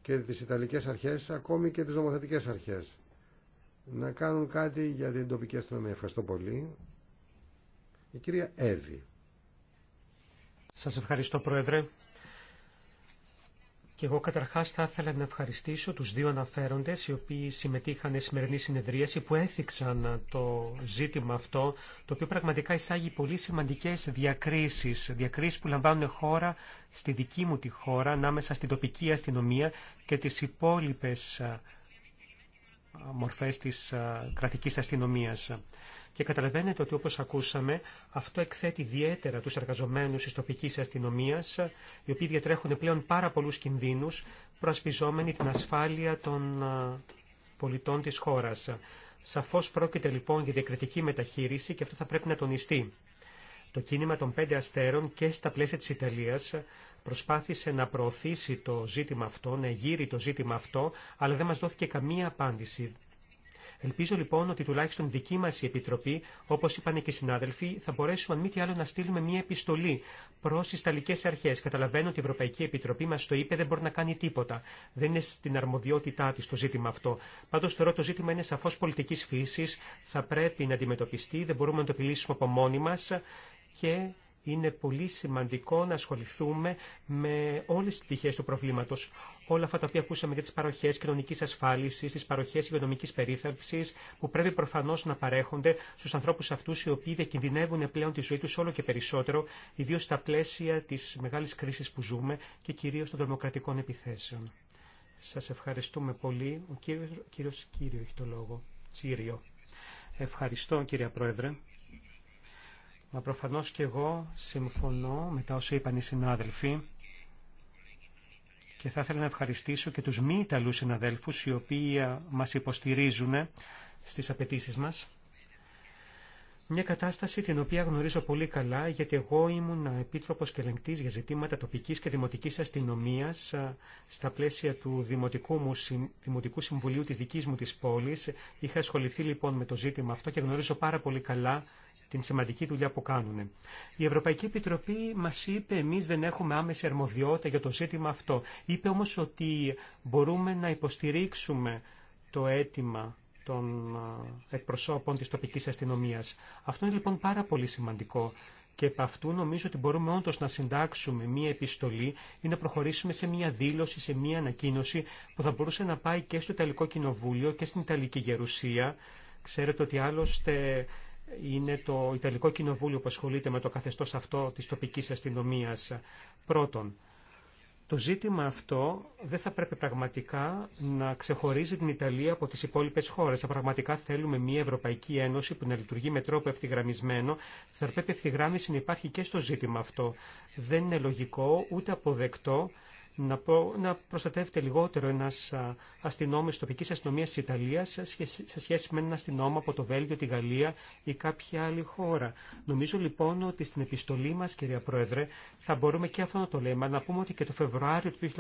και τις Ιταλικές αρχές, ακόμη και τις νομοθετικές αρχές να κάνουν κάτι για την τοπική αστυνομία. Ευχαριστώ πολύ. Η κυρία Εύη. Σας ευχαριστώ Πρόεδρε. Και εγώ καταρχάς θα ήθελα να ευχαριστήσω τους δύο αναφέροντες οι οποίοι συμμετείχαν σε σημερινή συνεδρίαση που έθιξαν το ζήτημα αυτό το οποίο πραγματικά εισάγει πολύ σημαντικές διακρίσεις, διακρίσεις που λαμβάνουν χώρα στη δική μου τη χώρα ανάμεσα στην τοπική αστυνομία και τις υπόλοιπες μορφές της κρατικής αστυνομίας. Και καταλαβαίνετε ότι όπως ακούσαμε αυτό εκθέτει ιδιαίτερα τους εργαζομένους της τοπικής αστυνομίας οι οποίοι διατρέχουν πλέον πάρα πολλούς κινδύνους προασπιζόμενοι την ασφάλεια των πολιτών της χώρας. Σαφώς πρόκειται λοιπόν για διακριτική μεταχείριση και αυτό θα πρέπει να τονιστεί. Το κίνημα των πέντε αστέρων και στα πλαίσια της Ιταλίας προσπάθησε να προωθήσει το ζήτημα αυτό, να γύρει το ζήτημα αυτό, αλλά δεν μας δόθηκε καμία απάντηση. Ελπίζω λοιπόν ότι τουλάχιστον δική μα η Επιτροπή, όπως είπαν και οι συνάδελφοι, θα μπορέσουμε αν μη τι άλλο να στείλουμε μια επιστολή προς τι Ιταλικέ αρχές. Καταλαβαίνω ότι η Ευρωπαϊκή Επιτροπή μας το είπε, δεν μπορεί να κάνει τίποτα. Δεν είναι στην αρμοδιότητά της το ζήτημα αυτό. Πάντως θεωρώ το ζήτημα είναι σαφώ πολιτική φύση, θα πρέπει να αντιμετωπιστεί, δεν μπορούμε να το επιλύσουμε από μόνοι μα και είναι πολύ σημαντικό να ασχοληθούμε με όλε τι πτυχές του προβλήματος. Όλα αυτά τα οποία ακούσαμε για τι παροχέ κοινωνική ασφάλισης, τι παροχέ οικονομική περίθαλψης, που πρέπει προφανώ να παρέχονται στου ανθρώπου αυτού οι οποίοι διακινδυνεύουν πλέον τη ζωή του όλο και περισσότερο, ιδίω στα πλαίσια τη μεγάλη κρίση που ζούμε και κυρίω των τρομοκρατικών επιθέσεων. Σα ευχαριστούμε πολύ. Ο κύριο Κύριο έχει το λόγο. Σύριο. Ευχαριστώ κύριε Πρόεδρε. Μα προφανώς και εγώ συμφωνώ με τα όσα είπαν οι συνάδελφοι και θα ήθελα να ευχαριστήσω και τους μη Ιταλούς συναδέλφους οι οποίοι ε, μας υποστηρίζουν ε, στις απαιτήσει μας. Μια κατάσταση την οποία γνωρίζω πολύ καλά γιατί εγώ ήμουν επίτροπος και ελεγκτής για ζητήματα τοπικής και δημοτικής αστυνομίας ε, στα πλαίσια του Δημοτικού, Δημοτικού Συμβουλίου της δικής μου της πόλης. Είχα ασχοληθεί λοιπόν με το ζήτημα αυτό και γνωρίζω πάρα πολύ καλά την σημαντική δουλειά που κάνουν. Η Ευρωπαϊκή Επιτροπή μα είπε εμεί δεν έχουμε άμεση αρμοδιότητα για το ζήτημα αυτό. Είπε όμω ότι μπορούμε να υποστηρίξουμε το αίτημα των εκπροσώπων της τοπικής αστυνομίας. Αυτό είναι λοιπόν πάρα πολύ σημαντικό και επ' αυτού νομίζω ότι μπορούμε όντω να συντάξουμε μία επιστολή ή να προχωρήσουμε σε μία δήλωση, σε μία ανακοίνωση που θα μπορούσε να πάει και στο Ιταλικό Κοινοβούλιο και στην Ιταλική Γερουσία. Ξέρετε ότι άλλωστε είναι το Ιταλικό Κοινοβούλιο που ασχολείται με το καθεστώς αυτό της τοπικής αστυνομίας. Πρώτον, το ζήτημα αυτό δεν θα πρέπει πραγματικά να ξεχωρίζει την Ιταλία από τις υπόλοιπες χώρες. Αν πραγματικά θέλουμε μια Ευρωπαϊκή Ένωση που να λειτουργεί με τρόπο ευθυγραμμισμένο, θα πρέπει ευθυγράμμιση να υπάρχει και στο ζήτημα αυτό. Δεν είναι λογικό ούτε αποδεκτό να, να προστατεύεται λιγότερο ένας αστυνόμος της τοπικής αστυνομίας της Ιταλίας σε σχέση με έναν αστυνόμο από το Βέλγιο, τη Γαλλία ή κάποια άλλη χώρα. Νομίζω λοιπόν ότι στην επιστολή μας, κυρία Πρόεδρε, θα μπορούμε και αυτό να το λέμε, να πούμε ότι και το Φεβρουάριο του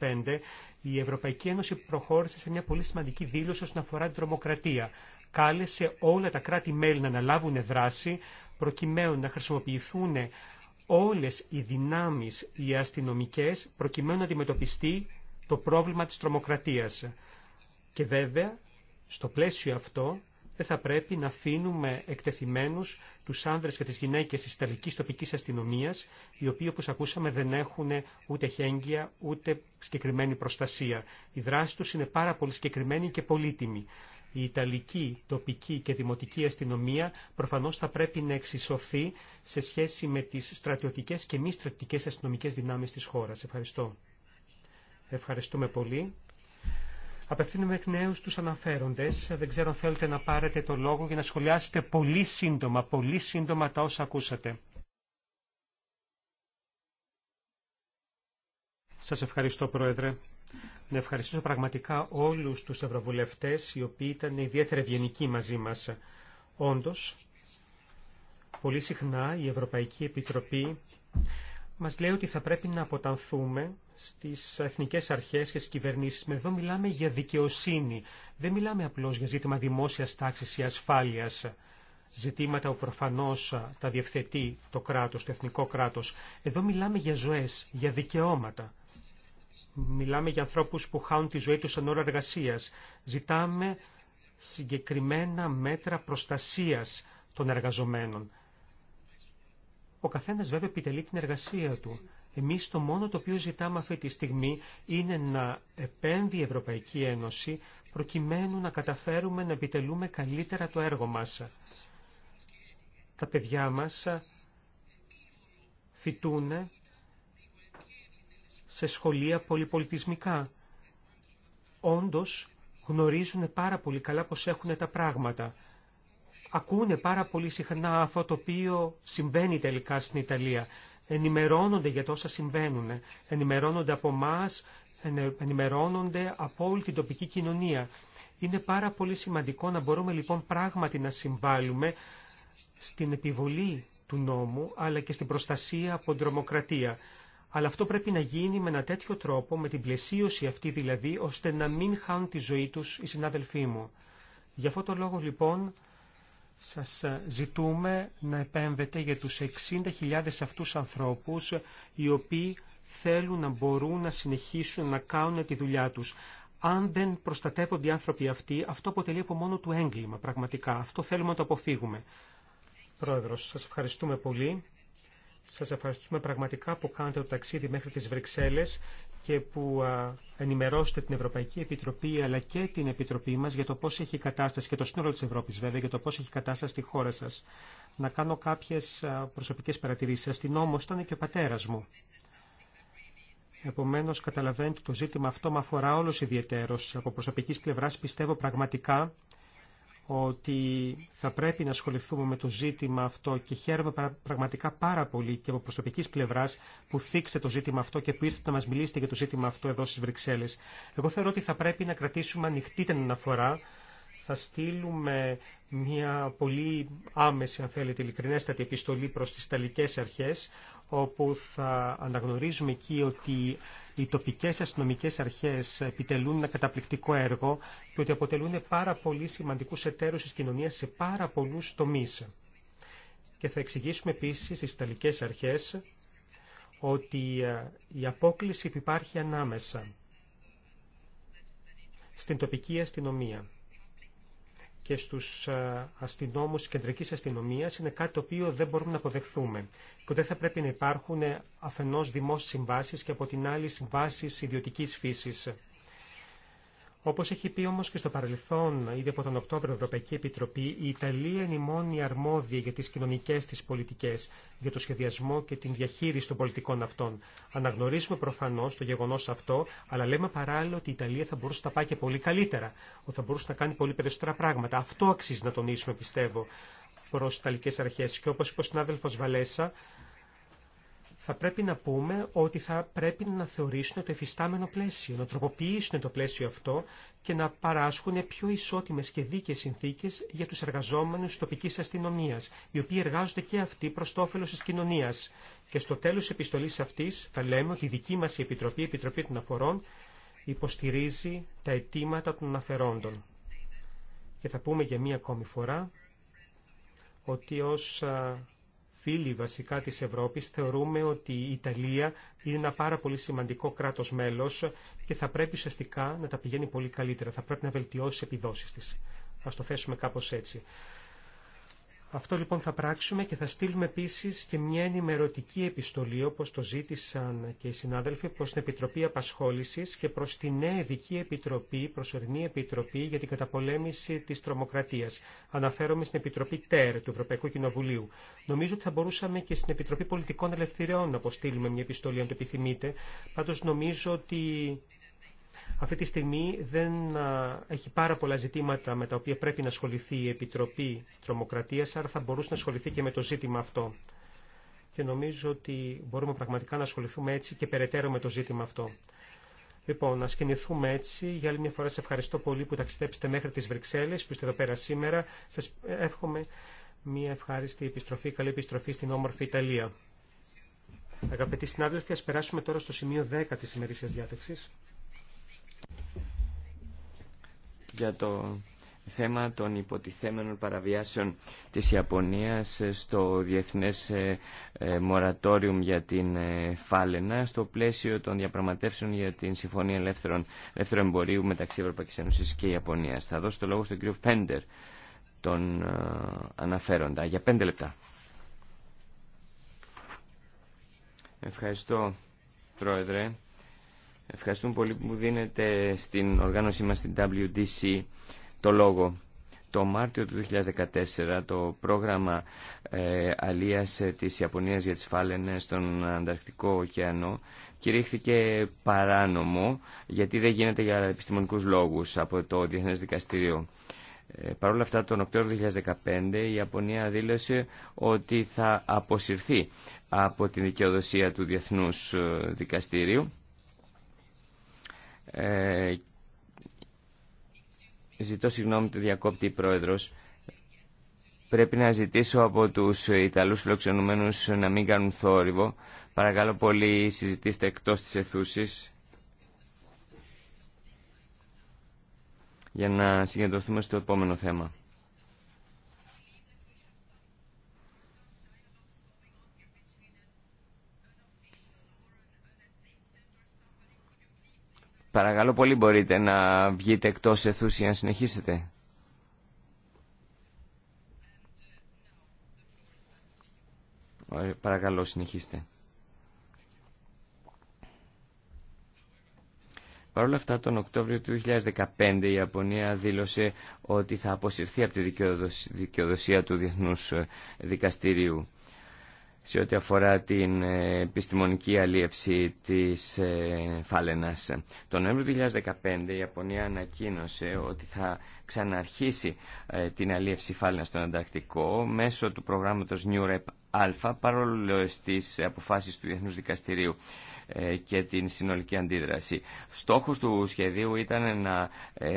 2015 η Ευρωπαϊκή Ένωση προχώρησε σε μια πολύ σημαντική δήλωση όσον αφορά την τρομοκρατία. Κάλεσε όλα τα κράτη-μέλη να αναλάβουν δράση προκειμένου να χρησιμοποιηθούν όλες οι δυνάμεις οι αστυνομικές προκειμένου να αντιμετωπιστεί το πρόβλημα της τρομοκρατίας. Και βέβαια, στο πλαίσιο αυτό, δεν θα πρέπει να αφήνουμε εκτεθειμένους τους άνδρες και τις γυναίκες της Ιταλικής τοπικής αστυνομίας, οι οποίοι όπως ακούσαμε δεν έχουν ούτε χέγγια ούτε συγκεκριμένη προστασία. Η δράση τους είναι πάρα πολύ συγκεκριμένη και πολύτιμη η Ιταλική τοπική και δημοτική αστυνομία προφανώς θα πρέπει να εξισωθεί σε σχέση με τις στρατιωτικές και μη στρατιωτικές αστυνομικές δυνάμεις της χώρας. Ευχαριστώ. Ευχαριστούμε πολύ. Απευθύνουμε εκ νέου στους αναφέροντες. Δεν ξέρω αν θέλετε να πάρετε το λόγο για να σχολιάσετε πολύ σύντομα, πολύ σύντομα τα όσα ακούσατε. Σας ευχαριστώ, Πρόεδρε. Να ευχαριστήσω πραγματικά όλους τους ευρωβουλευτές οι οποίοι ήταν ιδιαίτερα ευγενικοί μαζί μας. Όντως, πολύ συχνά η Ευρωπαϊκή Επιτροπή μας λέει ότι θα πρέπει να αποτανθούμε στις εθνικές αρχές και στις κυβερνήσεις. εδώ μιλάμε για δικαιοσύνη. Δεν μιλάμε απλώς για ζήτημα δημόσια τάξης ή ασφάλειας. Ζητήματα που προφανώς τα διευθετεί το κράτος, το εθνικό κράτος. Εδώ μιλάμε για ζωές, για δικαιώματα. Μιλάμε για ανθρώπους που χάνουν τη ζωή τους σαν ώρα εργασίας. Ζητάμε συγκεκριμένα μέτρα προστασίας των εργαζομένων. Ο καθένας βέβαια επιτελεί την εργασία του. Εμείς το μόνο το οποίο ζητάμε αυτή τη στιγμή είναι να επέμβει η Ευρωπαϊκή Ένωση προκειμένου να καταφέρουμε να επιτελούμε καλύτερα το έργο μας. Τα παιδιά μας φοιτούν σε σχολεία πολυπολιτισμικά. Όντως γνωρίζουν πάρα πολύ καλά πως έχουν τα πράγματα. Ακούνε πάρα πολύ συχνά αυτό το οποίο συμβαίνει τελικά στην Ιταλία. Ενημερώνονται για τόσα συμβαίνουν. Ενημερώνονται από εμά, ενημερώνονται από όλη την τοπική κοινωνία. Είναι πάρα πολύ σημαντικό να μπορούμε λοιπόν πράγματι να συμβάλλουμε στην επιβολή του νόμου αλλά και στην προστασία από τρομοκρατία αλλά αυτό πρέπει να γίνει με ένα τέτοιο τρόπο, με την πλαισίωση αυτή δηλαδή, ώστε να μην χάνουν τη ζωή τους οι συνάδελφοί μου. Γι' αυτό τον λόγο λοιπόν σας ε, ζητούμε να επέμβετε για τους 60.000 αυτούς ανθρώπους οι οποίοι θέλουν να μπορούν να συνεχίσουν να κάνουν τη δουλειά τους. Αν δεν προστατεύονται οι άνθρωποι αυτοί, αυτό αποτελεί από μόνο του έγκλημα πραγματικά. Αυτό θέλουμε να το αποφύγουμε. Πρόεδρος, σας ευχαριστούμε πολύ. Σας ευχαριστούμε πραγματικά που κάνετε το ταξίδι μέχρι τις Βρυξέλλες και που ενημερώσετε την Ευρωπαϊκή Επιτροπή αλλά και την Επιτροπή μας για το πώς έχει κατάσταση και το σύνολο της Ευρώπης βέβαια για το πώς έχει κατάσταση στη χώρα σας. Να κάνω κάποιες προσωπικές παρατηρήσεις. Στην όμως ήταν και ο πατέρας μου. Επομένω, καταλαβαίνετε το ζήτημα αυτό με αφορά όλου ιδιαίτερω. Από προσωπική πλευρά πιστεύω πραγματικά ότι θα πρέπει να ασχοληθούμε με το ζήτημα αυτό και χαίρομαι πραγματικά πάρα πολύ και από προσωπική πλευρά που θίξετε το ζήτημα αυτό και που ήρθατε να μα μιλήσετε για το ζήτημα αυτό εδώ στι Βρυξέλλε. Εγώ θεωρώ ότι θα πρέπει να κρατήσουμε ανοιχτή την αναφορά. Θα στείλουμε μια πολύ άμεση, αν θέλετε, ειλικρινέστατη επιστολή προ τι Ιταλικέ αρχέ, όπου θα αναγνωρίζουμε εκεί ότι οι τοπικές αστυνομικές αρχές επιτελούν ένα καταπληκτικό έργο και ότι αποτελούν πάρα πολύ σημαντικούς εταίρους της κοινωνίας σε πάρα πολλούς τομείς. Και θα εξηγήσουμε επίσης στις Ιταλικές αρχές ότι ε, η απόκληση που υπάρχει ανάμεσα στην τοπική αστυνομία και στους ε, αστυνόμους κεντρικής αστυνομίας είναι κάτι το οποίο δεν μπορούμε να αποδεχθούμε. Και δεν θα πρέπει να υπάρχουν αφενός δημόσιες συμβάσεις και από την άλλη συμβάσεις ιδιωτικής φύσης. Όπω έχει πει όμω και στο παρελθόν, ήδη από τον Οκτώβριο, Ευρωπαϊκή Επιτροπή, η Ιταλία είναι η μόνη αρμόδια για τι κοινωνικέ τη πολιτικέ, για το σχεδιασμό και την διαχείριση των πολιτικών αυτών. Αναγνωρίζουμε προφανώ το γεγονό αυτό, αλλά λέμε παράλληλα ότι η Ιταλία θα μπορούσε να πάει και πολύ καλύτερα, ότι θα μπορούσε να κάνει πολύ περισσότερα πράγματα. Αυτό αξίζει να τονίσουμε, πιστεύω, προ Ιταλικέ αρχέ. Και όπω είπε ο συνάδελφο Βαλέσα, θα πρέπει να πούμε ότι θα πρέπει να θεωρήσουν το εφιστάμενο πλαίσιο, να τροποποιήσουν το πλαίσιο αυτό και να παράσχουν πιο ισότιμες και δίκαιες συνθήκες για τους εργαζόμενους της τοπικής αστυνομίας, οι οποίοι εργάζονται και αυτοί προς το όφελος της κοινωνίας. Και στο τέλος της επιστολής αυτής θα λέμε ότι η δική μας η Επιτροπή, η Επιτροπή των Αφορών, υποστηρίζει τα αιτήματα των αναφερόντων. Και θα πούμε για μία ακόμη φορά ότι ως φίλοι βασικά της Ευρώπης θεωρούμε ότι η Ιταλία είναι ένα πάρα πολύ σημαντικό κράτος μέλος και θα πρέπει ουσιαστικά να τα πηγαίνει πολύ καλύτερα. Θα πρέπει να βελτιώσει επιδόσεις της. Ας το θέσουμε κάπως έτσι. Αυτό λοιπόν θα πράξουμε και θα στείλουμε επίση και μια ενημερωτική επιστολή όπως το ζήτησαν και οι συνάδελφοι προ την Επιτροπή Απασχόλησης και προς την νέα ειδική επιτροπή, προσωρινή επιτροπή για την καταπολέμηση της τρομοκρατίας. Αναφέρομαι στην Επιτροπή ΤΕΡ του Ευρωπαϊκού Κοινοβουλίου. Νομίζω ότι θα μπορούσαμε και στην Επιτροπή Πολιτικών Ελευθεριών να αποστείλουμε μια επιστολή αν το επιθυμείτε. Πάντω νομίζω ότι αυτή τη στιγμή δεν έχει πάρα πολλά ζητήματα με τα οποία πρέπει να ασχοληθεί η Επιτροπή Τρομοκρατίας, άρα θα μπορούσε να ασχοληθεί και με το ζήτημα αυτό. Και νομίζω ότι μπορούμε πραγματικά να ασχοληθούμε έτσι και περαιτέρω με το ζήτημα αυτό. Λοιπόν, να σκηνηθούμε έτσι. Για άλλη μια φορά σα ευχαριστώ πολύ που ταξιδέψετε μέχρι τι Βρυξέλλες, που είστε εδώ πέρα σήμερα. Σα εύχομαι μια ευχάριστη επιστροφή, καλή επιστροφή στην όμορφη Ιταλία. Αγαπητοί συνάδελφοι, α περάσουμε τώρα στο σημείο 10 τη ημερήσια διάταξη. για το θέμα των υποτιθέμενων παραβιάσεων της Ιαπωνίας στο Διεθνές ε, ε, Μορατόριουμ για την ε, Φάλαινα στο πλαίσιο των διαπραγματεύσεων για την Συμφωνία Ελεύθερων, Ελεύθερων Εμπορίου μεταξύ Ευρωπαϊκής Ένωσης και Ιαπωνίας. Θα δώσω το λόγο στον κύριο Φέντερ, τον αναφέροντα, για πέντε λεπτά. Ευχαριστώ, Πρόεδρε. Ευχαριστούμε πολύ που δίνετε στην οργάνωσή μας στην WDC το λόγο. Το Μάρτιο του 2014 το πρόγραμμα ε, αλίας ε, της Ιαπωνίας για τις φάλαινες στον Ανταρκτικό ωκεανό κηρύχθηκε παράνομο γιατί δεν γίνεται για επιστημονικούς λόγους από το Διεθνές Δικαστήριο. Ε, Παρ' όλα αυτά τον Οκτώβριο 2015 η Ιαπωνία δήλωσε ότι θα αποσυρθεί από την δικαιοδοσία του Διεθνούς ε, Δικαστήριου ε, ζητώ συγγνώμη του διακόπτη πρόεδρος. Πρέπει να ζητήσω από τους Ιταλούς φιλοξενούμενους να μην κάνουν θόρυβο. Παρακαλώ πολύ συζητήστε εκτός της αιθούσης. για να συγκεντρωθούμε στο επόμενο θέμα. Παρακαλώ πολύ μπορείτε να βγείτε εκτός εθούς ή να συνεχίσετε. Παρακαλώ συνεχίστε. Παρ' όλα αυτά, τον Οκτώβριο του 2015 η Ιαπωνία δήλωσε ότι θα αποσυρθεί από τη δικαιοδοσία του Διεθνούς Δικαστηρίου σε ό,τι αφορά την ε, επιστημονική αλίευση της ε, φάλαινας. Το Νοέμβριο 2015 η Ιαπωνία ανακοίνωσε ότι θα ξαναρχίσει ε, την αλίευση φάλαινας στον Ανταρκτικό μέσω του προγράμματος New Rep Alpha παρόλο στις αποφάσεις του Διεθνούς Δικαστηρίου και την συνολική αντίδραση. Στόχος του σχεδίου ήταν να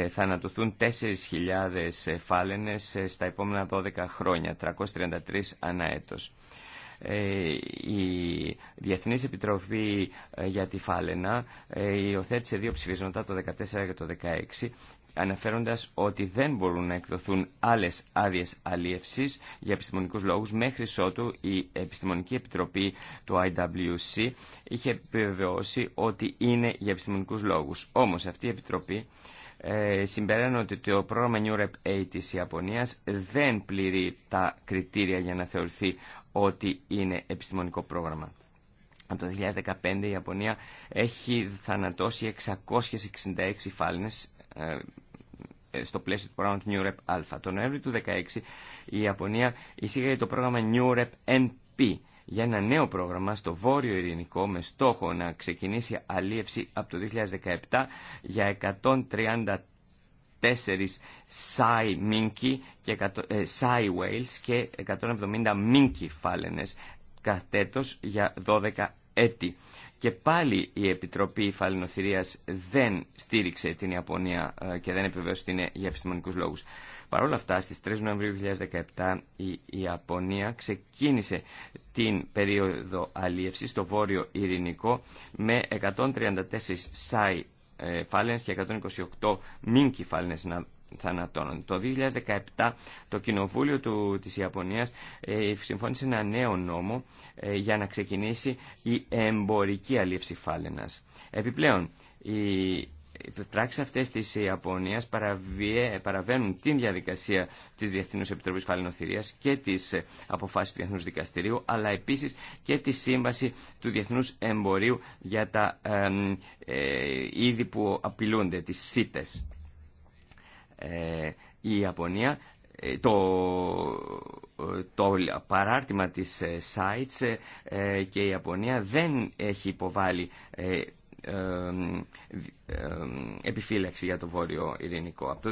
θανατωθούν 4.000 φάλαινες στα επόμενα 12 χρόνια, 333 ανά έτος. Ε, η Διεθνής Επιτροπή ε, για τη Φάλαινα ε, υιοθέτησε δύο ψηφίσματα, το 2014 και το 2016, αναφέροντας ότι δεν μπορούν να εκδοθούν άλλες άδειες αλίευσης για επιστημονικούς λόγους μέχρι ότου η Επιστημονική Επιτροπή του IWC είχε επιβεβαιώσει ότι είναι για επιστημονικούς λόγους. Όμως αυτή η Επιτροπή ε, ότι το πρόγραμμα New Rep A της Ιαπωνίας δεν πληρεί τα κριτήρια για να θεωρηθεί ότι είναι επιστημονικό πρόγραμμα. Από το 2015 η Ιαπωνία έχει θανατώσει 666 φάλινες ε, ε, στο πλαίσιο του πρόγραμματος New Rep Α. Τον Νοέμβρη του 2016 η Ιαπωνία εισήγαγε το πρόγραμμα New Rep NP για ένα νέο πρόγραμμα στο Βόρειο Ειρηνικό με στόχο να ξεκινήσει αλίευση από το 2017 για 130 τέσσερις Σάι Μίνκι και Σάι ε, Wales και 170 Μίνκι φάλαινες κατέτος για 12 έτη. Και πάλι η Επιτροπή Φαλαινοθυρίας δεν στήριξε την Ιαπωνία ε, και δεν επιβεβαίωσε την για επιστημονικούς λόγους. Παρ' όλα αυτά, στις 3 Νοεμβρίου 2017 η Ιαπωνία ξεκίνησε την περίοδο αλίευσης στο Βόρειο Ειρηνικό με 134 Σάι και 128 μην κυφάλαινες να θανατώνονται. Το 2017 το Κοινοβούλιο του, της Ιαπωνίας ε, συμφώνησε ένα νέο νόμο ε, για να ξεκινήσει η εμπορική αλήψη φάλαινας. Επιπλέον, η οι πράξεις αυτές της Ιαπωνίας παραβαίνουν την διαδικασία της Διεθνούς Επιτροπής Φαλαινοθυρίας και τις αποφάσεις του Διεθνούς Δικαστηρίου, αλλά επίσης και τη σύμβαση του Διεθνούς Εμπορίου για τα ε, είδη που απειλούνται, τις ΣΥΤΕΣ. Ε, η Ιαπωνία ε, το, το παράρτημα της ΣΑΙΤΣ και η Ιαπωνία δεν έχει υποβάλει επιφύλαξη για το Βόρειο Ειρηνικό. Από το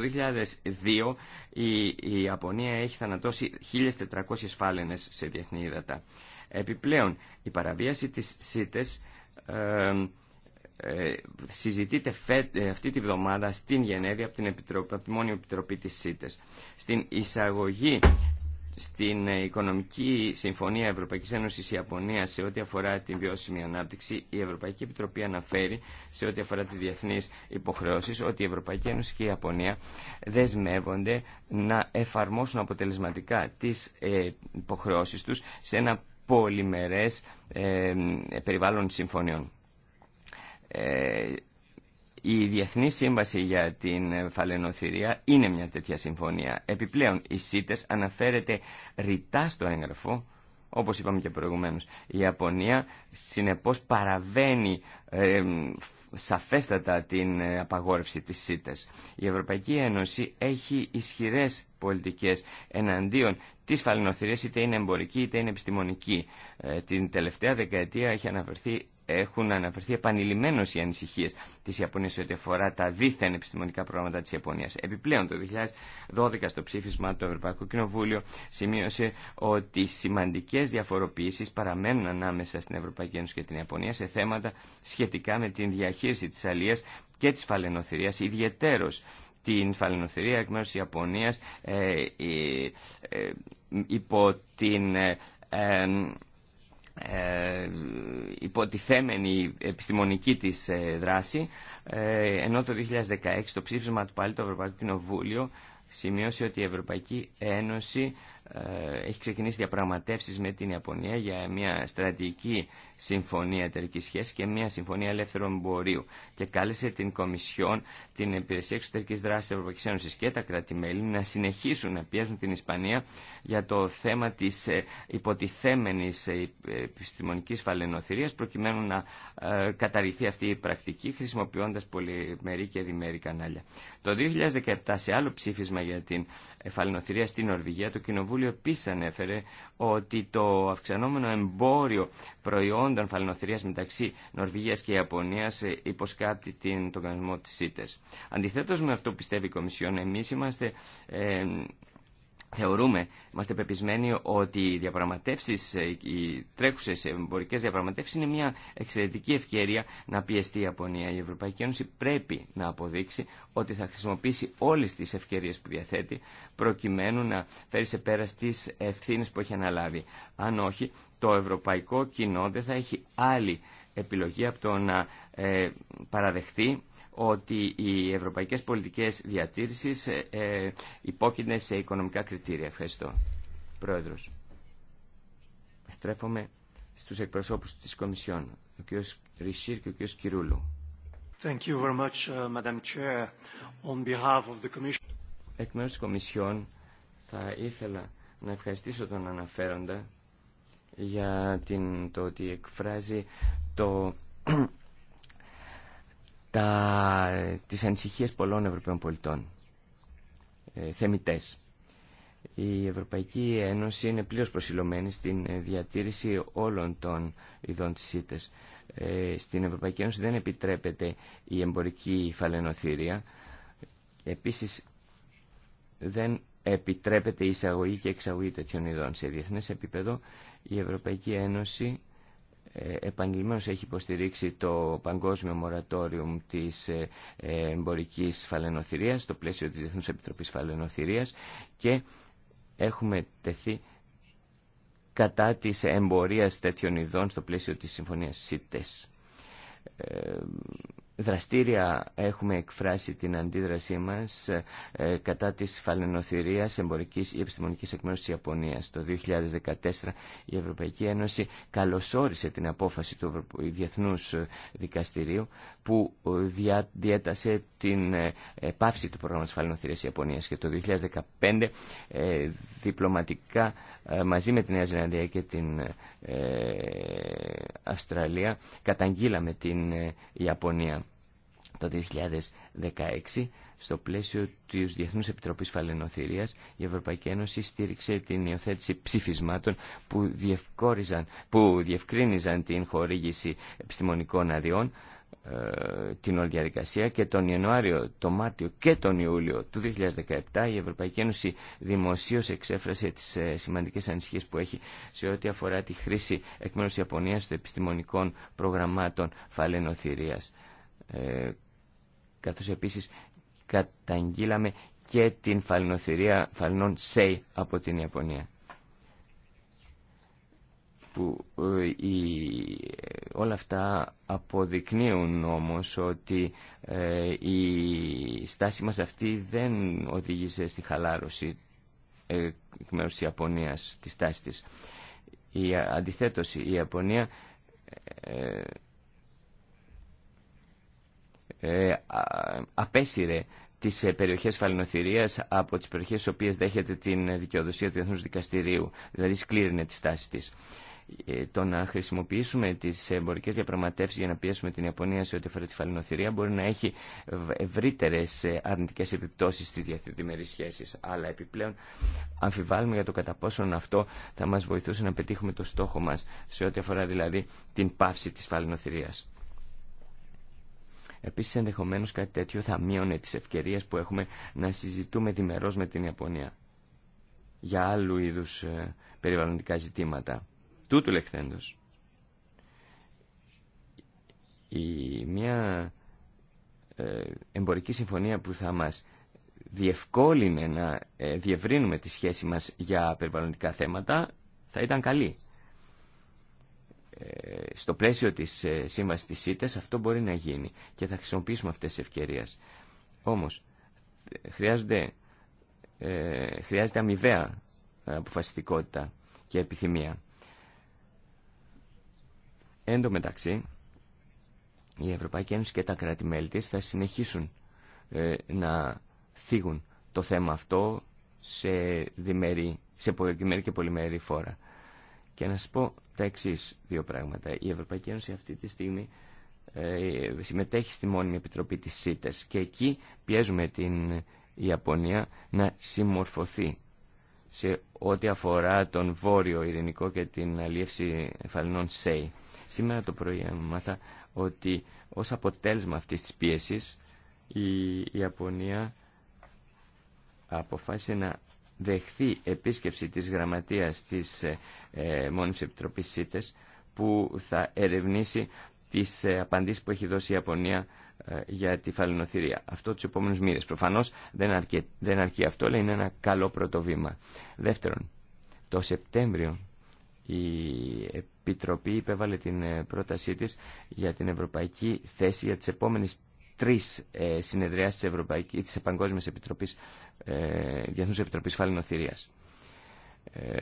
2002 η, η Ιαπωνία έχει θανατώσει 1.400 φάλαινες σε διεθνή ύδατα. Επιπλέον, η παραβίαση της ΣΥΤΕΣ ε, συζητείται ε, αυτή τη βδομάδα στην Γενέβη από την, Επιτροπή, από τη μόνη Επιτροπή της ΣΥΤΕΣ. Στην εισαγωγή στην Οικονομική Συμφωνία Ευρωπαϊκής Ένωσης Ένωσης-Ιαπωνία σε ό,τι αφορά την βιώσιμη ανάπτυξη, η Ευρωπαϊκή Επιτροπή αναφέρει σε ό,τι αφορά τις διεθνείς υποχρεώσεις ότι η Ευρωπαϊκή Ένωση και η Ιαπωνία δεσμεύονται να εφαρμόσουν αποτελεσματικά τις ε, υποχρεώσεις τους σε ένα πολυμερές ε, περιβάλλον συμφωνιών. Ε, η Διεθνή Σύμβαση για την Φαλαινοθυρία είναι μια τέτοια συμφωνία. Επιπλέον, η ΣΥΤΕΣ αναφέρεται ρητά στο έγγραφο, όπως είπαμε και προηγουμένως. Η Ιαπωνία συνεπώς παραβαίνει σαφέστατα την ε, απαγόρευση της ΣΥΤΕΣ. Η Ευρωπαϊκή Ένωση έχει ισχυρές πολιτικές εναντίον τι φαλαινοθυρίε, είτε είναι εμπορική είτε είναι επιστημονική. Ε, την τελευταία δεκαετία έχει αναφερθεί, έχουν αναφερθεί επανειλημμένω οι ανησυχίε τη Ιαπωνία ό,τι αφορά τα δίθεν επιστημονικά προγράμματα τη Ιαπωνία. Επιπλέον, το 2012 στο ψήφισμα του Ευρωπαϊκού Κοινοβούλιο σημείωσε ότι σημαντικέ διαφοροποιήσει παραμένουν ανάμεσα στην Ευρωπαϊκή Ένωση και την Ιαπωνία σε θέματα σχετικά με την διαχείριση τη αλία και τη φαλαινοθυρία, ιδιαιτέρω την φαλαινοθυρία εκ μέρους της Ιαπωνίας ε, ε, ε υπό την ε, ε υποτιθέμενη επιστημονική της δράση ενώ το 2016 το ψήφισμα του πάλι το Ευρωπαϊκό Κοινοβούλιο σημείωσε ότι η Ευρωπαϊκή Ένωση ε, έχει ξεκινήσει διαπραγματεύσει με την Ιαπωνία για μια στρατηγική συμφωνία εταιρική σχέση και μια συμφωνία ελεύθερου εμπορίου και κάλεσε την Κομισιόν, την Υπηρεσία Εξωτερικής δράση τη Ευρωπαϊκή Ένωση και τα κράτη-μέλη να συνεχίσουν να πιέζουν την Ισπανία για το θέμα τη ε, υποτιθέμενης ε, επιστημονική φαλαινοθυρία, προκειμένου να καταρριφθεί αυτή η πρακτική χρησιμοποιώντα πολυμερή και διμερή κανάλια. Το 2017 σε άλλο ψήφισμα για την φαλαινοθυρία στην Νορβηγία το Κοινοβούλιο Συμβούλιο επίση ανέφερε ότι το αυξανόμενο εμπόριο προϊόντων φαλαινοθυρία μεταξύ Νορβηγίας και Ιαπωνία υποσκάπτει την, τον κανονισμό τη ΣΥΤΕΣ. Αντιθέτως με αυτό πιστεύει η Κομισιόν, εμεί είμαστε ε, Θεωρούμε, είμαστε πεπισμένοι ότι οι διαπραγματεύσει, ε, οι τρέχουσες εμπορικές διαπραγματεύσεις είναι μια εξαιρετική ευκαιρία να πιεστεί η Ιαπωνία. Η Ευρωπαϊκή Ένωση πρέπει να αποδείξει ότι θα χρησιμοποιήσει όλες τις ευκαιρίες που διαθέτει προκειμένου να φέρει σε πέρα στις ευθύνε που έχει αναλάβει. Αν όχι, το ευρωπαϊκό κοινό δεν θα έχει άλλη επιλογή από το να ε, παραδεχτεί ότι οι ευρωπαϊκές πολιτικές διατήρησης ε, ε, υπόκεινται σε οικονομικά κριτήρια. Ευχαριστώ. Πρόεδρος. Στρέφομαι στους εκπροσώπους της Κομισιόν, ο κ. Ρισίρ και ο κ. Κυρούλου. Thank you very much, uh, Madam Chair. On Εκ μέρους της Κομισιόν θα ήθελα να ευχαριστήσω τον αναφέροντα για την, το ότι εκφράζει το τα, τις ανησυχίες πολλών Ευρωπαίων πολιτών, ε, θεμητές. Η Ευρωπαϊκή Ένωση είναι πλήρως προσιλωμένη στην ε, διατήρηση όλων των ειδών της ΣΥΤΕΣ. Ε, στην Ευρωπαϊκή Ένωση δεν επιτρέπεται η εμπορική φαλαινοθήρια. Επίσης δεν επιτρέπεται η εισαγωγή και εξαγωγή τέτοιων ειδών. Σε διεθνές επίπεδο η Ευρωπαϊκή Ένωση επανειλημμένως έχει υποστηρίξει το Παγκόσμιο Μορατόριο της ε, Εμπορικής Φαλαινοθυρίας στο πλαίσιο της Διεθνούς Επιτροπής Φαλαινοθυρίας και έχουμε τεθεί κατά της εμπορίας τέτοιων ειδών στο πλαίσιο της Συμφωνίας ΣΥΤΕΣ. Ε, Δραστήρια έχουμε εκφράσει την αντίδρασή μας ε, ε, κατά της φαλαινοθυρίας εμπορικής ή επιστημονικής εκμέρωσης της Ιαπωνίας. Το 2014 η Ευρωπαϊκή Ένωση καλωσόρισε την απόφαση του διεθνού Δικαστηρίου που ε, διέτασε την πάυση του πρόγραμματος φαλαινοθυρίας Ιαπωνίας και το 2015 διπλωματικά ε, μαζί με τη Νέα Ζηλανδία και την ε, Αυστραλία καταγγείλαμε την ε, Ιαπωνία το 2016 στο πλαίσιο της Διεθνούς Επιτροπής Φαλαινοθυρίας η Ευρωπαϊκή Ένωση στήριξε την υιοθέτηση ψηφισμάτων που, που διευκρίνιζαν την χορήγηση επιστημονικών αδειών ε, την όλη διαδικασία και τον Ιανουάριο, τον Μάρτιο και τον Ιούλιο του 2017 η Ευρωπαϊκή Ένωση δημοσίως εξέφρασε τις ε, σημαντικές ανησυχίες που έχει σε ό,τι αφορά τη χρήση εκ μέρους Ιαπωνίας των επιστημονικών προγραμμάτων φαλαινοθυρίας. Ε, καθώς επίσης καταγγείλαμε και την φαλαινοθυρία φαλαινών ΣΕΙ από την Ιαπωνία που ε, όλα αυτά αποδεικνύουν όμως ότι ε, η στάση μας αυτή δεν οδήγησε στη χαλάρωση ε, εκ μέρους της Ιαπωνίας, της στάσης της. Η, αντιθέτως, η Ιαπωνία ε, ε, απέσυρε τις περιοχές φαλαινοθυρίας από τις περιοχές στις οποίες δέχεται την δικαιοδοσία του Εθνούς Δικαστηρίου, δηλαδή σκλήρινε τη στάση της. Ε, το να χρησιμοποιήσουμε τι εμπορικέ διαπραγματεύσει για να πιέσουμε την Ιαπωνία σε ό,τι αφορά τη φαλαινοθυρία μπορεί να έχει ευρύτερε αρνητικέ επιπτώσει στι διμερεί σχέσει. Αλλά επιπλέον αμφιβάλλουμε για το κατά πόσον αυτό θα μα βοηθούσε να πετύχουμε το στόχο μα σε ό,τι αφορά δηλαδή την πάυση τη φαλαινοθυρία. Επίση, ενδεχομένω κάτι τέτοιο θα μείωνε τι ευκαιρίε που έχουμε να συζητούμε διμερώ με την Ιαπωνία για άλλου είδου ε, περιβαλλοντικά ζητήματα. Τούτου λεχθέντος. Η μια ε, εμπορική συμφωνία που θα μας διευκόλυνε να ε, διευρύνουμε τη σχέση μας για περιβαλλοντικά θέματα θα ήταν καλή. Ε, στο πλαίσιο της σύμβασης της ΣΥΤΕΣ αυτό μπορεί να γίνει και θα χρησιμοποιήσουμε αυτές τις ευκαιρίες. Όμως χρειάζεται αμοιβαία αποφασιστικότητα και επιθυμία. Εν τω μεταξύ, η Ευρωπαϊκή Ένωση και τα κράτη-μέλη της θα συνεχίσουν ε, να θίγουν το θέμα αυτό σε, διμερή, σε και πολυμερή φόρα. Και να σας πω τα εξή δύο πράγματα. Η Ευρωπαϊκή Ένωση αυτή τη στιγμή ε, συμμετέχει στη μόνιμη επιτροπή της ΣΥΤΕΣ και εκεί πιέζουμε την Ιαπωνία να συμμορφωθεί σε ό,τι αφορά τον Βόρειο Ειρηνικό και την αλίευση εφαλινών ΣΕΙ. Σήμερα το πρωί μάθα ότι ως αποτέλεσμα αυτής της πίεσης η Ιαπωνία αποφάσισε να δεχθεί επίσκεψη της γραμματείας της ε, ε, Μόνιμης Επιτροπής ΣΥΤΕΣ που θα ερευνήσει τις ε, απαντήσεις που έχει δώσει η Ιαπωνία ε, για τη φαλαινοθυρία. Αυτό τους επόμενους μήνες. Προφανώς δεν αρκεί, δεν αρκεί αυτό, αλλά είναι ένα καλό πρώτο Δεύτερον, το Σεπτέμβριο η Επιτροπή υπέβαλε την ε, πρότασή της για την ευρωπαϊκή θέση για τις επόμενες τρεις ε, συνεδριάσεις της, Ευρωπαϊκής, της Επαγκόσμιας Επιτροπής, ε, Διεθνούς Επιτροπής Φαλαινοθυρίας. Ε,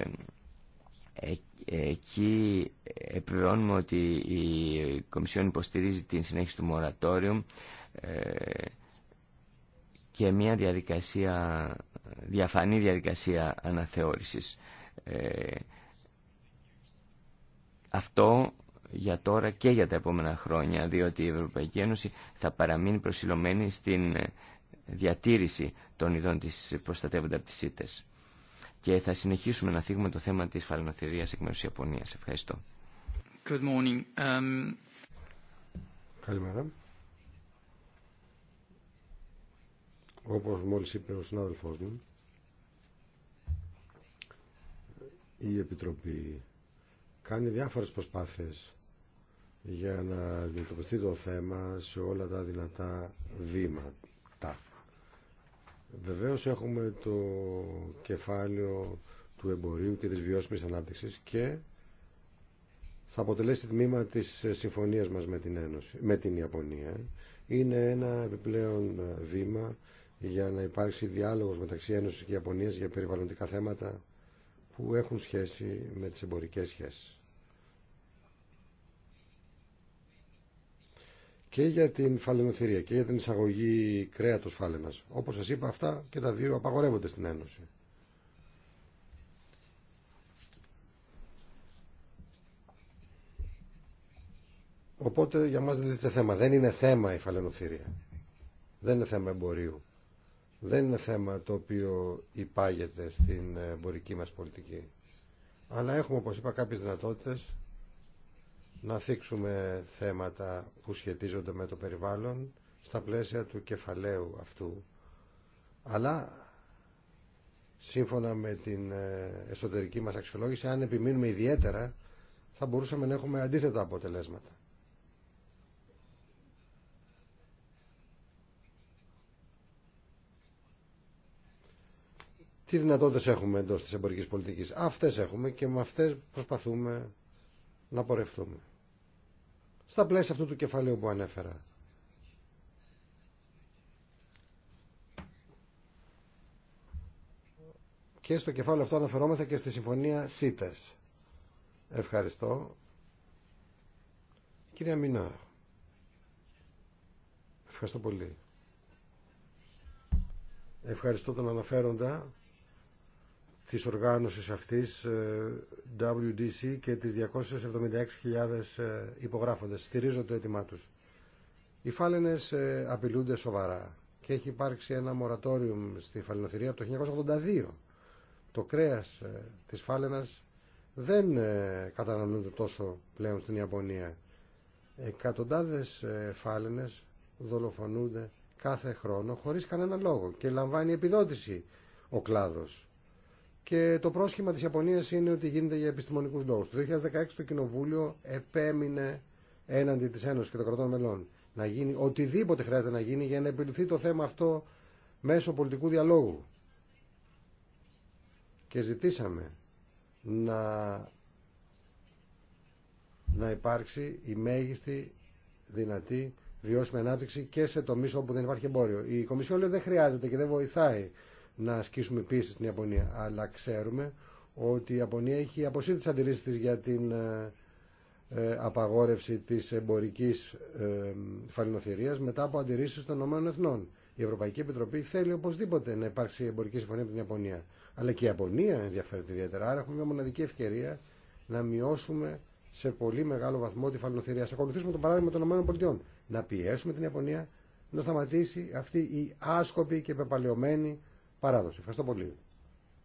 ε, εκεί επιβεβαιώνουμε ότι η Κομισιόν υποστηρίζει την συνέχιση του μορατόριου ε, και μια διαδικασία, διαφανή διαδικασία αναθεώρησης. Αυτό για τώρα και για τα επόμενα χρόνια, διότι η Ευρωπαϊκή Ένωση θα παραμείνει προσιλωμένη στην ε, διατήρηση των ειδών της προστατεύονται από τις ΣΥΤΕΣ. Και θα συνεχίσουμε να θίγουμε το θέμα της φαλανοθυρίας εκ μέρους Ιαπωνίας. Ευχαριστώ. Good morning. Um, Καλημέρα. Όπως μόλις είπε ο συνάδελφός μου, η Επιτροπή κάνει διάφορες προσπάθειες για να αντιμετωπιστεί το θέμα σε όλα τα δυνατά βήματα. Βεβαίως έχουμε το κεφάλαιο του εμπορίου και της βιώσιμης ανάπτυξης και θα αποτελέσει τμήμα της συμφωνίας μας με την, Ένωση, με την Ιαπωνία. Είναι ένα επιπλέον βήμα για να υπάρξει διάλογος μεταξύ Ένωσης και Ιαπωνίας για περιβαλλοντικά θέματα που έχουν σχέση με τις εμπορικές σχέσεις. και για την φαλαινοθυρία και για την εισαγωγή κρέατος φάλαινας. Όπως σας είπα αυτά και τα δύο απαγορεύονται στην Ένωση. Οπότε για μας δεν δείτε θέμα. Δεν είναι θέμα η φαλαινοθυρία. Δεν είναι θέμα εμπορίου. Δεν είναι θέμα το οποίο υπάγεται στην εμπορική μας πολιτική. Αλλά έχουμε, όπως είπα, κάποιες δυνατότητες να θίξουμε θέματα που σχετίζονται με το περιβάλλον στα πλαίσια του κεφαλαίου αυτού. Αλλά σύμφωνα με την ε, εσωτερική μας αξιολόγηση, αν επιμείνουμε ιδιαίτερα, θα μπορούσαμε να έχουμε αντίθετα αποτελέσματα. Τι δυνατότητες έχουμε εντός της εμπορικής πολιτικής. Αυτές έχουμε και με αυτές προσπαθούμε να πορευτούμε στα πλαίσια αυτού του κεφαλαίου που ανέφερα. Και στο κεφάλαιο αυτό αναφερόμεθα και στη συμφωνία ΣΥΤΕΣ. Ευχαριστώ. Κυρία Μινά. Ευχαριστώ πολύ. Ευχαριστώ τον αναφέροντα της οργάνωσης αυτής ε, WDC και τις 276.000 ε, υπογράφοντες. Στηρίζω το αίτημά τους. Οι φάλαινες ε, απειλούνται σοβαρά και έχει υπάρξει ένα μορατόριο στη φαλαινοθυρία από το 1982. Το κρέας της φάλαινας δεν καταναλώνεται τόσο πλέον στην Ιαπωνία. Εκατοντάδες φάλαινες δολοφονούνται κάθε χρόνο χωρίς κανένα λόγο και λαμβάνει επιδότηση ο κλάδος. Και το πρόσχημα της Ιαπωνίας είναι ότι γίνεται για επιστημονικούς λόγους. Το 2016 το Κοινοβούλιο επέμεινε έναντι της Ένωσης και των κρατών μελών να γίνει οτιδήποτε χρειάζεται να γίνει για να επιλυθεί το θέμα αυτό μέσω πολιτικού διαλόγου. Και ζητήσαμε να, να υπάρξει η μέγιστη δυνατή βιώσιμη ανάπτυξη και σε τομείς όπου δεν υπάρχει εμπόριο. Η Κομισιόν δεν χρειάζεται και δεν βοηθάει να ασκήσουμε πίεση στην Ιαπωνία. Αλλά ξέρουμε ότι η Ιαπωνία έχει αποσύρει τις αντιλήσεις της για την ε, ε, απαγόρευση της εμπορικής ε, φαλινοθυρίας μετά από αντιρρήσεις των ΗΕ. Η Ευρωπαϊκή Επιτροπή θέλει οπωσδήποτε να υπάρξει εμπορική συμφωνία με την Ιαπωνία. Αλλά και η Ιαπωνία ενδιαφέρεται ιδιαίτερα. Άρα έχουμε μια μοναδική ευκαιρία να μειώσουμε σε πολύ μεγάλο βαθμό τη φαλαινοθυρία. Α ακολουθήσουμε το παράδειγμα των ΗΠΑ. Να πιέσουμε την Ιαπωνία να σταματήσει αυτή η άσκοπη και πεπαλαιωμένη παράδοση. Ευχαριστώ πολύ.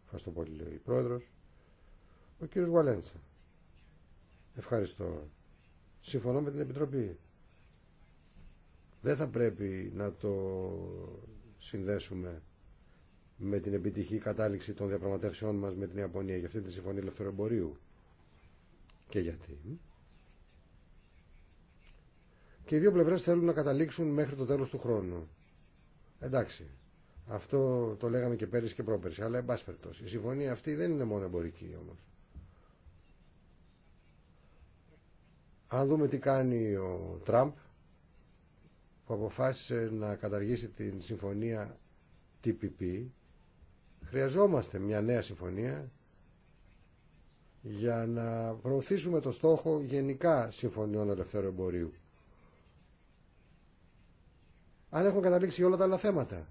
Ευχαριστώ πολύ, λέει ο Πρόεδρος. Ο κύριο Γουαλέντσα. Ευχαριστώ. Συμφωνώ με την Επιτροπή. Δεν θα πρέπει να το συνδέσουμε με την επιτυχή κατάληξη των διαπραγματεύσεών μας με την Ιαπωνία για αυτή τη Συμφωνία Ελευθεροεμπορίου. Και γιατί. Και οι δύο πλευρές θέλουν να καταλήξουν μέχρι το τέλος του χρόνου. Εντάξει. Αυτό το λέγαμε και πέρυσι και πρόπερσι, αλλά εμπάσπερτο. Η συμφωνία αυτή δεν είναι μόνο εμπορική όμω. Αν δούμε τι κάνει ο Τραμπ, που αποφάσισε να καταργήσει την συμφωνία TPP, χρειαζόμαστε μια νέα συμφωνία για να προωθήσουμε το στόχο γενικά συμφωνιών ελευθέρου εμπορίου. Αν έχουμε καταλήξει όλα τα άλλα θέματα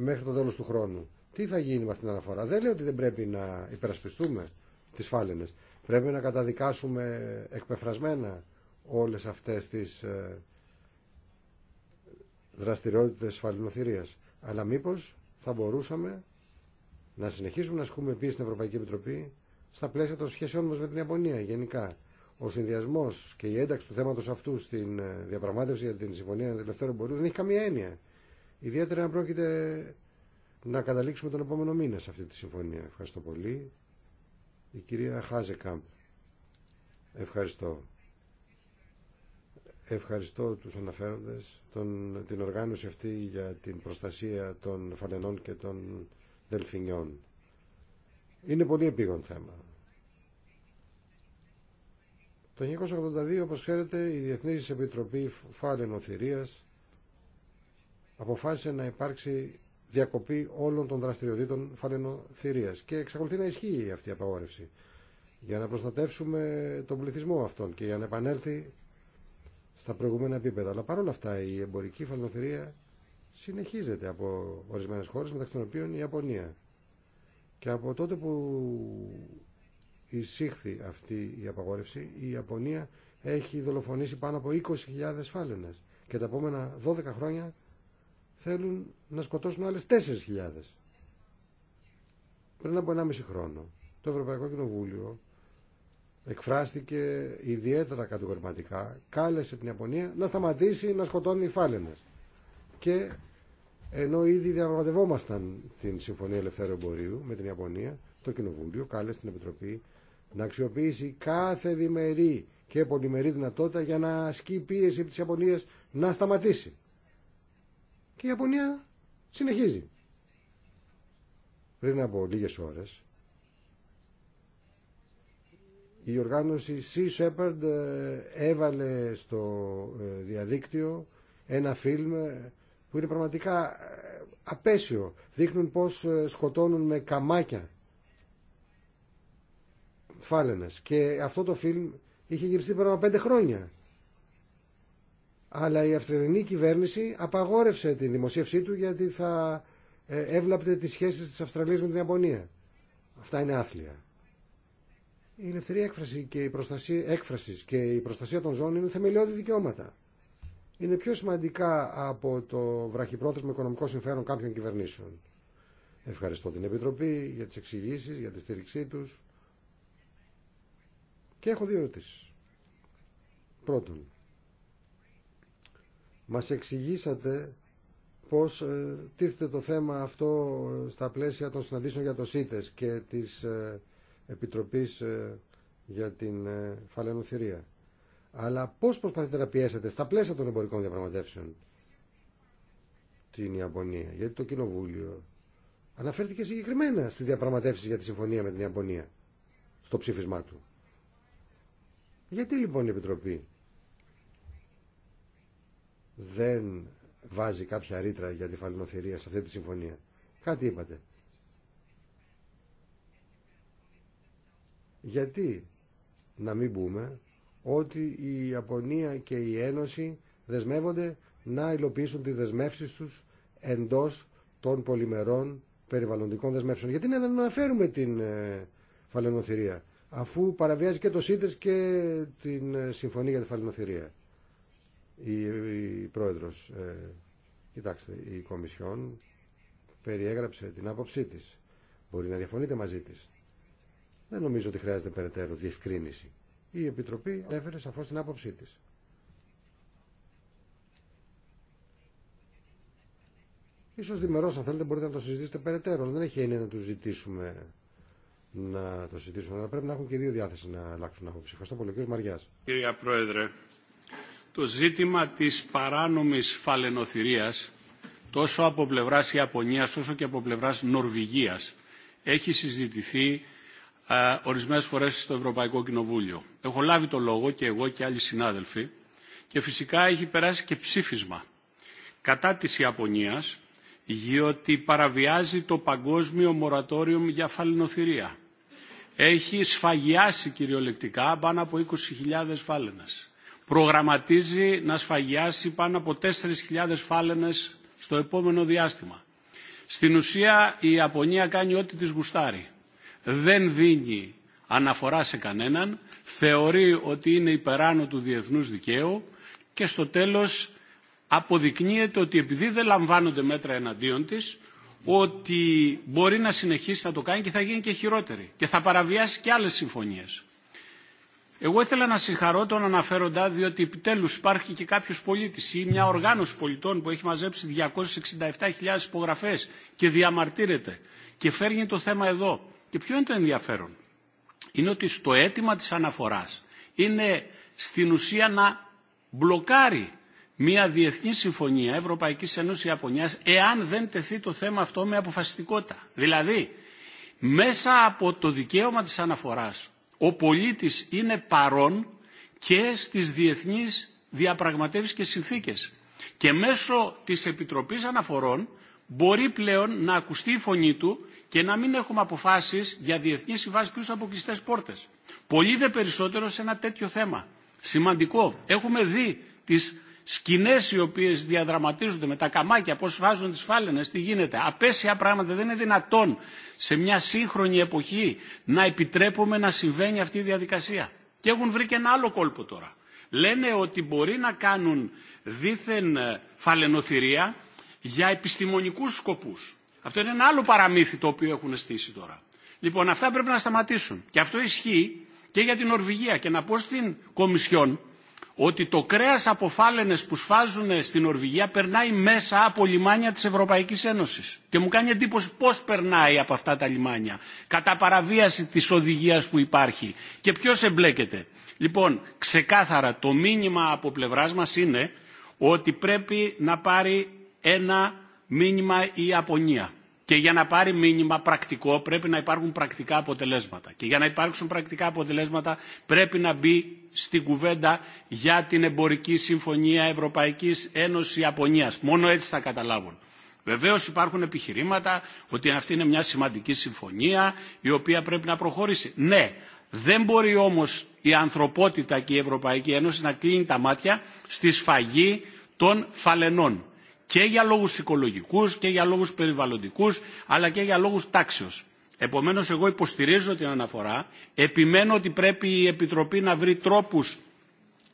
μέχρι το τέλο του χρόνου. Τι θα γίνει με αυτήν την αναφορά. Δεν λέω ότι δεν πρέπει να υπερασπιστούμε τι φάλαινε. Πρέπει να καταδικάσουμε εκπεφρασμένα όλες αυτές τις ε, δραστηριότητε φαλαινοθυρία. Αλλά μήπω θα μπορούσαμε να συνεχίσουμε να ασκούμε επίση στην Ευρωπαϊκή Επιτροπή στα πλαίσια των σχέσεών μα με την Ιαπωνία γενικά. Ο συνδυασμό και η ένταξη του θέματο αυτού στην ε, διαπραγμάτευση για την Συμφωνία Ελευθέρω Εμπορίου δεν έχει καμία έννοια. Ιδιαίτερα αν πρόκειται να καταλήξουμε τον επόμενο μήνα σε αυτή τη συμφωνία. Ευχαριστώ πολύ. Η κυρία Χάζεκαμπ. Ευχαριστώ. Ευχαριστώ τους αναφέροντες, τον, την οργάνωση αυτή για την προστασία των φαλενών και των δελφινιών. Είναι πολύ επίγον θέμα. Το 1982, όπως ξέρετε, η Διεθνής Επιτροπή Φάλαινο Θηρίας αποφάσισε να υπάρξει διακοπή όλων των δραστηριοτήτων φαλαινοθυρίας και εξακολουθεί να ισχύει αυτή η απαγόρευση για να προστατεύσουμε τον πληθυσμό αυτών και για να επανέλθει στα προηγούμενα επίπεδα. Αλλά παρόλα αυτά η εμπορική φαλαινοθυρία συνεχίζεται από ορισμένες χώρες μεταξύ των οποίων η Ιαπωνία. Και από τότε που εισήχθη αυτή η απαγόρευση η Ιαπωνία έχει δολοφονήσει πάνω από 20.000 φάλαινες και τα επόμενα 12 χρόνια θέλουν να σκοτώσουν άλλες 4.000. Πριν από 1,5 χρόνο το Ευρωπαϊκό Κοινοβούλιο εκφράστηκε ιδιαίτερα κατηγορηματικά, κάλεσε την Ιαπωνία να σταματήσει να σκοτώνει οι φάλαινες. Και ενώ ήδη διαπραγματευόμασταν την Συμφωνία Ελευθέρω Εμπορίου με την Ιαπωνία, το Κοινοβούλιο κάλεσε την Επιτροπή να αξιοποιήσει κάθε διμερή και πολυμερή δυνατότητα για να ασκεί πίεση από τις Ιαπωνίας να σταματήσει και η Ιαπωνία συνεχίζει. Πριν από λίγες ώρες η οργάνωση Sea Shepherd ε, έβαλε στο ε, διαδίκτυο ένα φιλμ ε, που είναι πραγματικά απέσιο. Δείχνουν πώς σκοτώνουν με καμάκια φάλαινες. Και αυτό το φιλμ είχε γυριστεί πριν από πέντε χρόνια αλλά η αυστραλινή κυβέρνηση απαγόρευσε τη δημοσίευσή του γιατί θα ε, έβλαπτε τις σχέσεις της Αυστραλίας με την Ιαπωνία. Αυτά είναι άθλια. Η ελευθερία έκφραση και η προστασία, έκφρασης και η προστασία των ζώων είναι θεμελιώδη δικαιώματα. Είναι πιο σημαντικά από το βραχυπρόθεσμο οικονομικό συμφέρον κάποιων κυβερνήσεων. Ευχαριστώ την Επιτροπή για τις εξηγήσει, για τη στήριξή τους. Και έχω δύο ερωτήσεις. Πρώτον, μας εξηγήσατε πώς ε, τίθεται το θέμα αυτό στα πλαίσια των συναντήσεων για το ΣΥΤΕΣ και της ε, Επιτροπής ε, για την Φαλαινοθυρία. Αλλά πώς προσπαθείτε να πιέσετε στα πλαίσια των εμπορικών διαπραγματεύσεων την Ιαπωνία, γιατί το Κοινοβούλιο αναφέρθηκε συγκεκριμένα στις διαπραγματεύσεις για τη συμφωνία με την Ιαπωνία στο ψήφισμά του. Γιατί λοιπόν η Επιτροπή δεν βάζει κάποια ρήτρα για τη φαλαινοθυρία σε αυτή τη συμφωνία. Κάτι είπατε. Γιατί να μην πούμε ότι η Ιαπωνία και η Ένωση δεσμεύονται να υλοποιήσουν τις δεσμεύσεις τους εντός των πολυμερών περιβαλλοντικών δεσμεύσεων. Γιατί να αναφέρουμε την ε, φαλαινοθυρία αφού παραβιάζει και το ΣΥΤΕΣ και την ε, Συμφωνία για τη Φαλαινοθυρία η, η πρόεδρος. Ε, κοιτάξτε, η Κομισιόν περιέγραψε την άποψή της. Μπορεί να διαφωνείτε μαζί της. Δεν νομίζω ότι χρειάζεται περαιτέρω διευκρίνηση. Η Επιτροπή έφερε σαφώς την άποψή της. Ίσως διμερώς αν θέλετε μπορείτε να το συζητήσετε περαιτέρω. Δεν έχει έννοια να τους ζητήσουμε να το συζητήσουμε. Αλλά πρέπει να έχουν και δύο διάθεση να αλλάξουν άποψη. Ευχαριστώ πολύ. Μαριάς. Κύριε Πρόεδρε, το ζήτημα της παράνομης φαλενοθυρίας, τόσο από πλευράς Ιαπωνίας όσο και από πλευράς Νορβηγίας έχει συζητηθεί α, ε, ορισμένες φορές στο Ευρωπαϊκό Κοινοβούλιο. Έχω λάβει το λόγο και εγώ και άλλοι συνάδελφοι και φυσικά έχει περάσει και ψήφισμα κατά της Ιαπωνίας διότι παραβιάζει το παγκόσμιο μορατόριο για φαλενοθυρία. Έχει σφαγιάσει κυριολεκτικά πάνω από 20.000 φάλαινες προγραμματίζει να σφαγιάσει πάνω από 4.000 φάλαινες στο επόμενο διάστημα. Στην ουσία η Ιαπωνία κάνει ό,τι της γουστάρει. Δεν δίνει αναφορά σε κανέναν, θεωρεί ότι είναι υπεράνω του διεθνούς δικαίου και στο τέλος αποδεικνύεται ότι επειδή δεν λαμβάνονται μέτρα εναντίον της, ότι μπορεί να συνεχίσει να το κάνει και θα γίνει και χειρότερη και θα παραβιάσει και άλλες συμφωνίες. Εγώ ήθελα να συγχαρώ τον αναφέροντα διότι επιτέλους υπάρχει και κάποιος πολίτης ή μια οργάνωση πολιτών που έχει μαζέψει 267.000 υπογραφές και διαμαρτύρεται και φέρνει το θέμα εδώ. Και ποιο είναι το ενδιαφέρον. Είναι ότι στο αίτημα της αναφοράς είναι στην ουσία να μπλοκάρει μια διεθνή συμφωνία Ευρωπαϊκής Ένωσης Ιαπωνίας εάν δεν τεθεί το θέμα αυτό με αποφασιστικότητα. Δηλαδή, μέσα από το δικαίωμα της αναφοράς ο πολίτης είναι παρόν και στις διεθνείς διαπραγματεύσεις και συνθήκες. Και μέσω της Επιτροπής Αναφορών μπορεί πλέον να ακουστεί η φωνή του και να μην έχουμε αποφάσεις για διεθνείς συμβάσεις πίσω από κλειστέ πόρτες. Πολύ δε περισσότερο σε ένα τέτοιο θέμα. Σημαντικό. Έχουμε δει τις σκηνές οι οποίες διαδραματίζονται με τα καμάκια, πώς βάζουν τις φάλαινες, τι γίνεται. Απέσια πράγματα δεν είναι δυνατόν σε μια σύγχρονη εποχή να επιτρέπουμε να συμβαίνει αυτή η διαδικασία. Και έχουν βρει και ένα άλλο κόλπο τώρα. Λένε ότι μπορεί να κάνουν δίθεν ε, φαλαινοθυρία για επιστημονικούς σκοπούς. Αυτό είναι ένα άλλο παραμύθι το οποίο έχουν στήσει τώρα. Λοιπόν, αυτά πρέπει να σταματήσουν. Και αυτό ισχύει και για την Ορβηγία Και να πω στην Κομισιόν ότι το κρέας από φάλαινες που σφάζουν στην Ορβηγία περνάει μέσα από λιμάνια της Ευρωπαϊκής Ένωσης. Και μου κάνει εντύπωση πώς περνάει από αυτά τα λιμάνια. Κατά παραβίαση της οδηγίας που υπάρχει. Και ποιος εμπλέκεται. Λοιπόν, ξεκάθαρα το μήνυμα από πλευράς μας είναι ότι πρέπει να πάρει ένα μήνυμα η Ιαπωνία. Και για να πάρει μήνυμα πρακτικό πρέπει να υπάρχουν πρακτικά αποτελέσματα. Και για να υπάρξουν πρακτικά αποτελέσματα πρέπει να μπει στην κουβέντα για την εμπορική συμφωνία Ευρωπαϊκής Ένωση Ιαπωνίας. Μόνο έτσι θα καταλάβουν. Βεβαίω υπάρχουν επιχειρήματα ότι αυτή είναι μια σημαντική συμφωνία η οποία πρέπει να προχωρήσει. Ναι, δεν μπορεί όμως η ανθρωπότητα και η Ευρωπαϊκή Ένωση να κλείνει τα μάτια στη σφαγή των φαλενών και για λόγους οικολογικούς και για λόγους περιβαλλοντικούς αλλά και για λόγους τάξεως. Επομένως εγώ υποστηρίζω την αναφορά, επιμένω ότι πρέπει η Επιτροπή να βρει τρόπους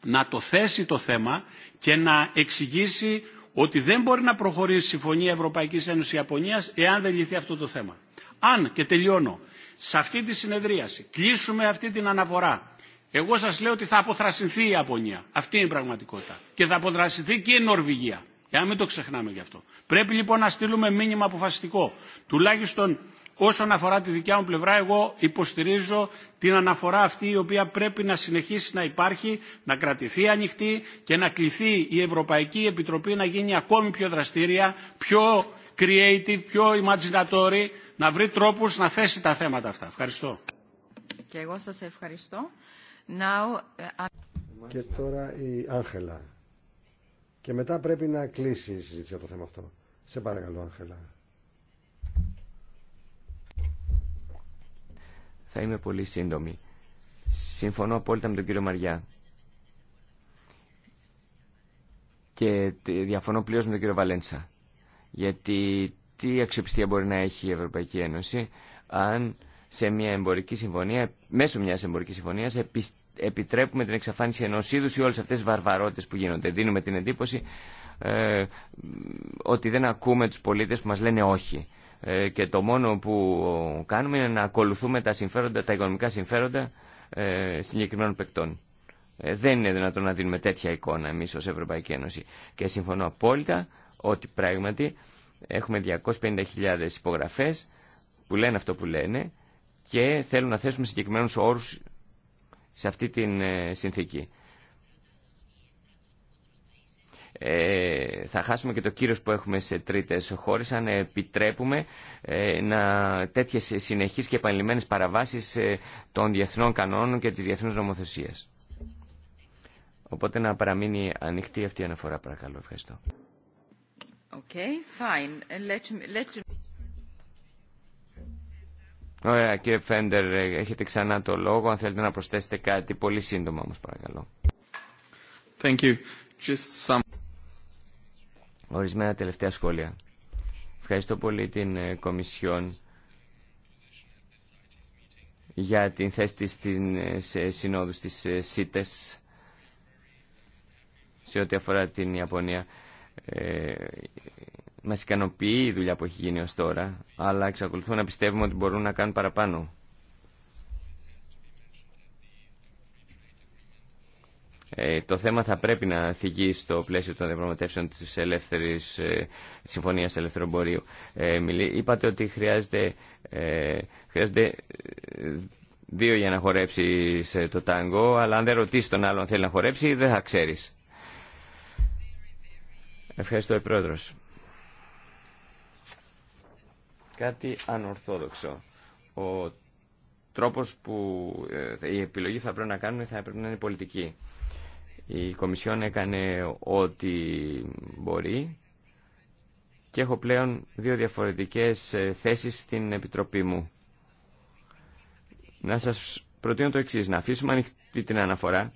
να το θέσει το θέμα και να εξηγήσει ότι δεν μπορεί να προχωρήσει η Συμφωνία Ευρωπαϊκής Ένωσης Ιαπωνίας εάν δεν λυθεί αυτό το θέμα. Αν, και τελειώνω, σε αυτή τη συνεδρίαση κλείσουμε αυτή την αναφορά εγώ σας λέω ότι θα αποθρασινθεί η Ιαπωνία. Αυτή είναι η πραγματικότητα. Και θα αποθρασινθεί και η Νορβηγία. Για να μην το ξεχνάμε γι' αυτό. Πρέπει λοιπόν να στείλουμε μήνυμα αποφασιστικό. Τουλάχιστον όσον αφορά τη δικιά μου πλευρά, εγώ υποστηρίζω την αναφορά αυτή η οποία πρέπει να συνεχίσει να υπάρχει, να κρατηθεί ανοιχτή και να κληθεί η Ευρωπαϊκή Επιτροπή να γίνει ακόμη πιο δραστήρια, πιο creative, πιο imaginatory, να βρει τρόπους να θέσει τα θέματα αυτά. Ευχαριστώ. Και εγώ σας ευχαριστώ. Now... Ε, και τώρα η Άγχελα. Και μετά πρέπει να κλείσει η συζήτηση για το θέμα αυτό. Σε παρακαλώ, Άγγελα. Θα είμαι πολύ σύντομη. Συμφωνώ απόλυτα με τον κύριο Μαριά. Και διαφωνώ πλήρω με τον κύριο Βαλέντσα. Γιατί τι αξιοπιστία μπορεί να έχει η Ευρωπαϊκή Ένωση αν σε μια εμπορική συμφωνία, μέσω μια εμπορική συμφωνία. επιστρέψει επιτρέπουμε την εξαφάνιση ενό είδου ή όλε αυτέ τι βαρβαρότητε που γίνονται. Δίνουμε την εντύπωση ε, ότι δεν ακούμε του πολίτε που μα λένε όχι. Ε, και το μόνο που κάνουμε είναι να ακολουθούμε τα, συμφέροντα, τα οικονομικά συμφέροντα ε, συγκεκριμένων παικτών. Ε, δεν είναι δυνατόν να δίνουμε τέτοια εικόνα εμεί ω Ευρωπαϊκή Ένωση. Και συμφωνώ απόλυτα ότι πράγματι έχουμε 250.000 υπογραφέ που λένε αυτό που λένε και θέλουν να θέσουμε συγκεκριμένου όρου σε αυτή την ε, συνθήκη. Ε, θα χάσουμε και το κύριο που έχουμε σε τρίτες χώρες αν επιτρέπουμε ε, να, τέτοιες συνεχείς και επανειλημμένες παραβάσεις ε, των διεθνών κανόνων και της διεθνούς νομοθεσίας. Οπότε να παραμείνει ανοιχτή αυτή η αναφορά παρακαλώ. Ευχαριστώ. Okay, fine. Let, let... Ωραία κύριε Φέντερ, έχετε ξανά το λόγο. Αν θέλετε να προσθέσετε κάτι, πολύ σύντομα όμως παρακαλώ. Ορισμένα τελευταία σχόλια. Ευχαριστώ πολύ την ε, Κομισιόν για την θέση της ε, σε συνόδους της ε, ΣΥΤΕΣ σε ό,τι αφορά την Ιαπωνία. Μα ικανοποιεί η δουλειά που έχει γίνει ω τώρα, αλλά εξακολουθούμε να πιστεύουμε ότι μπορούν να κάνουν παραπάνω. Ε, το θέμα θα πρέπει να θυγεί στο πλαίσιο των διαπραγματεύσεων της ελεύθερης ε, συμφωνίας ελευθερομπορίου. Ε, είπατε ότι χρειάζεται, ε, χρειάζονται ε, δύο για να χορέψεις ε, το τάγκο, αλλά αν δεν ρωτήσει τον άλλον αν θέλει να χορέψει, δεν θα ξέρεις. Ευχαριστώ, Πρόεδρος κάτι ανορθόδοξο. Ο τρόπος που ε, η επιλογή θα πρέπει να κάνουμε θα πρέπει να είναι πολιτική. Η Κομισιόν έκανε ό,τι μπορεί και έχω πλέον δύο διαφορετικές ε, θέσεις στην Επιτροπή μου. Να σας προτείνω το εξής, να αφήσουμε ανοιχτή την αναφορά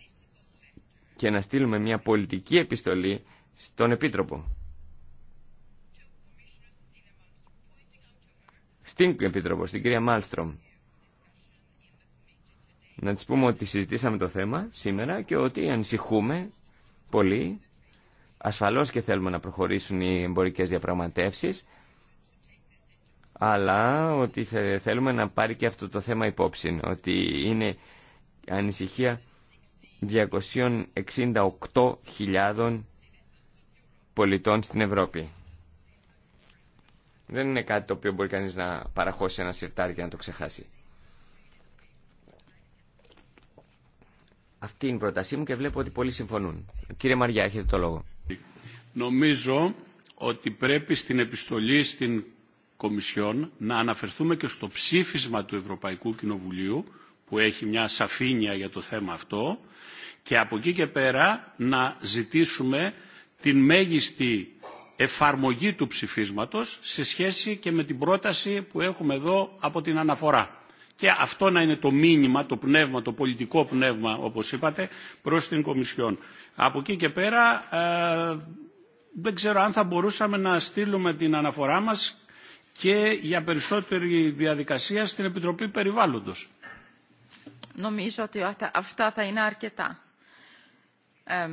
και να στείλουμε μια πολιτική επιστολή στον Επίτροπο. στην Επιτροπή, στην κυρία Μάλστρομ. Να της πούμε ότι συζητήσαμε το θέμα σήμερα και ότι ανησυχούμε πολύ. Ασφαλώς και θέλουμε να προχωρήσουν οι εμπορικές διαπραγματεύσεις, αλλά ότι θέλουμε να πάρει και αυτό το θέμα υπόψη, ότι είναι ανησυχία 268.000 πολιτών στην Ευρώπη. Δεν είναι κάτι το οποίο μπορεί κανείς να παραχώσει ένα σιρτάρι και να το ξεχάσει. Αυτή είναι η πρότασή μου και βλέπω ότι πολλοί συμφωνούν. Κύριε Μαριά, έχετε το λόγο. Νομίζω ότι πρέπει στην επιστολή στην Κομισιόν να αναφερθούμε και στο ψήφισμα του Ευρωπαϊκού Κοινοβουλίου που έχει μια σαφήνεια για το θέμα αυτό και από εκεί και πέρα να ζητήσουμε την μέγιστη εφαρμογή του ψηφίσματος σε σχέση και με την πρόταση που έχουμε εδώ από την αναφορά. Και αυτό να είναι το μήνυμα, το πνεύμα, το πολιτικό πνεύμα, όπως είπατε, προς την Κομισιόν. Από εκεί και πέρα ε, δεν ξέρω αν θα μπορούσαμε να στείλουμε την αναφορά μας και για περισσότερη διαδικασία στην Επιτροπή Περιβάλλοντος. Νομίζω ότι αυτά θα είναι αρκετά. Ε,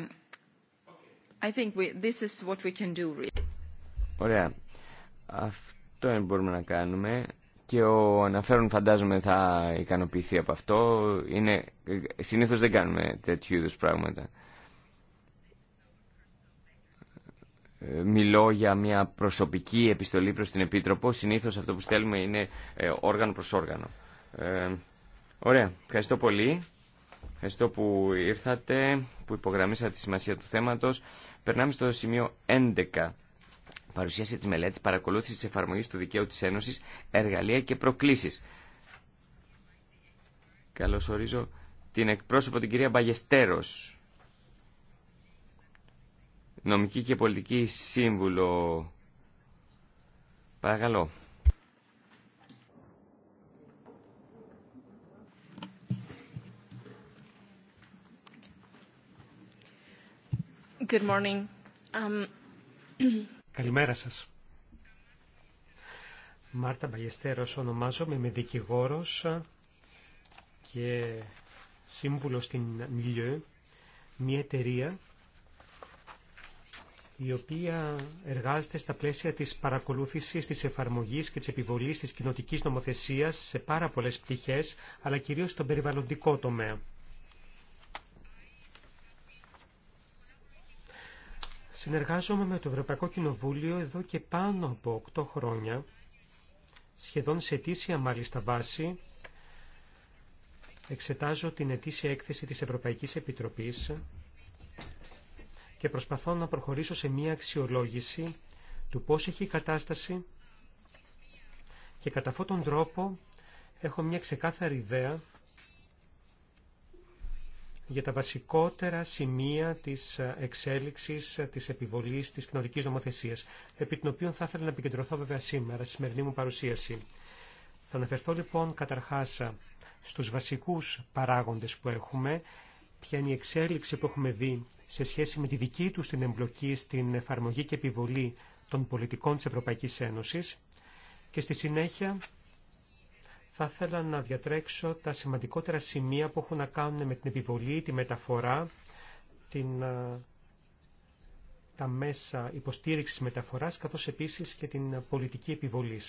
Ωραία. Αυτό είναι μπορούμε να κάνουμε και ο αναφέρον φαντάζομαι θα ικανοποιηθεί από αυτό. Είναι, συνήθως δεν κάνουμε τέτοιου είδους πράγματα. Ε, μιλώ για μια προσωπική επιστολή προς την Επίτροπο. Συνήθως αυτό που στέλνουμε είναι ε, όργανο προς όργανο. Ε, ωραία. Ευχαριστώ πολύ. Ευχαριστώ που ήρθατε, που υπογραμμίσατε τη σημασία του θέματος. Περνάμε στο σημείο 11. Παρουσίαση της μελέτης, παρακολούθηση της εφαρμογής του δικαίου της Ένωσης, εργαλεία και προκλήσεις. Καλώς ορίζω την εκπρόσωπο την κυρία Μπαγεστέρος. Νομική και πολιτική σύμβουλο. Παρακαλώ. Um, Καλημέρα σας. Μάρτα Μπαγιεστέρος ονομάζομαι, είμαι δικηγόρος και σύμβουλος στην Μιλιέ, μια εταιρεία η οποία εργάζεται στα πλαίσια της παρακολούθησης, της εφαρμογής και της επιβολής της κοινοτικής νομοθεσίας σε πάρα πολλές πτυχές, αλλά κυρίως στον περιβαλλοντικό τομέα. Συνεργάζομαι με το Ευρωπαϊκό Κοινοβούλιο εδώ και πάνω από 8 χρόνια, σχεδόν σε αιτήσια μάλιστα βάση, εξετάζω την αιτήσια έκθεση της Ευρωπαϊκής Επιτροπής και προσπαθώ να προχωρήσω σε μία αξιολόγηση του πώς έχει η κατάσταση και κατά αυτόν τον τρόπο έχω μια ξεκάθαρη ιδέα για τα βασικότερα σημεία της εξέλιξης της επιβολής της κοινωνικής νομοθεσίας, επί την οποία θα ήθελα να επικεντρωθώ βέβαια σήμερα, στη σημερινή μου παρουσίαση. Θα αναφερθώ λοιπόν καταρχάς στους βασικούς παράγοντες που έχουμε, ποια είναι η εξέλιξη που έχουμε δει σε σχέση με τη δική του την εμπλοκή στην εφαρμογή και επιβολή των πολιτικών της Ευρωπαϊκής Ένωσης και στη συνέχεια θα ήθελα να διατρέξω τα σημαντικότερα σημεία που έχουν να κάνουν με την επιβολή, τη μεταφορά, την, τα μέσα υποστήριξης μεταφοράς, καθώς επίσης και την πολιτική επιβολή.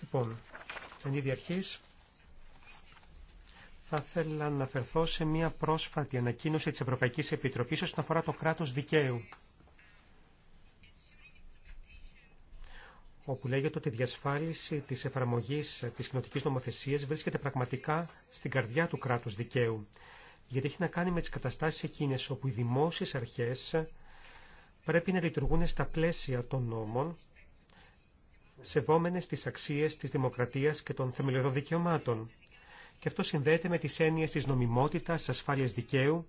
Λοιπόν, εν ίδια αρχής, θα ήθελα να αναφερθώ σε μια πρόσφατη ανακοίνωση της Ευρωπαϊκής Επιτροπής όσον αφορά το κράτος δικαίου. όπου λέγεται ότι η διασφάλιση της εφαρμογής της κοινοτικής νομοθεσίας βρίσκεται πραγματικά στην καρδιά του κράτους δικαίου, γιατί έχει να κάνει με τις καταστάσεις εκείνες όπου οι δημόσιες αρχές πρέπει να λειτουργούν στα πλαίσια των νόμων, σεβόμενες τις αξίες της δημοκρατίας και των θεμελιωδών δικαιωμάτων. Και αυτό συνδέεται με τις έννοιες της νομιμότητας, ασφάλειας δικαίου,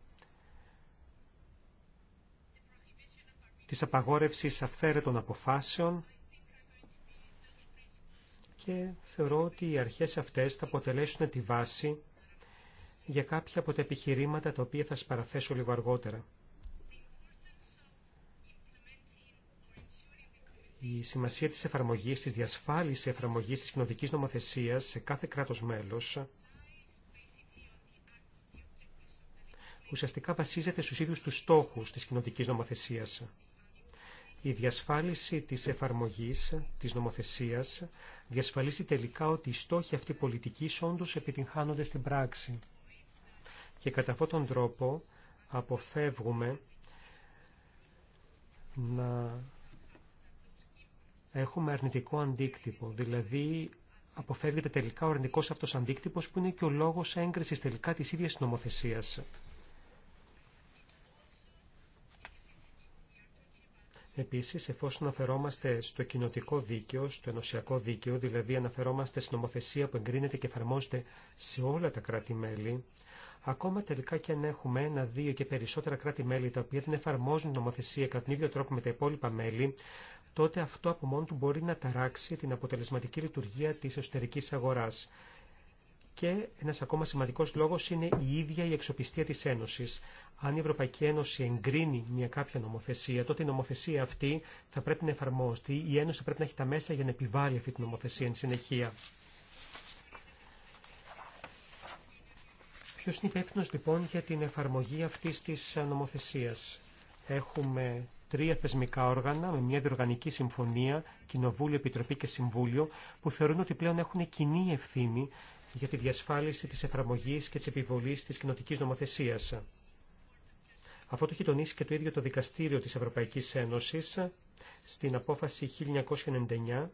της απαγόρευσης αυθαίρετων αποφάσεων και θεωρώ ότι οι αρχές αυτές θα αποτελέσουν τη βάση για κάποια από τα επιχειρήματα τα οποία θα σας παραθέσω λίγο αργότερα. Η σημασία της εφαρμογής, της διασφάλισης εφαρμογής της κοινωτική νομοθεσίας σε κάθε κράτος μέλος ουσιαστικά βασίζεται στους ίδιους τους στόχους της κοινωτική νομοθεσίας η διασφάλιση της εφαρμογής της νομοθεσίας διασφαλίζει τελικά ότι οι στόχοι αυτή πολιτικής όντως επιτυγχάνονται στην πράξη. Και κατά αυτόν τον τρόπο αποφεύγουμε να έχουμε αρνητικό αντίκτυπο, δηλαδή αποφεύγεται τελικά ο αρνητικός αυτός αντίκτυπος που είναι και ο λόγος έγκρισης τελικά της ίδιας νομοθεσίας. Επίσης, εφόσον αναφερόμαστε στο κοινοτικό δίκαιο, στο ενωσιακό δίκαιο, δηλαδή αναφερόμαστε στην νομοθεσία που εγκρίνεται και εφαρμόζεται σε όλα τα κράτη-μέλη, ακόμα τελικά και αν έχουμε ένα, δύο και περισσότερα κράτη-μέλη τα οποία δεν εφαρμόζουν νομοθεσία κατά τον ίδιο τρόπο με τα υπόλοιπα μέλη, τότε αυτό από μόνο του μπορεί να ταράξει την αποτελεσματική λειτουργία της εσωτερικής αγοράς. Και ένας ακόμα σημαντικός λόγος είναι η ίδια η εξοπιστία της Ένωσης. Αν η Ευρωπαϊκή Ένωση εγκρίνει μια κάποια νομοθεσία, τότε η νομοθεσία αυτή θα πρέπει να εφαρμόζεται. Η Ένωση πρέπει να έχει τα μέσα για να επιβάλλει αυτή τη νομοθεσία εν συνεχεία. Ποιος είναι υπεύθυνο λοιπόν για την εφαρμογή αυτής της νομοθεσίας. Έχουμε τρία θεσμικά όργανα με μια διοργανική συμφωνία, Κοινοβούλιο, Επιτροπή και Συμβούλιο, που θεωρούν ότι πλέον έχουν κοινή ευθύνη για τη διασφάλιση της εφαρμογής και της επιβολής της κοινοτικής νομοθεσίας. Αυτό το έχει τονίσει και το ίδιο το Δικαστήριο της Ευρωπαϊκής Ένωσης στην απόφαση 1999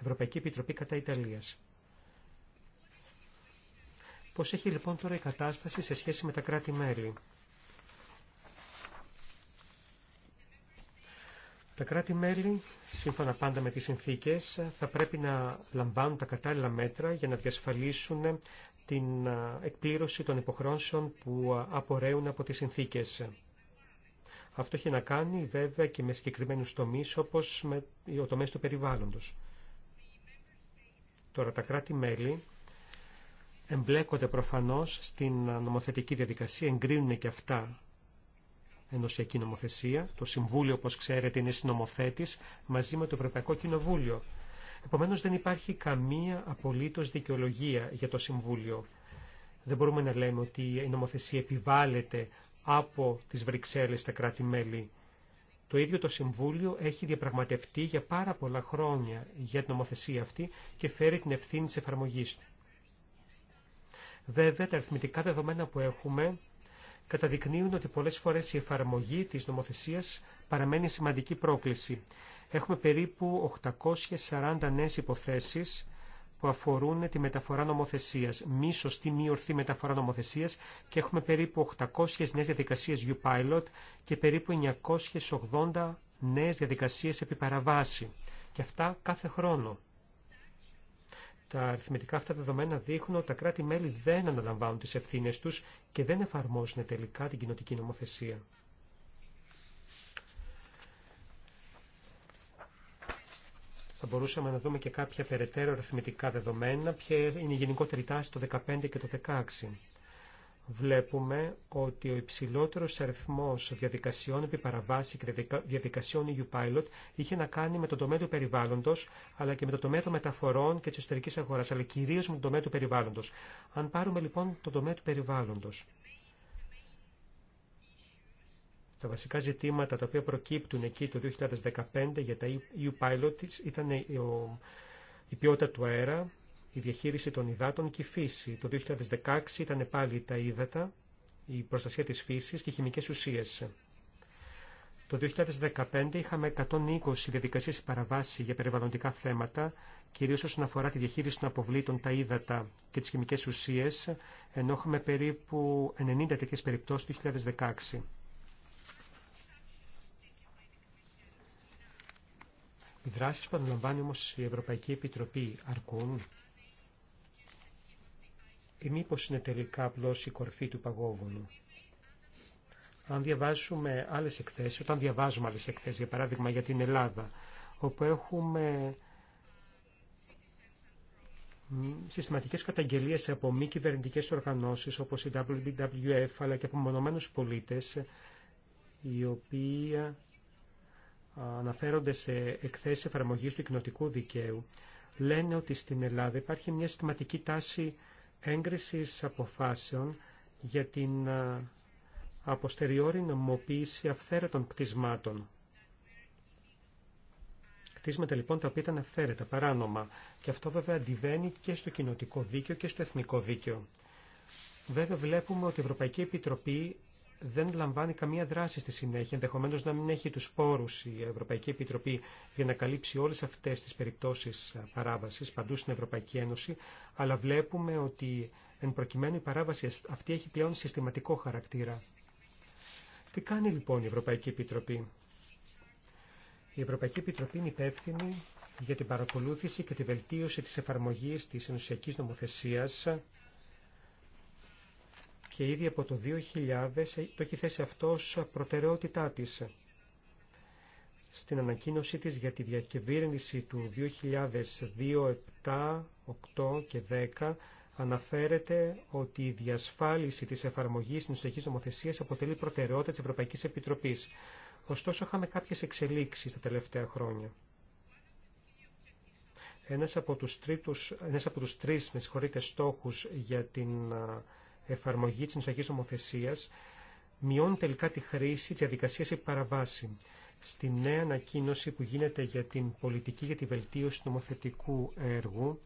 Ευρωπαϊκή Επιτροπή κατά Ιταλίας. Πώς έχει λοιπόν τώρα η κατάσταση σε σχέση με τα κράτη-μέλη. Τα κράτη-μέλη, σύμφωνα πάντα με τις συνθήκες, θα πρέπει να λαμβάνουν τα κατάλληλα μέτρα για να διασφαλίσουν την εκπλήρωση των υποχρεώσεων που απορρέουν από τις συνθήκες. Αυτό έχει να κάνει βέβαια και με συγκεκριμένους τομείς όπως με το τομέα του περιβάλλοντος. Τώρα τα κράτη-μέλη εμπλέκονται προφανώς στην νομοθετική διαδικασία, εγκρίνουν και αυτά ενωσιακή νομοθεσία. Το Συμβούλιο, όπως ξέρετε, είναι συνομοθέτης μαζί με το Ευρωπαϊκό Κοινοβούλιο. Επομένως, δεν υπάρχει καμία απολύτως δικαιολογία για το Συμβούλιο. Δεν μπορούμε να λέμε ότι η νομοθεσία επιβάλλεται από τις Βρυξέλλες στα κράτη-μέλη. Το ίδιο το Συμβούλιο έχει διαπραγματευτεί για πάρα πολλά χρόνια για την νομοθεσία αυτή και φέρει την ευθύνη της εφαρμογής του. Βέβαια, τα αριθμητικά δεδομένα που έχουμε καταδεικνύουν ότι πολλές φορές η εφαρμογή της νομοθεσίας παραμένει σημαντική πρόκληση. Έχουμε περίπου 840 νέες υποθέσεις που αφορούν τη μεταφορά νομοθεσίας, μη σωστή, μη ορθή μεταφορά νομοθεσίας και έχουμε περίπου 800 νέες διαδικασίες U-Pilot και περίπου 980 νέες διαδικασίες επί παραβάση. Και αυτά κάθε χρόνο. Τα αριθμητικά αυτά δεδομένα δείχνουν ότι τα κράτη-μέλη δεν αναλαμβάνουν τις ευθύνες τους και δεν εφαρμόζουν τελικά την κοινοτική νομοθεσία. Θα μπορούσαμε να δούμε και κάποια περαιτέρω αριθμητικά δεδομένα, ποια είναι η γενικότερη τάση το 2015 και το 2016 βλέπουμε ότι ο υψηλότερος αριθμός διαδικασιών επί παραβάση και διαδικασιών EU Pilot είχε να κάνει με το τομέα του περιβάλλοντος, αλλά και με το τομέα των μεταφορών και της εσωτερικής αγοράς, αλλά κυρίως με το τομέα του περιβάλλοντος. Αν πάρουμε λοιπόν το τομέα του περιβάλλοντος, τα βασικά ζητήματα τα οποία προκύπτουν εκεί το 2015 για τα EU Pilot ήταν η ποιότητα του αέρα, η διαχείριση των υδάτων και η φύση. Το 2016 ήταν πάλι τα ύδατα, η προστασία της φύσης και οι χημικές ουσίες. Το 2015 είχαμε 120 διαδικασίες παραβάση για περιβαλλοντικά θέματα, κυρίως όσον αφορά τη διαχείριση των αποβλήτων, τα ύδατα και τις χημικές ουσίες, ενώ είχαμε περίπου 90 τέτοιες περιπτώσεις το 2016. Οι δράσεις που αναλαμβάνει όμως η Ευρωπαϊκή Επιτροπή αρκούν ή ε, μήπως είναι τελικά απλώς η κορφή του παγόβουνου. Αν διαβάσουμε άλλες εκθέσεις, όταν διαβάζουμε άλλες εκθέσεις, για παράδειγμα για την Ελλάδα, όπου έχουμε συστηματικές καταγγελίες από μη κυβερνητικέ οργανώσεις όπως η WWF αλλά και από μονομένους πολίτες οι οποίοι αναφέρονται σε εκθέσεις εφαρμογής του κοινοτικού δικαίου λένε ότι στην Ελλάδα υπάρχει μια συστηματική τάση έγκρισης αποφάσεων για την ε, αποστεριώρη νομοποίηση αυθαίρετων κτισμάτων. Κτίσματα λοιπόν τα οποία ήταν αυθαίρετα, παράνομα. Και αυτό βέβαια αντιβαίνει και στο κοινοτικό δίκαιο και στο εθνικό δίκαιο. Βέβαια βλέπουμε ότι η Ευρωπαϊκή Επιτροπή δεν λαμβάνει καμία δράση στη συνέχεια, ενδεχομένω να μην έχει του πόρου η Ευρωπαϊκή Επιτροπή για να καλύψει όλε αυτέ τι περιπτώσει παράβαση παντού στην Ευρωπαϊκή Ένωση, αλλά βλέπουμε ότι εν προκειμένου η παράβαση αυτή έχει πλέον συστηματικό χαρακτήρα. Τι κάνει λοιπόν η Ευρωπαϊκή Επιτροπή. Η Ευρωπαϊκή Επιτροπή είναι υπεύθυνη για την παρακολούθηση και τη βελτίωση της εφαρμογής της ενωσιακής νομοθεσίας και ήδη από το 2000 το έχει θέσει αυτό προτεραιότητά της. Στην ανακοίνωσή της για τη διακυβέρνηση του 2002, 7, 8 και 10 αναφέρεται ότι η διασφάλιση της εφαρμογής της νοσιακής νομοθεσίας αποτελεί προτεραιότητα της Ευρωπαϊκής Επιτροπής. Ωστόσο, είχαμε κάποιες εξελίξεις τα τελευταία χρόνια. Ένας από τους, τρίτους, ένας από τους τρεις με στόχους για την εφαρμογή της νοσιακής ομοθεσίας μειώνει τελικά τη χρήση της διαδικασίας επί παραβάση. Στη νέα ανακοίνωση που γίνεται για την πολιτική για τη βελτίωση του νομοθετικού έργου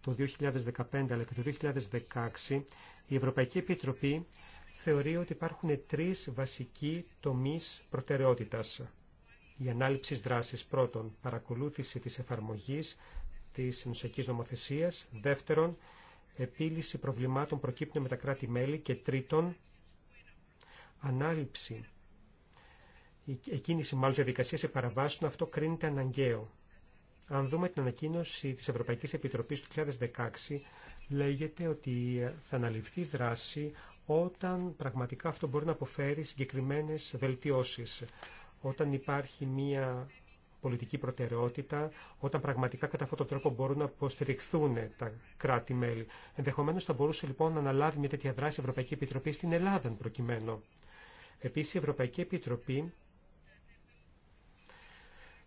το 2015 αλλά και το 2016, η Ευρωπαϊκή Επιτροπή θεωρεί ότι υπάρχουν τρεις βασικοί τομείς προτεραιότητας. Η ανάληψη δράσης πρώτον, παρακολούθηση της εφαρμογής της νοσιακής νομοθεσίας, δεύτερον, επίλυση προβλημάτων προκύπτουν με τα κράτη-μέλη και τρίτον, ανάληψη. Η κίνηση μάλλον διαδικασία σε παραβάσεις, αυτό κρίνεται αναγκαίο. Αν δούμε την ανακοίνωση της Ευρωπαϊκής Επιτροπής του 2016, λέγεται ότι θα αναλυφθεί δράση όταν πραγματικά αυτό μπορεί να αποφέρει συγκεκριμένες βελτιώσεις. Όταν υπάρχει μία πολιτική προτεραιότητα όταν πραγματικά κατά αυτόν τον τρόπο μπορούν να υποστηριχθούν τα κράτη-μέλη. Ενδεχομένω θα μπορούσε λοιπόν να αναλάβει μια τέτοια δράση η Ευρωπαϊκή Επιτροπή στην Ελλάδα προκειμένου. Επίση η Ευρωπαϊκή Επιτροπή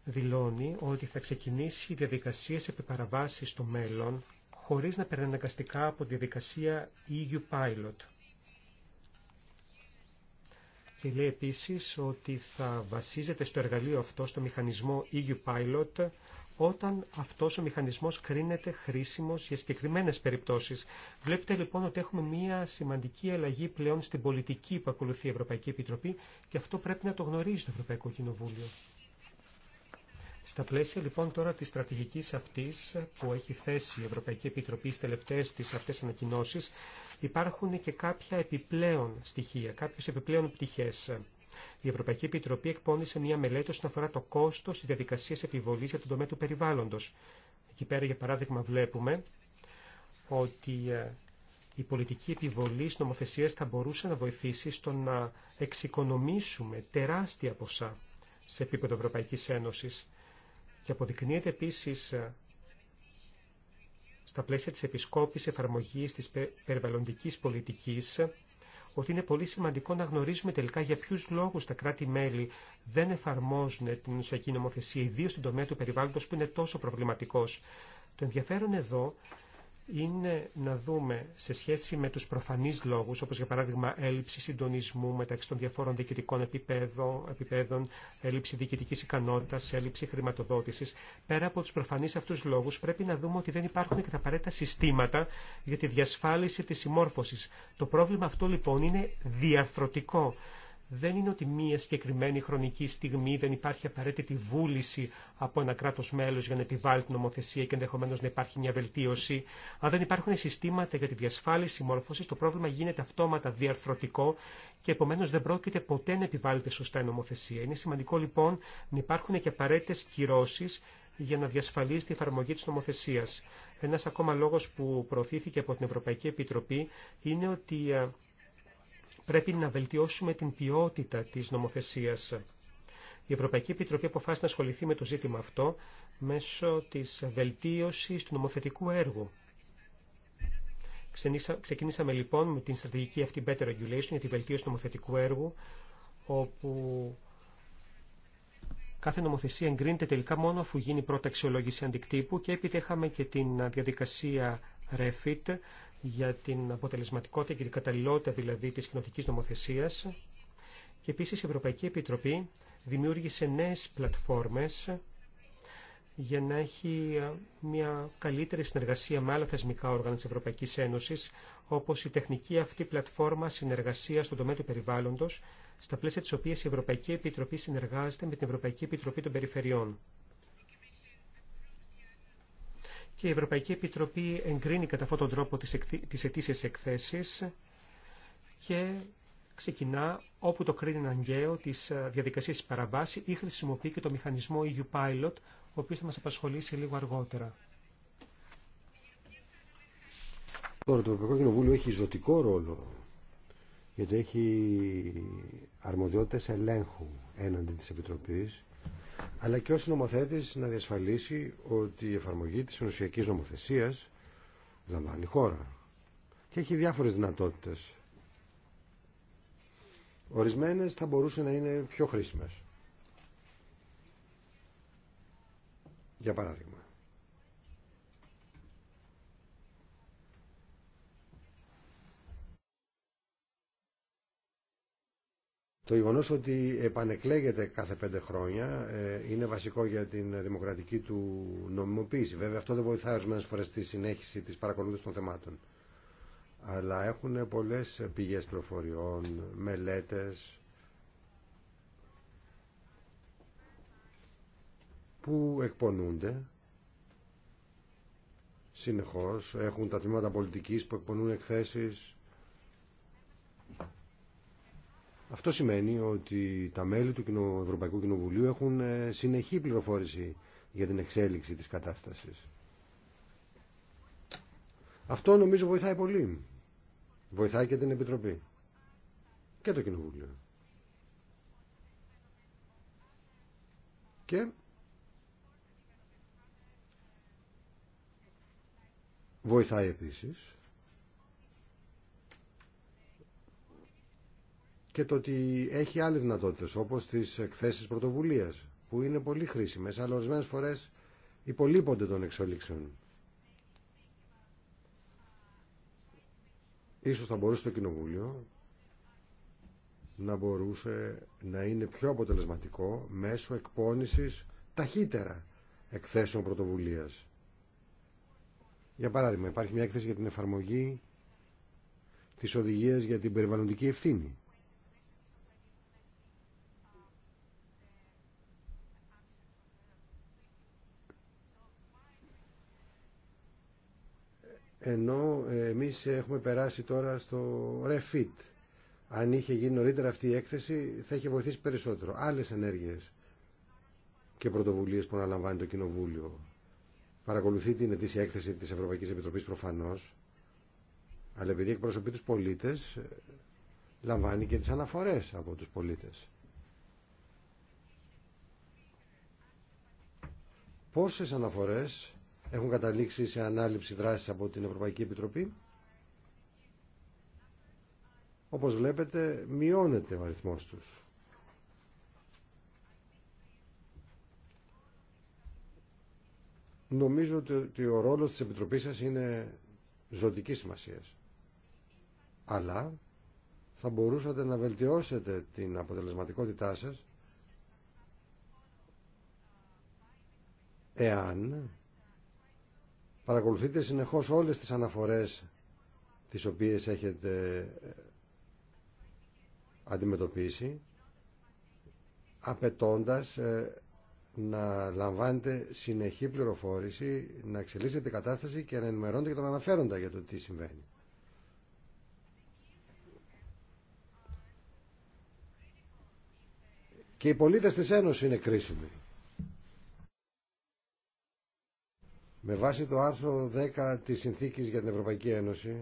δηλώνει ότι θα ξεκινήσει διαδικασίε επιπαραβάσει στο μέλλον χωρίς να περνάνε από τη διαδικασία EU Pilot και λέει επίσης ότι θα βασίζεται στο εργαλείο αυτό, στο μηχανισμό EU Pilot, όταν αυτός ο μηχανισμός κρίνεται χρήσιμος για συγκεκριμένες περιπτώσεις. Βλέπετε λοιπόν ότι έχουμε μία σημαντική αλλαγή πλέον στην πολιτική που ακολουθεί η Ευρωπαϊκή Επιτροπή και αυτό πρέπει να το γνωρίζει το Ευρωπαϊκό Κοινοβούλιο. Στα πλαίσια λοιπόν τώρα της στρατηγικής αυτής που έχει θέσει η Ευρωπαϊκή Επιτροπή στις τελευταίες της αυτές ανακοινώσεις υπάρχουν και κάποια επιπλέον στοιχεία, κάποιες επιπλέον πτυχές. Η Ευρωπαϊκή Επιτροπή εκπώνησε μια μελέτη όσον αφορά το κόστος της διαδικασίας επιβολής για τον τομέα του περιβάλλοντος. Εκεί πέρα για παράδειγμα βλέπουμε ότι ε, η πολιτική επιβολή νομοθεσίας θα μπορούσε να βοηθήσει στο να εξοικονομήσουμε τεράστια ποσά σε επίπεδο Ευρωπαϊκής Ένωσης. Και αποδεικνύεται επίσης ε, στα πλαίσια της επισκόπης εφαρμογής της περιβαλλοντικής πολιτικής ότι είναι πολύ σημαντικό να γνωρίζουμε τελικά για ποιους λόγους τα κράτη-μέλη δεν εφαρμόζουν την ουσιακή νομοθεσία, ιδίως στον τομέα του περιβάλλοντος που είναι τόσο προβληματικός. Το ενδιαφέρον εδώ είναι να δούμε σε σχέση με τους προφανείς λόγους, όπως για παράδειγμα έλλειψη συντονισμού μεταξύ των διαφόρων διοικητικών επιπέδων, έλλειψη διοικητικής ικανότητας, έλλειψη χρηματοδότησης. Πέρα από τους προφανείς αυτούς λόγους πρέπει να δούμε ότι δεν υπάρχουν και τα απαραίτητα συστήματα για τη διασφάλιση της συμμόρφωσης. Το πρόβλημα αυτό λοιπόν είναι διαρθρωτικό δεν είναι ότι μία συγκεκριμένη χρονική στιγμή δεν υπάρχει απαραίτητη βούληση από ένα κράτο μέλο για να επιβάλλει την νομοθεσία και ενδεχομένω να υπάρχει μια βελτίωση. Αν δεν υπάρχουν συστήματα για τη διασφάλιση μόρφωση, το πρόβλημα γίνεται αυτόματα διαρθρωτικό και επομένω δεν πρόκειται ποτέ να επιβάλλεται σωστά η νομοθεσία. Είναι σημαντικό λοιπόν να υπάρχουν και απαραίτητε κυρώσει για να διασφαλίσει την εφαρμογή τη νομοθεσία. Ένα ακόμα λόγος που προωθήθηκε από την Ευρωπαϊκή Επιτροπή είναι ότι ε, πρέπει να βελτιώσουμε την ποιότητα της νομοθεσίας. Η Ευρωπαϊκή Επιτροπή αποφάσισε να ασχοληθεί με το ζήτημα αυτό μέσω της βελτίωσης του νομοθετικού έργου. Ξεκινήσαμε λοιπόν με την στρατηγική αυτή Better Regulation για τη βελτίωση του νομοθετικού έργου, όπου κάθε νομοθεσία εγκρίνεται τελικά μόνο αφού γίνει πρώτα αξιολόγηση αντικτύπου και έπειτα είχαμε και την διαδικασία REFIT, για την αποτελεσματικότητα και την καταλληλότητα δηλαδή της κοινοτικής νομοθεσίας και επίσης η Ευρωπαϊκή Επιτροπή δημιούργησε νέες πλατφόρμες για να έχει ε, μια καλύτερη συνεργασία με άλλα θεσμικά όργανα της Ευρωπαϊκής Ένωσης, όπως η τεχνική αυτή πλατφόρμα συνεργασίας στον τομέα του περιβάλλοντος, στα πλαίσια της οποίας η Ευρωπαϊκή Επιτροπή συνεργάζεται με την Ευρωπαϊκή Επιτροπή των Περιφερειών και η Ευρωπαϊκή Επιτροπή εγκρίνει κατά αυτόν τον τρόπο τις αιτησεις εκθέσεις και ξεκινά όπου το κρίνει αναγκαίο τις ε, διαδικασίες παραβάση ή χρησιμοποιεί και το μηχανισμό EU Pilot, ο οποίος θα μας απασχολήσει λίγο αργότερα. Τώρα το Ευρωπαϊκό Κοινοβούλιο έχει ζωτικό ρόλο γιατί έχει αρμοδιότητες ελέγχου έναντι της Επιτροπής αλλά και ως νομοθέτης να διασφαλίσει ότι η εφαρμογή της ενωσιακής νομοθεσίας λαμβάνει χώρα και έχει διάφορες δυνατότητες. Ορισμένες θα μπορούσε να είναι πιο χρήσιμες. Για παράδειγμα, Το γεγονό ότι επανεκλέγεται κάθε πέντε χρόνια ε, είναι βασικό για την δημοκρατική του νομιμοποίηση. Βέβαια αυτό δεν βοηθάει ορισμένε φορέ στη συνέχιση τη παρακολούθηση των θεμάτων. Αλλά έχουν πολλέ πηγέ πληροφοριών, μελέτε που εκπονούνται συνεχώς. Έχουν τα τμήματα πολιτικής που εκπονούν εκθέσεις Αυτό σημαίνει ότι τα μέλη του Ευρωπαϊκού Κοινοβουλίου έχουν ε, συνεχή πληροφόρηση για την εξέλιξη της κατάστασης. Αυτό νομίζω βοηθάει πολύ. Βοηθάει και την Επιτροπή. Και το Κοινοβούλιο. Και βοηθάει επίσης και το ότι έχει άλλες δυνατότητες όπως τις εκθέσεις πρωτοβουλίας που είναι πολύ χρήσιμες αλλά ορισμένε φορές υπολείπονται των εξελίξεων. Ίσως θα μπορούσε το Κοινοβούλιο να μπορούσε να είναι πιο αποτελεσματικό μέσω εκπόνησης ταχύτερα εκθέσεων πρωτοβουλίας. Για παράδειγμα, υπάρχει μια έκθεση για την εφαρμογή της οδηγίας για την περιβαλλοντική ευθύνη. ενώ ε, εμείς έχουμε περάσει τώρα στο refit. Αν είχε γίνει νωρίτερα αυτή η έκθεση θα είχε βοηθήσει περισσότερο. Άλλες ενέργειες και πρωτοβουλίες που αναλαμβάνει το Κοινοβούλιο. Παρακολουθεί την ετήσια έκθεση της Ευρωπαϊκής Επιτροπής προφανώς, αλλά επειδή εκπροσωπεί τους πολίτες, λαμβάνει και τις αναφορές από τους πολίτες. Πόσες αναφορές έχουν καταλήξει σε ανάληψη δράση από την Ευρωπαϊκή Επιτροπή. Όπως βλέπετε, μειώνεται ο αριθμός τους. Νομίζω ότι ο ρόλος της Επιτροπής σας είναι ζωτική σημασίας. Αλλά θα μπορούσατε να βελτιώσετε την αποτελεσματικότητά σας εάν Παρακολουθείτε συνεχώς όλες τις αναφορές τις οποίες έχετε ε, αντιμετωπίσει απαιτώντας ε, να λαμβάνετε συνεχή πληροφόρηση, να εξελίσσετε κατάσταση και να ενημερώνετε και τον αναφέροντα για το τι συμβαίνει. Και οι πολίτες της Ένωσης είναι κρίσιμοι. Με βάση το άρθρο 10 της Συνθήκης για την Ευρωπαϊκή Ένωση,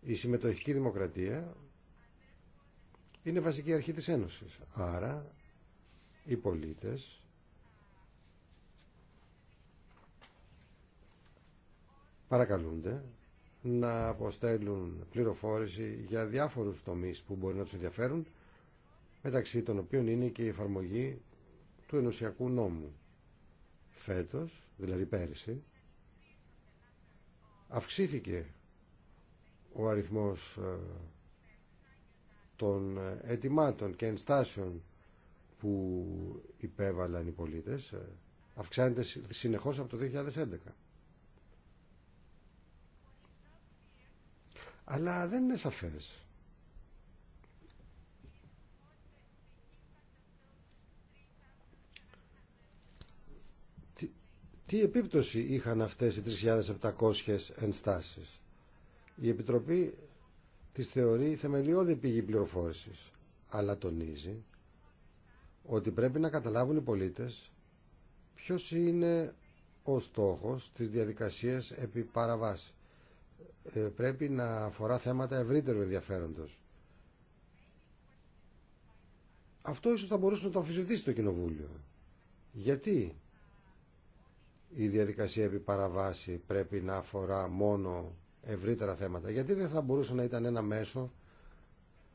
η συμμετοχική δημοκρατία είναι βασική αρχή της Ένωσης. Άρα, οι πολίτες παρακαλούνται να αποστέλουν πληροφόρηση για διάφορους τομείς που μπορεί να τους ενδιαφέρουν, μεταξύ των οποίων είναι και η εφαρμογή του ενωσιακού νόμου. Φέτος, δηλαδή πέρυσι, αυξήθηκε ο αριθμός ε, των ε, ετοιμάτων και ενστάσεων που υπέβαλαν οι πολίτες ε, αυξάνεται συνεχώς από το 2011. Αλλά δεν είναι σαφές Τι επίπτωση είχαν αυτές οι 3.700 ενστάσεις. Η Επιτροπή τις θεωρεί θεμελιώδη πηγή πληροφόρησης, αλλά τονίζει ότι πρέπει να καταλάβουν οι πολίτες ποιος είναι ο στόχος της διαδικασίας επί παραβάση. Ε, πρέπει να αφορά θέματα ευρύτερου ενδιαφέροντος. Αυτό ίσως θα μπορούσε να το αμφισβητήσει το Κοινοβούλιο. Γιατί η διαδικασία επί παραβάση πρέπει να αφορά μόνο ευρύτερα θέματα. Γιατί δεν θα μπορούσε να ήταν ένα μέσο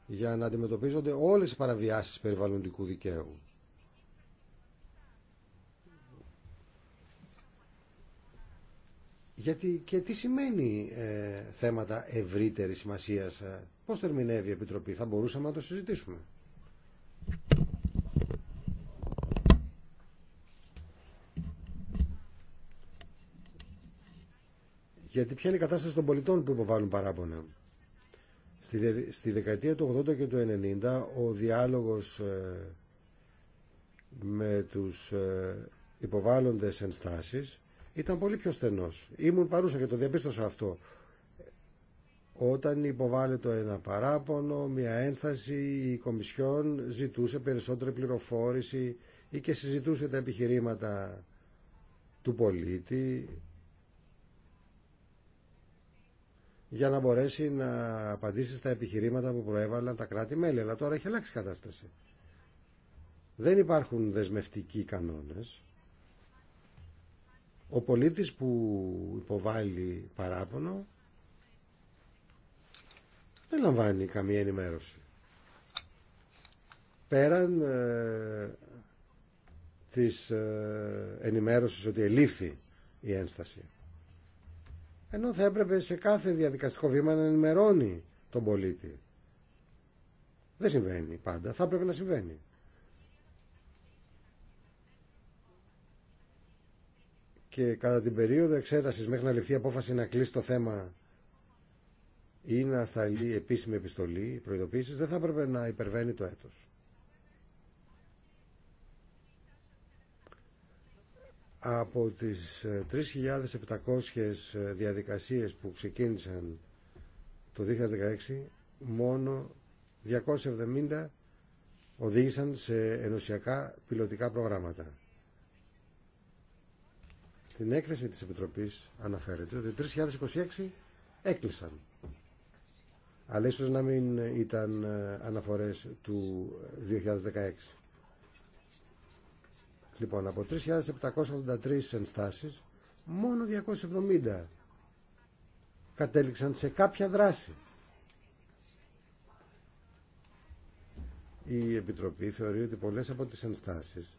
για να αντιμετωπίζονται όλες οι παραβιάσεις περιβαλλοντικού δικαίου. Γιατί και τι σημαίνει ε, θέματα ευρύτερης σημασίας, ε, πώς θερμινεύει η Επιτροπή, θα μπορούσαμε να το συζητήσουμε. Γιατί ποια είναι η κατάσταση των πολιτών που υποβάλλουν παράπονα. Στη, δεκαετία του 80 και του 90 ο διάλογος ε, με τους ε, υποβάλλοντες ενστάσεις ήταν πολύ πιο στενός. Ήμουν παρούσα και το διαπίστωσα αυτό. Όταν υποβάλλεται ένα παράπονο, μια ένσταση, η Κομισιόν ζητούσε περισσότερη πληροφόρηση ή και συζητούσε τα επιχειρήματα του πολίτη για να μπορέσει να απαντήσει στα επιχειρήματα που προέβαλαν τα κράτη-μέλη. Αλλά τώρα έχει αλλάξει η κατάσταση. Δεν υπάρχουν δεσμευτικοί κανόνες. Ο πολίτης που υποβάλλει παράπονο δεν λαμβάνει καμία ενημέρωση. Πέραν ε, της ε, ενημέρωσης ότι ελήφθη η ένσταση ενώ θα έπρεπε σε κάθε διαδικαστικό βήμα να ενημερώνει τον πολίτη. Δεν συμβαίνει πάντα, θα έπρεπε να συμβαίνει. Και κατά την περίοδο εξέτασης μέχρι να ληφθεί απόφαση να κλείσει το θέμα ή να σταλεί επίσημη επιστολή προειδοποίησης, δεν θα έπρεπε να υπερβαίνει το έτος. από τις 3.700 ε, ε, διαδικασίες που ξεκίνησαν το 2016 μόνο 270 οδήγησαν σε ενωσιακά πιλωτικά προγράμματα. Στην έκθεση της Επιτροπής αναφέρεται ότι 3.026 έκλεισαν. Αλλά ίσως να μην ήταν ε, αναφορές του 2016. Λοιπόν, από 3.783 ενστάσεις, μόνο 270 κατέληξαν σε κάποια δράση. Η Επιτροπή θεωρεί ότι πολλές από τις ενστάσεις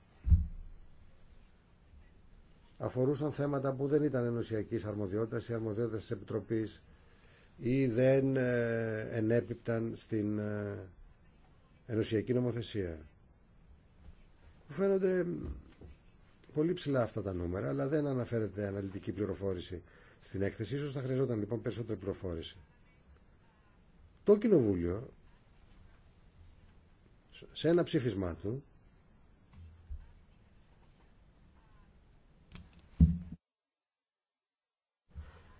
αφορούσαν θέματα που δεν ήταν ενωσιακής αρμοδιότητας ή αρμοδιότητας της Επιτροπής ή δεν ε, ενέπιπταν στην ε, ενωσιακή νομοθεσία. Που φαίνονται πολύ ψηλά αυτά τα νούμερα, αλλά δεν αναφέρεται αναλυτική πληροφόρηση στην έκθεση. Ίσως θα χρειαζόταν λοιπόν περισσότερη πληροφόρηση. Το Κοινοβούλιο, σε ένα ψήφισμά του,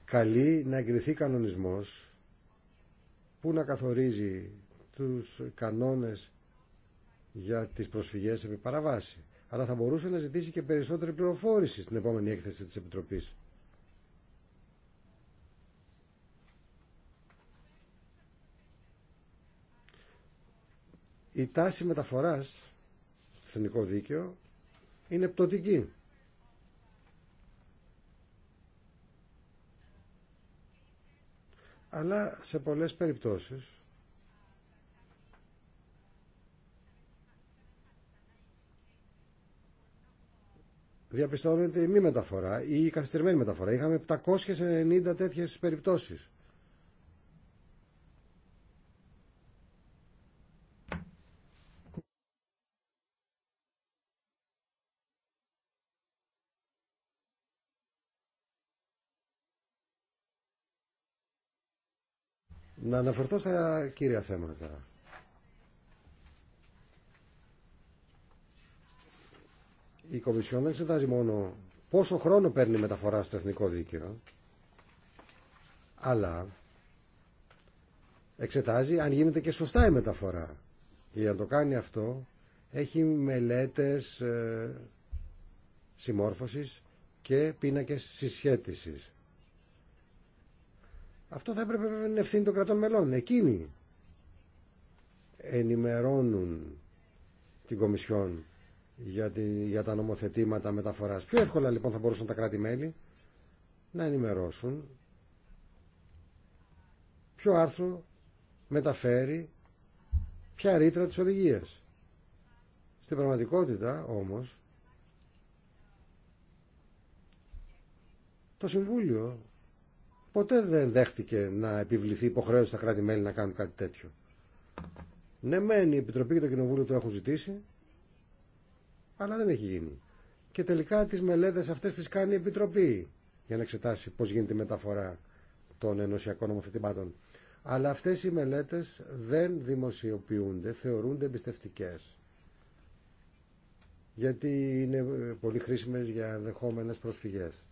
καλεί να εγκριθεί κανονισμός που να καθορίζει τους κανόνες για τις προσφυγές επί παραβάση αλλά θα μπορούσε να ζητήσει και περισσότερη πληροφόρηση στην επόμενη έκθεση της Επιτροπής. Η τάση μεταφοράς στο εθνικό δίκαιο είναι πτωτική. Αλλά σε πολλές περιπτώσεις διαπιστώνεται η μη μεταφορά ή η καθυστερημένη μεταφορά. Είχαμε 790 τέτοιες περιπτώσεις. Να αναφερθώ στα κύρια θέματα. η Κομισιόν δεν εξετάζει μόνο πόσο χρόνο παίρνει η μεταφορά στο εθνικό δίκαιο, αλλά εξετάζει αν γίνεται και σωστά η μεταφορά. για να το κάνει αυτό έχει μελέτες ε, συμμόρφωσης και πίνακες συσχέτισης. Αυτό θα έπρεπε να είναι ευθύνη των κρατών μελών. Εκείνοι ενημερώνουν την Κομισιόν για, για τα νομοθετήματα μεταφοράς. Πιο εύκολα λοιπόν θα μπορούσαν τα κράτη-μέλη να ενημερώσουν ποιο άρθρο μεταφέρει ποια ρήτρα της οδηγίας. Στην πραγματικότητα όμως το Συμβούλιο ποτέ δεν δέχτηκε να επιβληθεί υποχρέωση στα κράτη-μέλη να κάνουν κάτι τέτοιο. Ναι, μένει, η Επιτροπή και το Κοινοβούλιο το έχουν ζητήσει, αλλά δεν έχει γίνει. Και τελικά τις μελέτες αυτές τις κάνει η Επιτροπή για να εξετάσει πώς γίνεται η μεταφορά των ενωσιακών νομοθετημάτων. Αλλά αυτές οι μελέτες δεν δημοσιοποιούνται, θεωρούνται εμπιστευτικέ. Γιατί είναι πολύ χρήσιμες για ενδεχόμενε προσφυγές.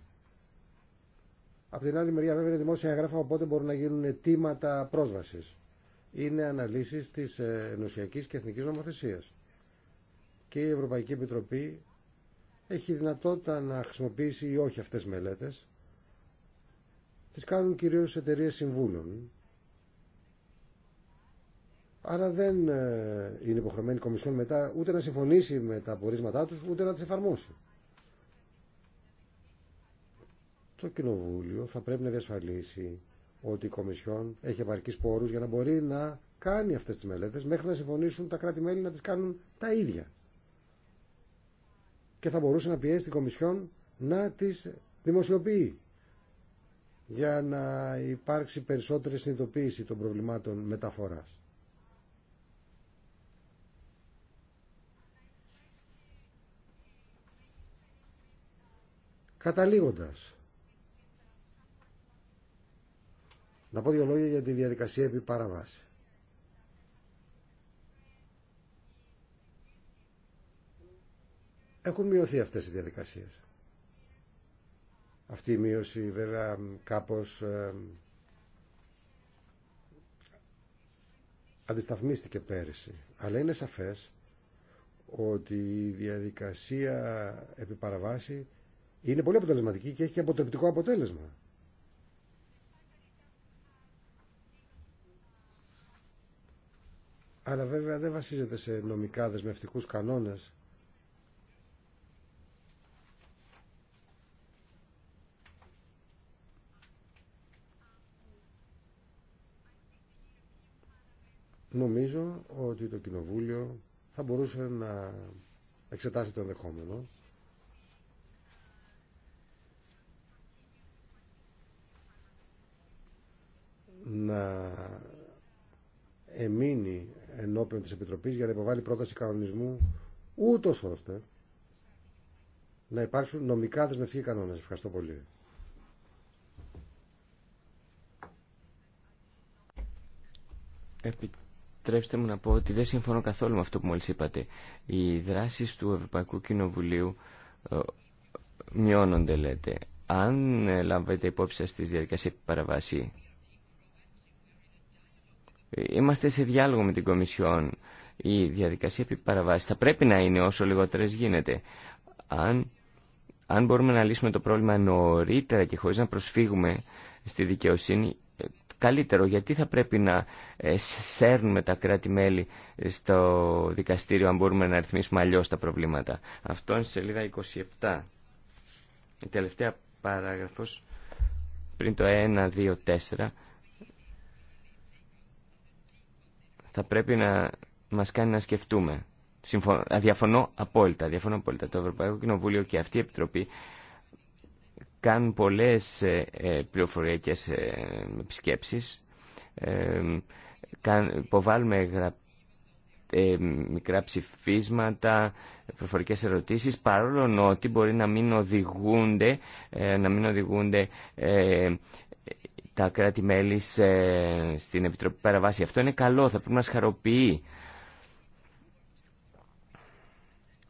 Από την άλλη μεριά βέβαια είναι δημόσια έγγραφα, οπότε μπορούν να γίνουν αιτήματα πρόσβασης. Είναι αναλύσεις της ε, ενωσιακής και εθνικής νομοθεσίας και η Ευρωπαϊκή Επιτροπή έχει δυνατότητα να χρησιμοποιήσει ή όχι αυτές τις μελέτες. Τις κάνουν κυρίως εταιρείε συμβούλων. Άρα δεν ε, είναι υποχρεωμένη η Κομισιόν μετά ούτε να συμφωνήσει με τα απορίσματά τους, ούτε να τις εφαρμόσει. Το Κοινοβούλιο θα πρέπει να διασφαλίσει ότι η Κομισιόν έχει επαρκείς πόρους για να μπορεί να κάνει αυτές τις μελέτες μέχρι να συμφωνήσουν τα κράτη-μέλη να τις κάνουν τα ίδια και θα μπορούσε να πιέσει την Κομισιόν να τις δημοσιοποιεί για να υπάρξει περισσότερη συνειδητοποίηση των προβλημάτων μεταφοράς. Καταλήγοντας, να πω δύο λόγια για τη διαδικασία επί παραβάση. έχουν μειωθεί αυτές οι διαδικασίες. Αυτή η μείωση βέβαια κάπως ε, αντισταθμίστηκε πέρυσι. Αλλά είναι σαφές ότι η διαδικασία επί παραβάση είναι πολύ αποτελεσματική και έχει και αποτρεπτικό αποτέλεσμα. Αλλά βέβαια δεν βασίζεται σε νομικά δεσμευτικούς κανόνες Νομίζω ότι το Κοινοβούλιο θα μπορούσε να εξετάσει το ενδεχόμενο να εμείνει ενώπιον της Επιτροπής για να υποβάλει πρόταση κανονισμού ούτως ώστε να υπάρξουν νομικά δεσμευτικοί κανόνες. Ευχαριστώ πολύ επιτρέψτε μου να πω ότι δεν συμφωνώ καθόλου με αυτό που μόλις είπατε. Οι δράσεις του Ευρωπαϊκού Κοινοβουλίου ε, μειώνονται, λέτε. Αν ε, λάβετε υπόψη σας τις διαδικασίες παραβάση, ε, είμαστε σε διάλογο με την Κομισιόν. Η διαδικασία επί θα πρέπει να είναι όσο λιγότερες γίνεται. Αν, αν μπορούμε να λύσουμε το πρόβλημα νωρίτερα και χωρίς να προσφύγουμε στη δικαιοσύνη, καλύτερο. Γιατί θα πρέπει να ε, σέρνουμε τα κράτη-μέλη ε, στο δικαστήριο αν μπορούμε να ρυθμίσουμε αλλιώ τα προβλήματα. Αυτό είναι σε σελίδα 27. Η τελευταία παράγραφος πριν το 1, 2, 4 θα πρέπει να μας κάνει να σκεφτούμε. Συμφωνώ, διαφωνώ απόλυτα, διαφωνώ απόλυτα. Το Ευρωπαϊκό Κοινοβούλιο και αυτή η Επιτροπή κάνουν πολλές ε, ε, πληροφοριακές ε, επισκέψεις, υποβάλλουμε μικρά ψηφίσματα, προφορικές ερωτήσεις, παρόλο ότι μπορεί να μην οδηγούνται, να μην οδηγούνται τα κράτη-μέλη στην Επιτροπή Παραβάση. Αυτό είναι καλό, θα πρέπει να σχαροποιεί.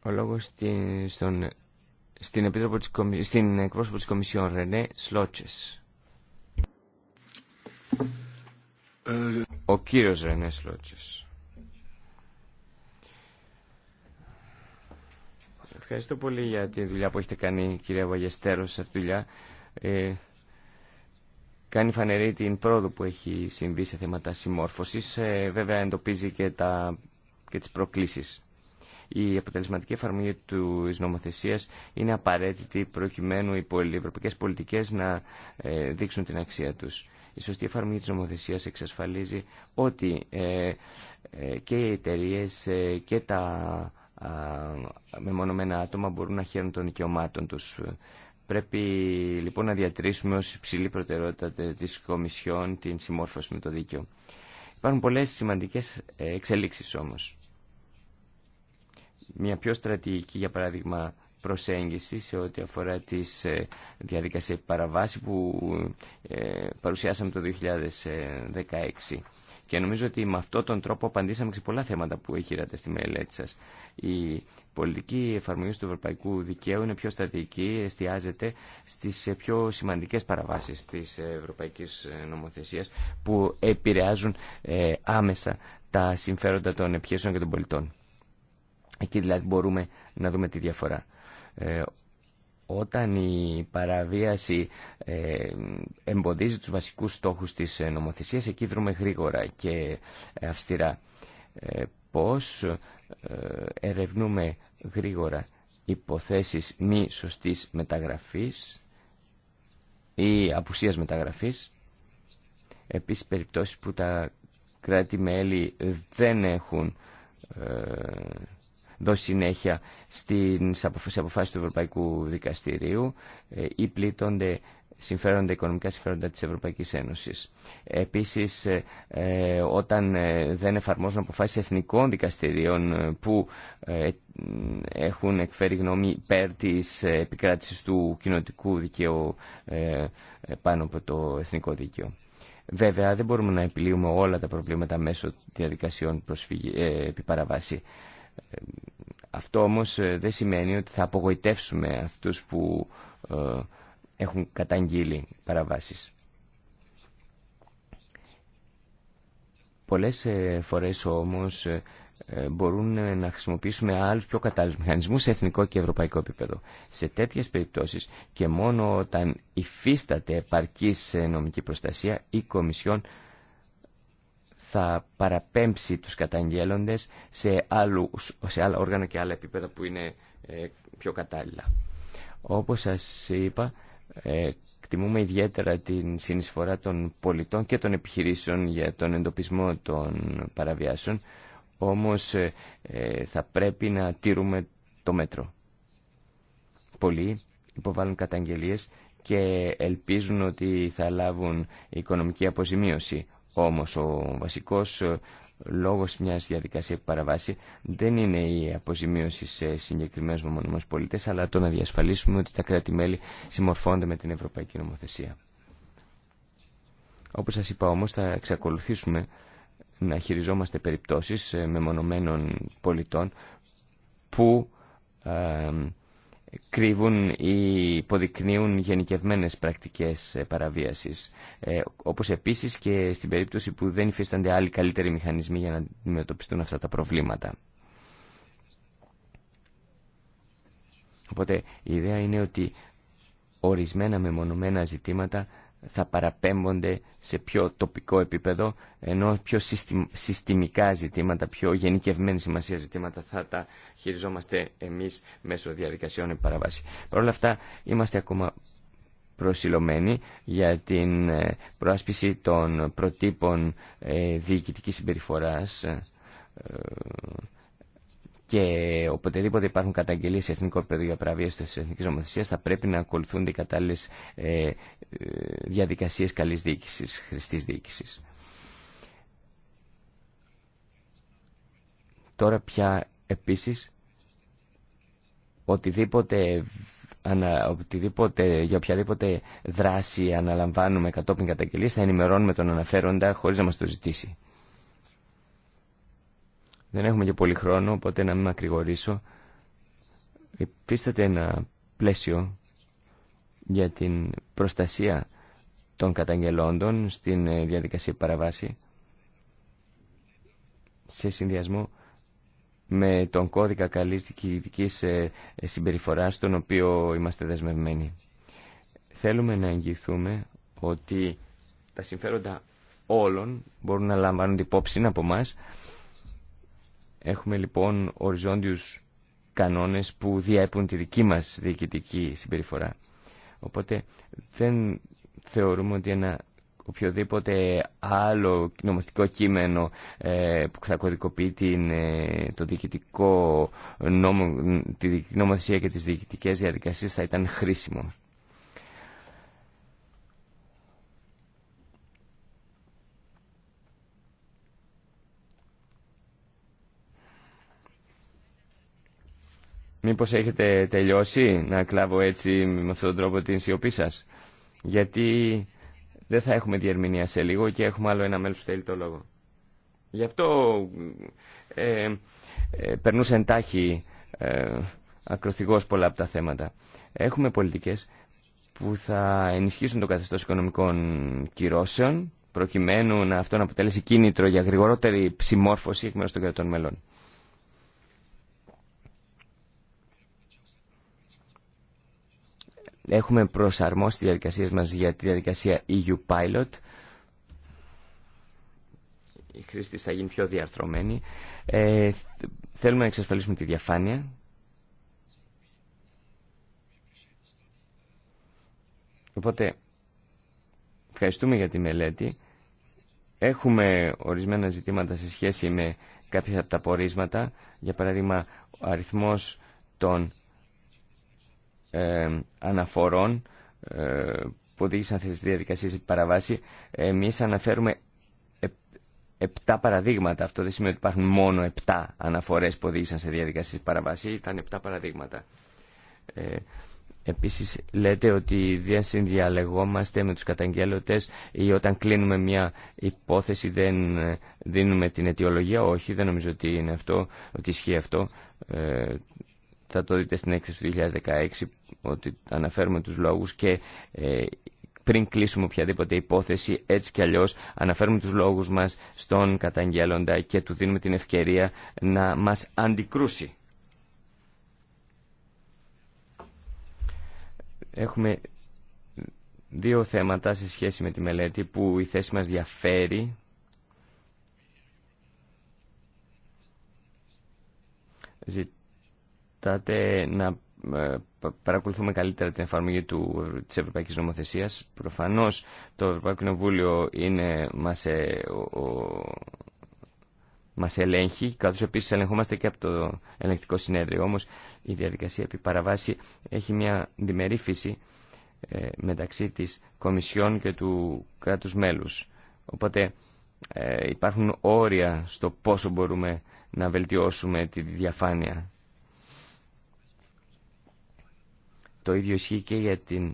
Ο στον στην, Επίτροπο της στην εκπρόσωπο της Κομισιόν Ρενέ Σλότσες. Ε, Ο κύριος Ρενέ Σλότσες. Ευχαριστώ πολύ για τη δουλειά που έχετε κάνει κυρία Βαγεστέρο σε αυτή τη δουλειά. Ε, κάνει φανερή την πρόοδο που έχει συμβεί σε θέματα συμμόρφωσης. Ε, βέβαια εντοπίζει και, τα, και τις προκλήσεις η αποτελεσματική εφαρμογή της νομοθεσία είναι απαραίτητη προκειμένου οι ευρωπαϊκές πολιτικές να ε, δείξουν την αξία τους. Η σωστή εφαρμογή τη νομοθεσία εξασφαλίζει ότι ε, ε, και οι εταιρείε και τα μεμονωμένα άτομα μπορούν να χαίρουν των δικαιωμάτων τους. Πρέπει λοιπόν να διατρήσουμε ως υψηλή προτεραιότητα της Κομισιόν την συμμόρφωση με το δίκαιο. Υπάρχουν πολλές σημαντικές εξελίξεις όμως μια πιο στρατηγική, για παράδειγμα, προσέγγιση σε ό,τι αφορά τις ε, διαδικασίες παραβάση που ε, παρουσιάσαμε το 2016. Και νομίζω ότι με αυτόν τον τρόπο απαντήσαμε σε πολλά θέματα που έχειρατε στη μελέτη σας. Η πολιτική εφαρμογή του ευρωπαϊκού δικαίου είναι πιο στρατηγική, εστιάζεται στις ε, πιο σημαντικές παραβάσεις της ευρωπαϊκής νομοθεσίας που επηρεάζουν άμεσα τα συμφέροντα των επιχειρήσεων και των πολιτών. Εκεί δηλαδή μπορούμε να δούμε τη διαφορά. Ε, όταν η παραβίαση ε, εμποδίζει τους βασικούς στόχους της ε, νομοθεσίας, εκεί δρούμε γρήγορα και αυστηρά. Ε, πώς ερευνούμε γρήγορα υποθέσεις μη σωστής μεταγραφής ή απουσίας μεταγραφής. Επίσης περιπτώσεις που τα κράτη-μέλη δεν έχουν δώσει συνέχεια στι αποφάσεις του Ευρωπαϊκού Δικαστηρίου ε, ή πλήττονται συμφέροντα, οικονομικά συμφέροντα της Ευρωπαϊκής Ένωσης. Επίσης, ε, ε, όταν δεν εφαρμόζουν αποφάσεις εθνικών δικαστηρίων που έχουν εκφέρει γνώμη υπέρ της επικράτησης του κοινοτικού δικαίου πάνω από το εθνικό δίκαιο. Βέβαια, δεν μπορούμε να επιλύουμε όλα τα προβλήματα μέσω διαδικασιών προσφυγή, αυτό όμως ε, δεν σημαίνει ότι θα απογοητεύσουμε αυτούς που ε, έχουν καταγγείλει παραβάσεις. Πολλές ε, φορές όμως μπορούν να χρησιμοποιήσουμε άλλους πιο κατάλληλους μηχανισμούς σε εθνικό και ευρωπαϊκό επίπεδο. Σε τέτοιες περιπτώσεις και μόνο όταν υφίσταται επαρκής νομική προστασία η Κομισιόν θα παραπέμψει τους καταγγέλλοντες σε, άλλους, σε άλλα όργανα και άλλα επίπεδα που είναι ε, πιο κατάλληλα. Όπως σας είπα, ε, εκτιμούμε ιδιαίτερα την συνεισφορά των πολιτών και των επιχειρήσεων για τον εντοπισμό των παραβιάσεων, όμως ε, ε, θα πρέπει να τήρουμε το μέτρο. Πολλοί υποβάλλουν καταγγελίες και ελπίζουν ότι θα λάβουν οικονομική αποζημίωση. Όμως ο βασικός ε, λόγος μιας διαδικασίας που παραβάσει δεν είναι η αποζημίωση σε συγκεκριμένους μονομενούς πολίτες, αλλά το να διασφαλίσουμε ότι τα κράτη-μέλη συμμορφώνται με την Ευρωπαϊκή Νομοθεσία. Όπως σας είπα όμως θα εξακολουθήσουμε να χειριζόμαστε περιπτώσεις ε, μεμονωμένων πολιτών που ε, κρύβουν ή υποδεικνύουν γενικευμένες πρακτικές ε, παραβίασης, ε, όπως επίσης και στην περίπτωση που δεν υφίστανται άλλοι καλύτεροι μηχανισμοί για να αντιμετωπιστούν αυτά τα προβλήματα. Οπότε η ιδέα είναι ότι ορισμένα μεμονωμένα ζητήματα θα παραπέμπονται σε πιο τοπικό επίπεδο, ενώ πιο συστημικά ζητήματα, πιο γενικευμένη σημασία ζητήματα θα τα χειριζόμαστε εμείς μέσω διαδικασιών επί παραβάση. Παρ' όλα αυτά είμαστε ακόμα προσιλωμένοι για την ε, προάσπιση των προτύπων ε, διοικητικής συμπεριφοράς ε, και οποτεδήποτε υπάρχουν καταγγελίες σε εθνικό πεδίο για παραβίαση της εθνικής νομοθεσίας θα πρέπει να ακολουθούνται οι κατάλληλες ε, ε, διαδικασίες καλής διοίκησης, χρηστής διοίκησης. Τώρα πια επίσης οτιδήποτε, ανα, για οποιαδήποτε δράση αναλαμβάνουμε κατόπιν καταγγελίες θα ενημερώνουμε τον αναφέροντα χωρίς να μας το ζητήσει. Δεν έχουμε και πολύ χρόνο, οπότε να μην ακρηγορήσω. Υπίσταται ένα πλαίσιο για την προστασία των καταγγελόντων στην ε, διαδικασία παραβάση σε συνδυασμό με τον κώδικα καλής δικητικής ε, ε, συμπεριφοράς τον οποίο είμαστε δεσμευμένοι. Θέλουμε να εγγυηθούμε ότι τα συμφέροντα όλων μπορούν να την υπόψη από εμά. Έχουμε λοιπόν οριζόντιους κανόνες που διέπουν τη δική μας διοικητική συμπεριφορά. Οπότε δεν θεωρούμε ότι ένα οποιοδήποτε άλλο νομοθετικό κείμενο ε, που θα κωδικοποιεί την, ε, το διοικητικό νόμο, τη νομοθεσία και τις διοικητικές διαδικασίες θα ήταν χρήσιμο. Μήπως έχετε τελειώσει να κλάβω έτσι με αυτόν τον τρόπο την σιωπή σα, Γιατί δεν θα έχουμε διερμηνία σε λίγο και έχουμε άλλο ένα μέλος που θέλει το λόγο. Γι' αυτό ε, ε, περνούσε εντάχει ε, πολλά από τα θέματα. Έχουμε πολιτικές που θα ενισχύσουν το καθεστώς οικονομικών κυρώσεων προκειμένου να αυτό να αποτελέσει κίνητρο για γρηγορότερη ψημόρφωση εκ μέρους των κρατών μελών. έχουμε προσαρμόσει τις διαδικασίες μας για τη διαδικασία EU Pilot. Η χρήση θα γίνει πιο διαρθρωμένη. Ε, θέλουμε να εξασφαλίσουμε τη διαφάνεια. Οπότε, ευχαριστούμε για τη μελέτη. Έχουμε ορισμένα ζητήματα σε σχέση με κάποια από τα πορίσματα. Για παράδειγμα, ο αριθμός των ε, αναφορών ε, που οδήγησαν αυτές τις διαδικασίες παραβάση. Εμείς αναφέρουμε επτά παραδείγματα. Αυτό δεν σημαίνει ότι υπάρχουν μόνο επτά αναφορές που οδήγησαν σε διαδικασίες παραβάση. Ήταν επτά παραδείγματα. Ε, επίσης λέτε ότι διασυνδιαλεγόμαστε με τους καταγγέλλοντες ή όταν κλείνουμε μια υπόθεση δεν ε, δίνουμε την αιτιολογία. Όχι, δεν νομίζω ότι είναι αυτό, ότι ισχύει αυτό. Ε, θα το δείτε στην έκθεση του 2016 ότι αναφέρουμε τους λόγους και ε, πριν κλείσουμε οποιαδήποτε υπόθεση, έτσι κι αλλιώς αναφέρουμε τους λόγους μας στον καταγγέλλοντα και του δίνουμε την ευκαιρία να μας αντικρούσει. Έχουμε δύο θέματα σε σχέση με τη μελέτη που η θέση μας διαφέρει ζητάτε να ε, παρακολουθούμε καλύτερα την εφαρμογή του, της Ευρωπαϊκής Νομοθεσίας. Προφανώς το Ευρωπαϊκό Κοινοβούλιο είναι, μας, ε, ο, μας ελέγχει, καθώς επίσης ελεγχόμαστε και από το ελεγκτικό συνέδριο. Όμως η διαδικασία επί παραβάση έχει μια διμερή φύση ε, μεταξύ της Κομισιόν και του κράτους μέλους. Οπότε ε, υπάρχουν όρια στο πόσο μπορούμε να βελτιώσουμε τη διαφάνεια Το ίδιο ισχύει και για την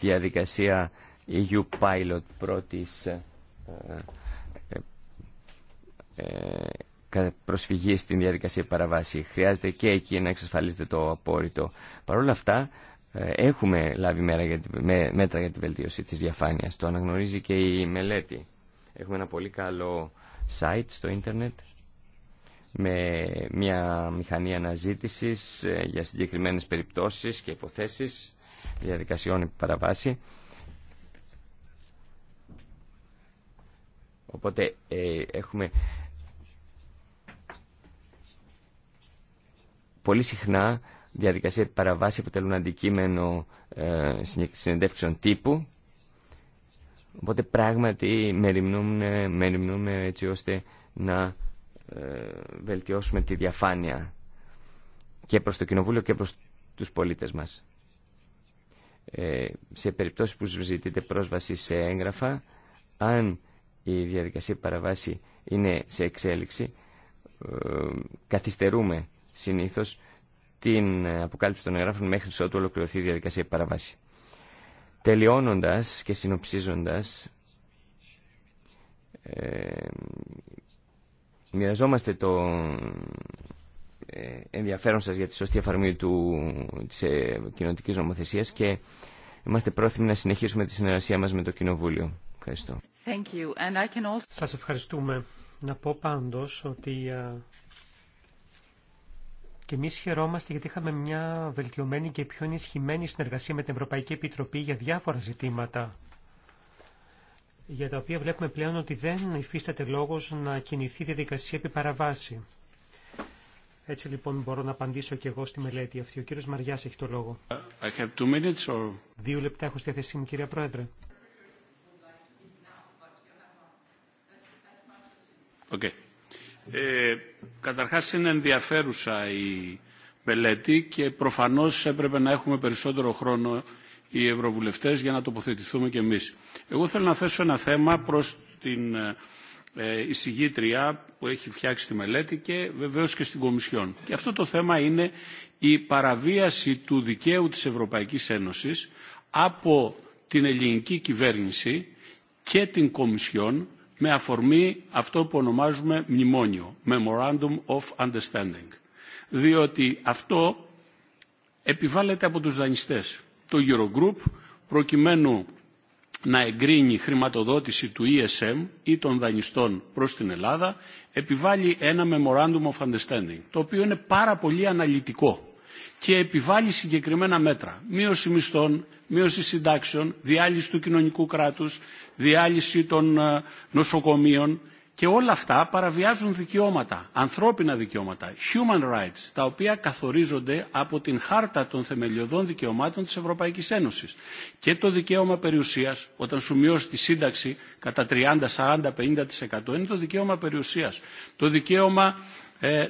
διαδικασία EU Pilot πρώτης ε, ε, ε, προσφυγή στην διαδικασία παραβάση. Χρειάζεται και εκεί να εξασφαλίζεται το απόρριτο. Παρ' όλα αυτά έχουμε λάβει για μέτρα για τη βελτίωση της διαφάνειας. Το αναγνωρίζει και η μελέτη. Έχουμε ένα πολύ καλό site στο ίντερνετ με μια μηχανή αναζήτησης ε, για συγκεκριμένες περιπτώσεις και υποθέσεις διαδικασιών επί παραβάση. Οπότε ε, έχουμε πολύ συχνά διαδικασία επί παραβάση αποτελούν αντικείμενο ε, συνεντεύξεων τύπου. Οπότε πράγματι μεριμνούμε, μεριμνούμε έτσι ώστε να ε, βελτιώσουμε τη διαφάνεια και προς το Κοινοβούλιο και προς τους πολίτες μας. Ε, σε περιπτώσεις που ζητείτε πρόσβαση σε έγγραφα, αν η διαδικασία παραβάση είναι σε εξέλιξη, ε, καθυστερούμε συνήθως την αποκάλυψη των εγγράφων μέχρι ότου ολοκληρωθεί η διαδικασία παραβάση. Τελειώνοντας και συνοψίζοντας, Μοιραζόμαστε το ε, ενδιαφέρον σας για τη σωστή εφαρμογή του, της ε, κοινωνικής νομοθεσίας και είμαστε πρόθυμοι να συνεχίσουμε τη συνεργασία μας με το Κοινοβούλιο. Ευχαριστώ. Thank you. And I can also... Σας ευχαριστούμε. Να πω πάντως ότι ε, και εμεί χαιρόμαστε γιατί είχαμε μια βελτιωμένη και πιο ενισχυμένη συνεργασία με την Ευρωπαϊκή Επιτροπή για διάφορα ζητήματα για τα οποία βλέπουμε πλέον ότι δεν υφίσταται λόγος να κινηθεί διαδικασία επί παραβάση. Έτσι λοιπόν μπορώ να απαντήσω και εγώ στη μελέτη αυτή. Ο κύριος Μαριάς έχει το λόγο. Uh, minutes or... Δύο λεπτά έχω στη θέση μου κυρία Πρόεδρε. Okay. Ε, καταρχάς είναι ενδιαφέρουσα η μελέτη και προφανώς έπρεπε να έχουμε περισσότερο χρόνο οι ευρωβουλευτές για να τοποθετηθούμε κι εμείς. Εγώ θέλω να θέσω ένα θέμα προς την ε, εισηγήτρια που έχει φτιάξει τη μελέτη και βεβαίως και στην Κομισιόν. Και αυτό το θέμα είναι η παραβίαση του δικαίου της Ευρωπαϊκής Ένωσης από την ελληνική κυβέρνηση και την Κομισιόν με αφορμή αυτό που ονομάζουμε μνημόνιο, Memorandum of Understanding. Διότι αυτό επιβάλλεται από τους δανειστές το Eurogroup προκειμένου να εγκρίνει χρηματοδότηση του ESM ή των δανειστών προς την Ελλάδα επιβάλλει ένα Memorandum of Understanding το οποίο είναι πάρα πολύ αναλυτικό και επιβάλλει συγκεκριμένα μέτρα. Μείωση μισθών, μείωση συντάξεων, διάλυση του κοινωνικού κράτους, διάλυση των ε, νοσοκομείων και όλα αυτά παραβιάζουν δικαιώματα, ανθρώπινα δικαιώματα, human rights, τα οποία καθορίζονται από την χάρτα των θεμελιωδών δικαιωμάτων της Ευρωπαϊκής Ένωσης. Και το δικαίωμα περιουσίας, όταν σου μειώσει τη σύνταξη κατά 30, 40, 50% είναι το δικαίωμα περιουσίας. Το δικαίωμα ε,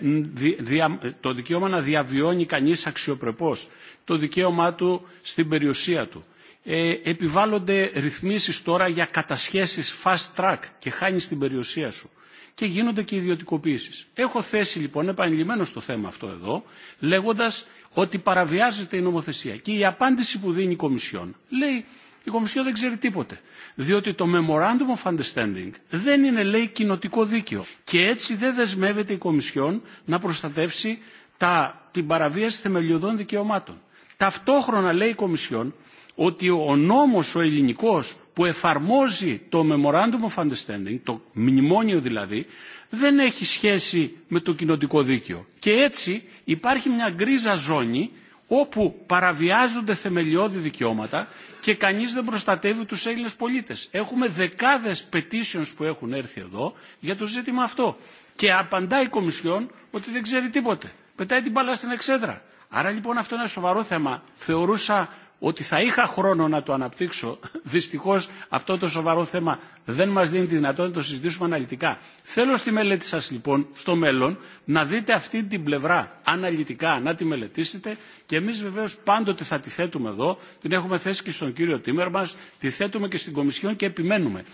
το δικαίωμα να διαβιώνει κανείς αξιοπρεπώς, το δικαίωμά του στην περιουσία του, ε, επιβάλλονται ρυθμίσεις τώρα για κατασχέσεις fast track και χάνεις την περιουσία σου. Και γίνονται και ιδιωτικοποίησει. Έχω θέσει λοιπόν επανειλημμένο στο θέμα αυτό εδώ, λέγοντα ότι παραβιάζεται η νομοθεσία. Και η απάντηση που δίνει η Κομισιόν λέει η Κομισιόν δεν ξέρει τίποτε. Διότι το Memorandum of Understanding δεν είναι, λέει, κοινοτικό δίκαιο. Και έτσι δεν δεσμεύεται η Κομισιόν να προστατεύσει τα, την παραβίαση θεμελιωδών δικαιωμάτων. Ταυτόχρονα, λέει η Κομισιόν, ότι ο νόμος ο ελληνικός που εφαρμόζει το Memorandum of Understanding, το μνημόνιο δηλαδή, δεν έχει σχέση με το κοινοτικό δίκαιο. Και έτσι υπάρχει μια γκρίζα ζώνη όπου παραβιάζονται θεμελιώδη δικαιώματα και κανείς δεν προστατεύει τους Έλληνες πολίτες. Έχουμε δεκάδες petitions που έχουν έρθει εδώ για το ζήτημα αυτό. Και απαντάει η Κομισιόν ότι δεν ξέρει τίποτε. Πετάει την μπάλα στην εξέδρα. Άρα λοιπόν αυτό είναι ένα σοβαρό θέμα. Θεωρούσα ότι θα είχα χρόνο να το αναπτύξω. Δυστυχώ αυτό το σοβαρό θέμα δεν μα δίνει τη δυνατότητα να το συζητήσουμε αναλυτικά. Θέλω στη μελέτη σα λοιπόν στο μέλλον να δείτε αυτή την πλευρά αναλυτικά, να τη μελετήσετε και εμεί βεβαίω πάντοτε θα τη θέτουμε εδώ. Την έχουμε θέσει και στον κύριο Τίμερ μα, τη θέτουμε και στην Κομισιόν και επιμένουμε.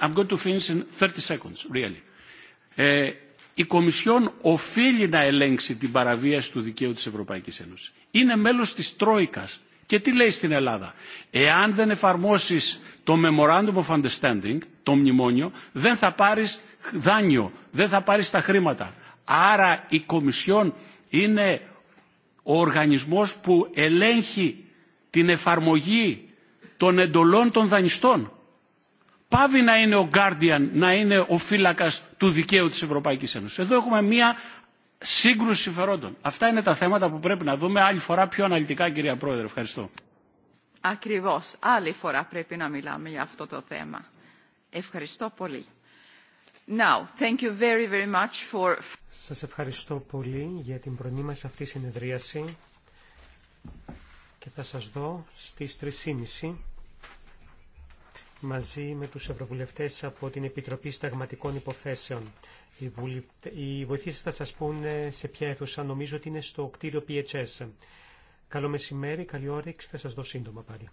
I'm going to finish in 30 seconds, really. Ε, η Κομισιόν οφείλει να ελέγξει την παραβίαση του δικαίου της Ευρωπαϊκής Ένωση Είναι μέλος τη Τρόικας και τι λέει στην Ελλάδα. Εάν δεν εφαρμόσεις το Memorandum of Understanding, το μνημόνιο, δεν θα πάρεις δάνειο, δεν θα πάρεις τα χρήματα. Άρα η Κομισιόν είναι ο οργανισμός που ελέγχει την εφαρμογή των εντολών των δανειστών. Πάβει να είναι ο Guardian, να είναι ο φύλακας του δικαίου της Ευρωπαϊκής Ένωσης. Εδώ έχουμε μία σύγκρουση συμφερόντων. Αυτά είναι τα θέματα που πρέπει να δούμε άλλη φορά πιο αναλυτικά, κυρία Πρόεδρε. Ευχαριστώ. Ακριβώς. Άλλη φορά πρέπει να μιλάμε για αυτό το θέμα. Ευχαριστώ πολύ. Now, thank you very, very much for... Σας ευχαριστώ πολύ για την πρωινή μας αυτή συνεδρίαση και θα σας δω στις 3.30 μαζί με τους ευρωβουλευτές από την Επιτροπή Σταγματικών Υποθέσεων. Οι, βοηθήσει θα σας πούνε σε ποια αίθουσα. Νομίζω ότι είναι στο κτίριο PHS. Καλό μεσημέρι, καλή όρεξη. Θα σας δω σύντομα πάλι.